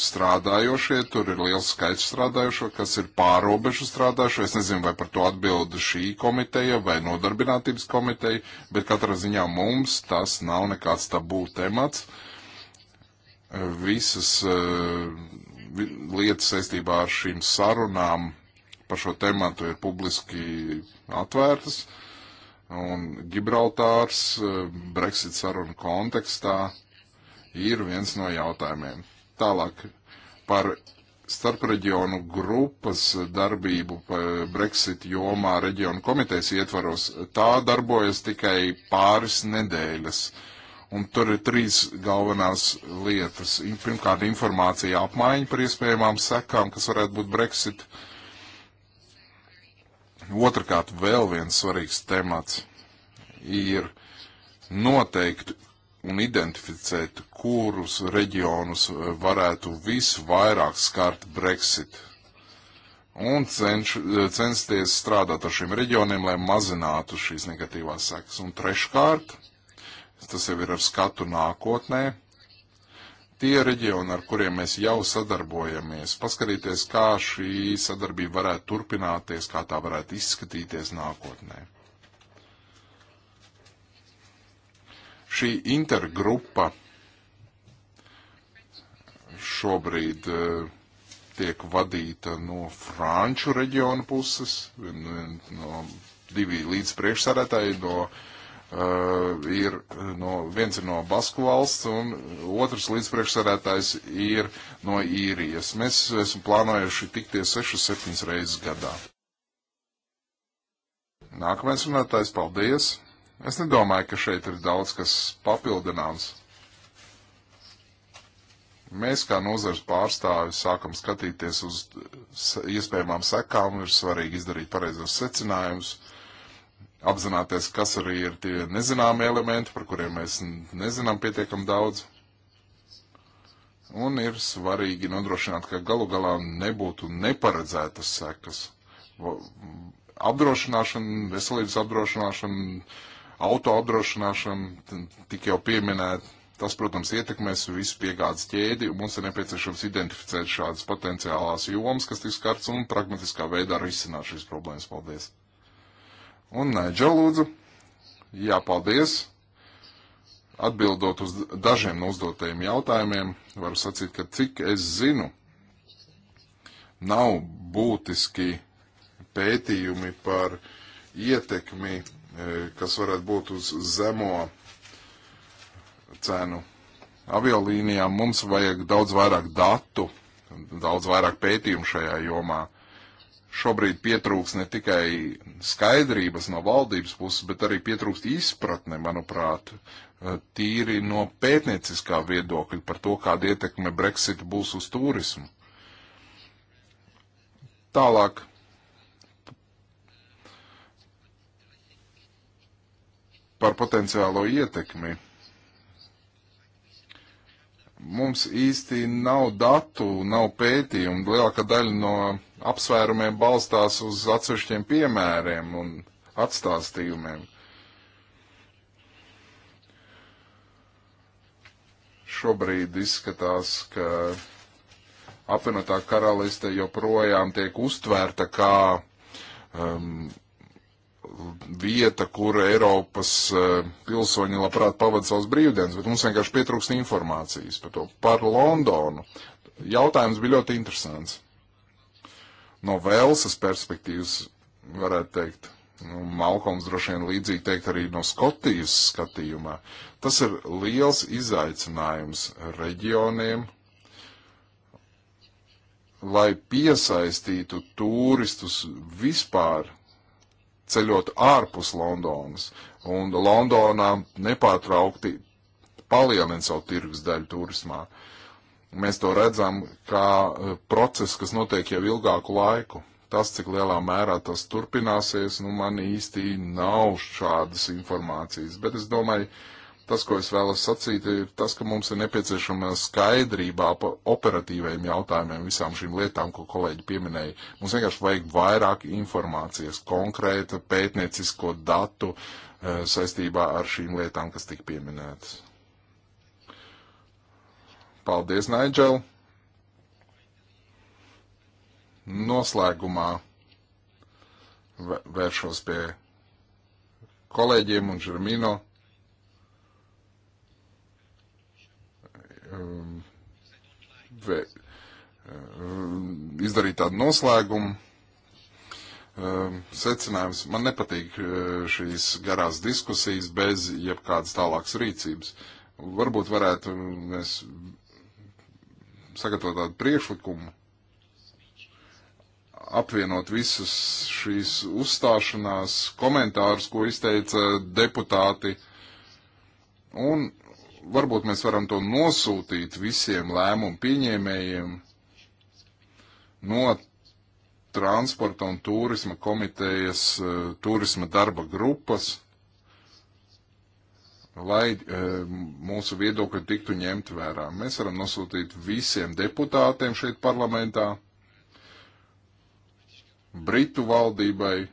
strādājošie, tur ir liels skaits strādājošo, kas ir pārobežu strādājošo. Es nezinu, vai par to atbild šī komiteja vai nodarbinātības komiteja, bet katrā ziņā mums tas nav nekāds tabū temats. Visas uh, lietas saistībā ar šīm sarunām par šo tematu ir publiski atvērtas. Un Gibraltārs eh, Brexit sarunu kontekstā ir viens no jautājumiem. Tālāk par starpreģionu grupas darbību Brexit jomā reģionu komitejas ietvaros. Tā darbojas tikai pāris nedēļas. Un tur ir trīs galvenās lietas. Pirmkārt, informācija apmaiņa par iespējamām sekām, kas varētu būt Brexit. Otrakārt, vēl viens svarīgs temats ir noteikti un identificēt, kurus reģionus eh, varētu visvairāk skart Brexit. Un cenš, eh, censties strādāt ar šiem reģioniem, lai mazinātu šīs negatīvās sekas. Un treškārt, tas jau ir ar skatu nākotnē, tie reģioni, ar kuriem mēs jau sadarbojamies, paskatīties, kā šī sadarbība varētu turpināties, kā tā varētu izskatīties nākotnē. Šī intergrupa šobrīd eh, tiek vadīta no franču reģiona puses, no divi līdz priekšsarētāji, no, uh, ir, no, viens ir no Basku valsts un otrs līdz priekšsarētājs ir no īrijas. Mēs esam plānojuši tikties 6-7 reizes gadā. Nākamais runātājs, paldies! Es nedomāju, ka šeit ir daudz kas papildināms. Mēs, kā nozars pārstāvi, sākam skatīties uz iespējamām sekām, ir svarīgi izdarīt pareizos secinājumus, apzināties, kas arī ir tie nezināmie elementi, par kuriem mēs nezinām pietiekam daudz. Un ir svarīgi nodrošināt, ka galu galā nebūtu neparedzētas sekas. Apdrošināšana, veselības apdrošināšana, Auto apdrošināšana, tik jau pieminēt, tas, protams, ietekmēs visu piegādes ķēdi, un mums ir nepieciešams identificēt šādas potenciālās jomas, kas tiks skarts, un pragmatiskā veidā risināt šīs problēmas. Paldies! Un Nēģa eh, lūdzu, jā, paldies! Atbildot uz dažiem no uzdotajiem jautājumiem, varu sacīt, ka cik es zinu, nav būtiski pētījumi par ietekmi E, kas varētu būt uz zemo cenu aviolīnijām, mums vajag daudz vairāk datu, daudz vairāk pētījumu šajā jomā. Šobrīd pietrūks ne tikai skaidrības no valdības puses, bet arī pietrūkst izpratne, manuprāt, e, tīri no pētnieciskā viedokļa par to, kāda ietekme Brexit būs uz turismu. Tālāk par potenciālo ietekmi. Mums īsti nav datu, nav pētījumu. Lielākā daļa no apsvērumiem balstās uz atsevišķiem piemēriem un atstāstījumiem. Šobrīd izskatās, ka apvienotā karaliste joprojām tiek uztvērta kā um, vieta, kur Eiropas e, pilsoņi labprāt pavada savus brīvdienas, bet mums vienkārši pietrūkst informācijas par to. Par Londonu jautājums bija ļoti interesants. No Velsas perspektīvas varētu teikt, nu, Malkoms droši vien līdzīgi teikt arī no Skotijas skatījumā. Tas ir liels izaicinājums reģioniem, lai piesaistītu turistus vispār ceļot ārpus Londonas, un Londonā nepārtraukti palielina savu tirgus daļu turismā. Mēs to redzam kā eh, procesu, kas notiek jau ilgāku laiku. Tas, cik lielā mērā tas turpināsies, nu man īsti nav šādas informācijas, bet es domāju, uh, Tas, ko es vēlos sacīt, ir tas, ka mums ir nepieciešama skaidrībā pa operatīviem jautājumiem visām šīm lietām, ko kolēģi pieminēja. Mums vienkārši vajag vairāk informācijas, konkrēta pētniecisko datu eh, saistībā ar šīm lietām, kas tika pieminētas. Paldies, Naidžel! Noslēgumā vēršos pie kolēģiem un Žermino. um, vē, um, izdarīt tādu noslēgumu. Um, secinājums. Man nepatīk uh, šīs garās diskusijas bez jebkādas tālākas rīcības. Varbūt varētu um, mēs sagatavot tādu priekšlikumu, apvienot visus šīs uzstāšanās komentārus, ko izteica deputāti, un varbūt mēs varam to nosūtīt visiem lēmumu pieņēmējiem no transporta un turisma komitejas eh, turisma darba grupas, lai eh, mūsu viedokļi tiktu ņemt vērā. Mēs varam nosūtīt visiem deputātiem šeit parlamentā, Britu valdībai,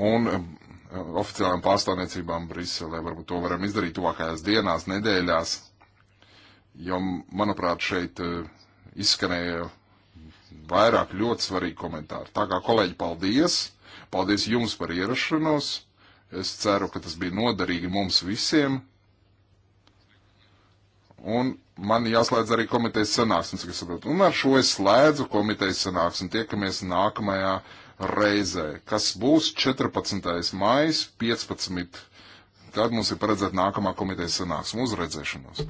un um, oficiālām pārstāvniecībām Briselē. Varbūt to varam izdarīt tuvākajās dienās, nedēļās, jo, manuprāt, šeit uh, izskanēja vairāk ļoti svarīgi komentāri. Tā kā kolēģi, paldies! Paldies jums par ierašanos! Es ceru, ka tas bija noderīgi mums visiem. Un man jāslēdz arī komitejas sanāksmes, kas saprot. Un ar šo es slēdzu komitejas sanāksmi. Tiekamies nākamajā reizē, kas būs 14. maijas 15. Tad mums ir paredzēta nākamā komitejas sanāksme uz redzēšanos.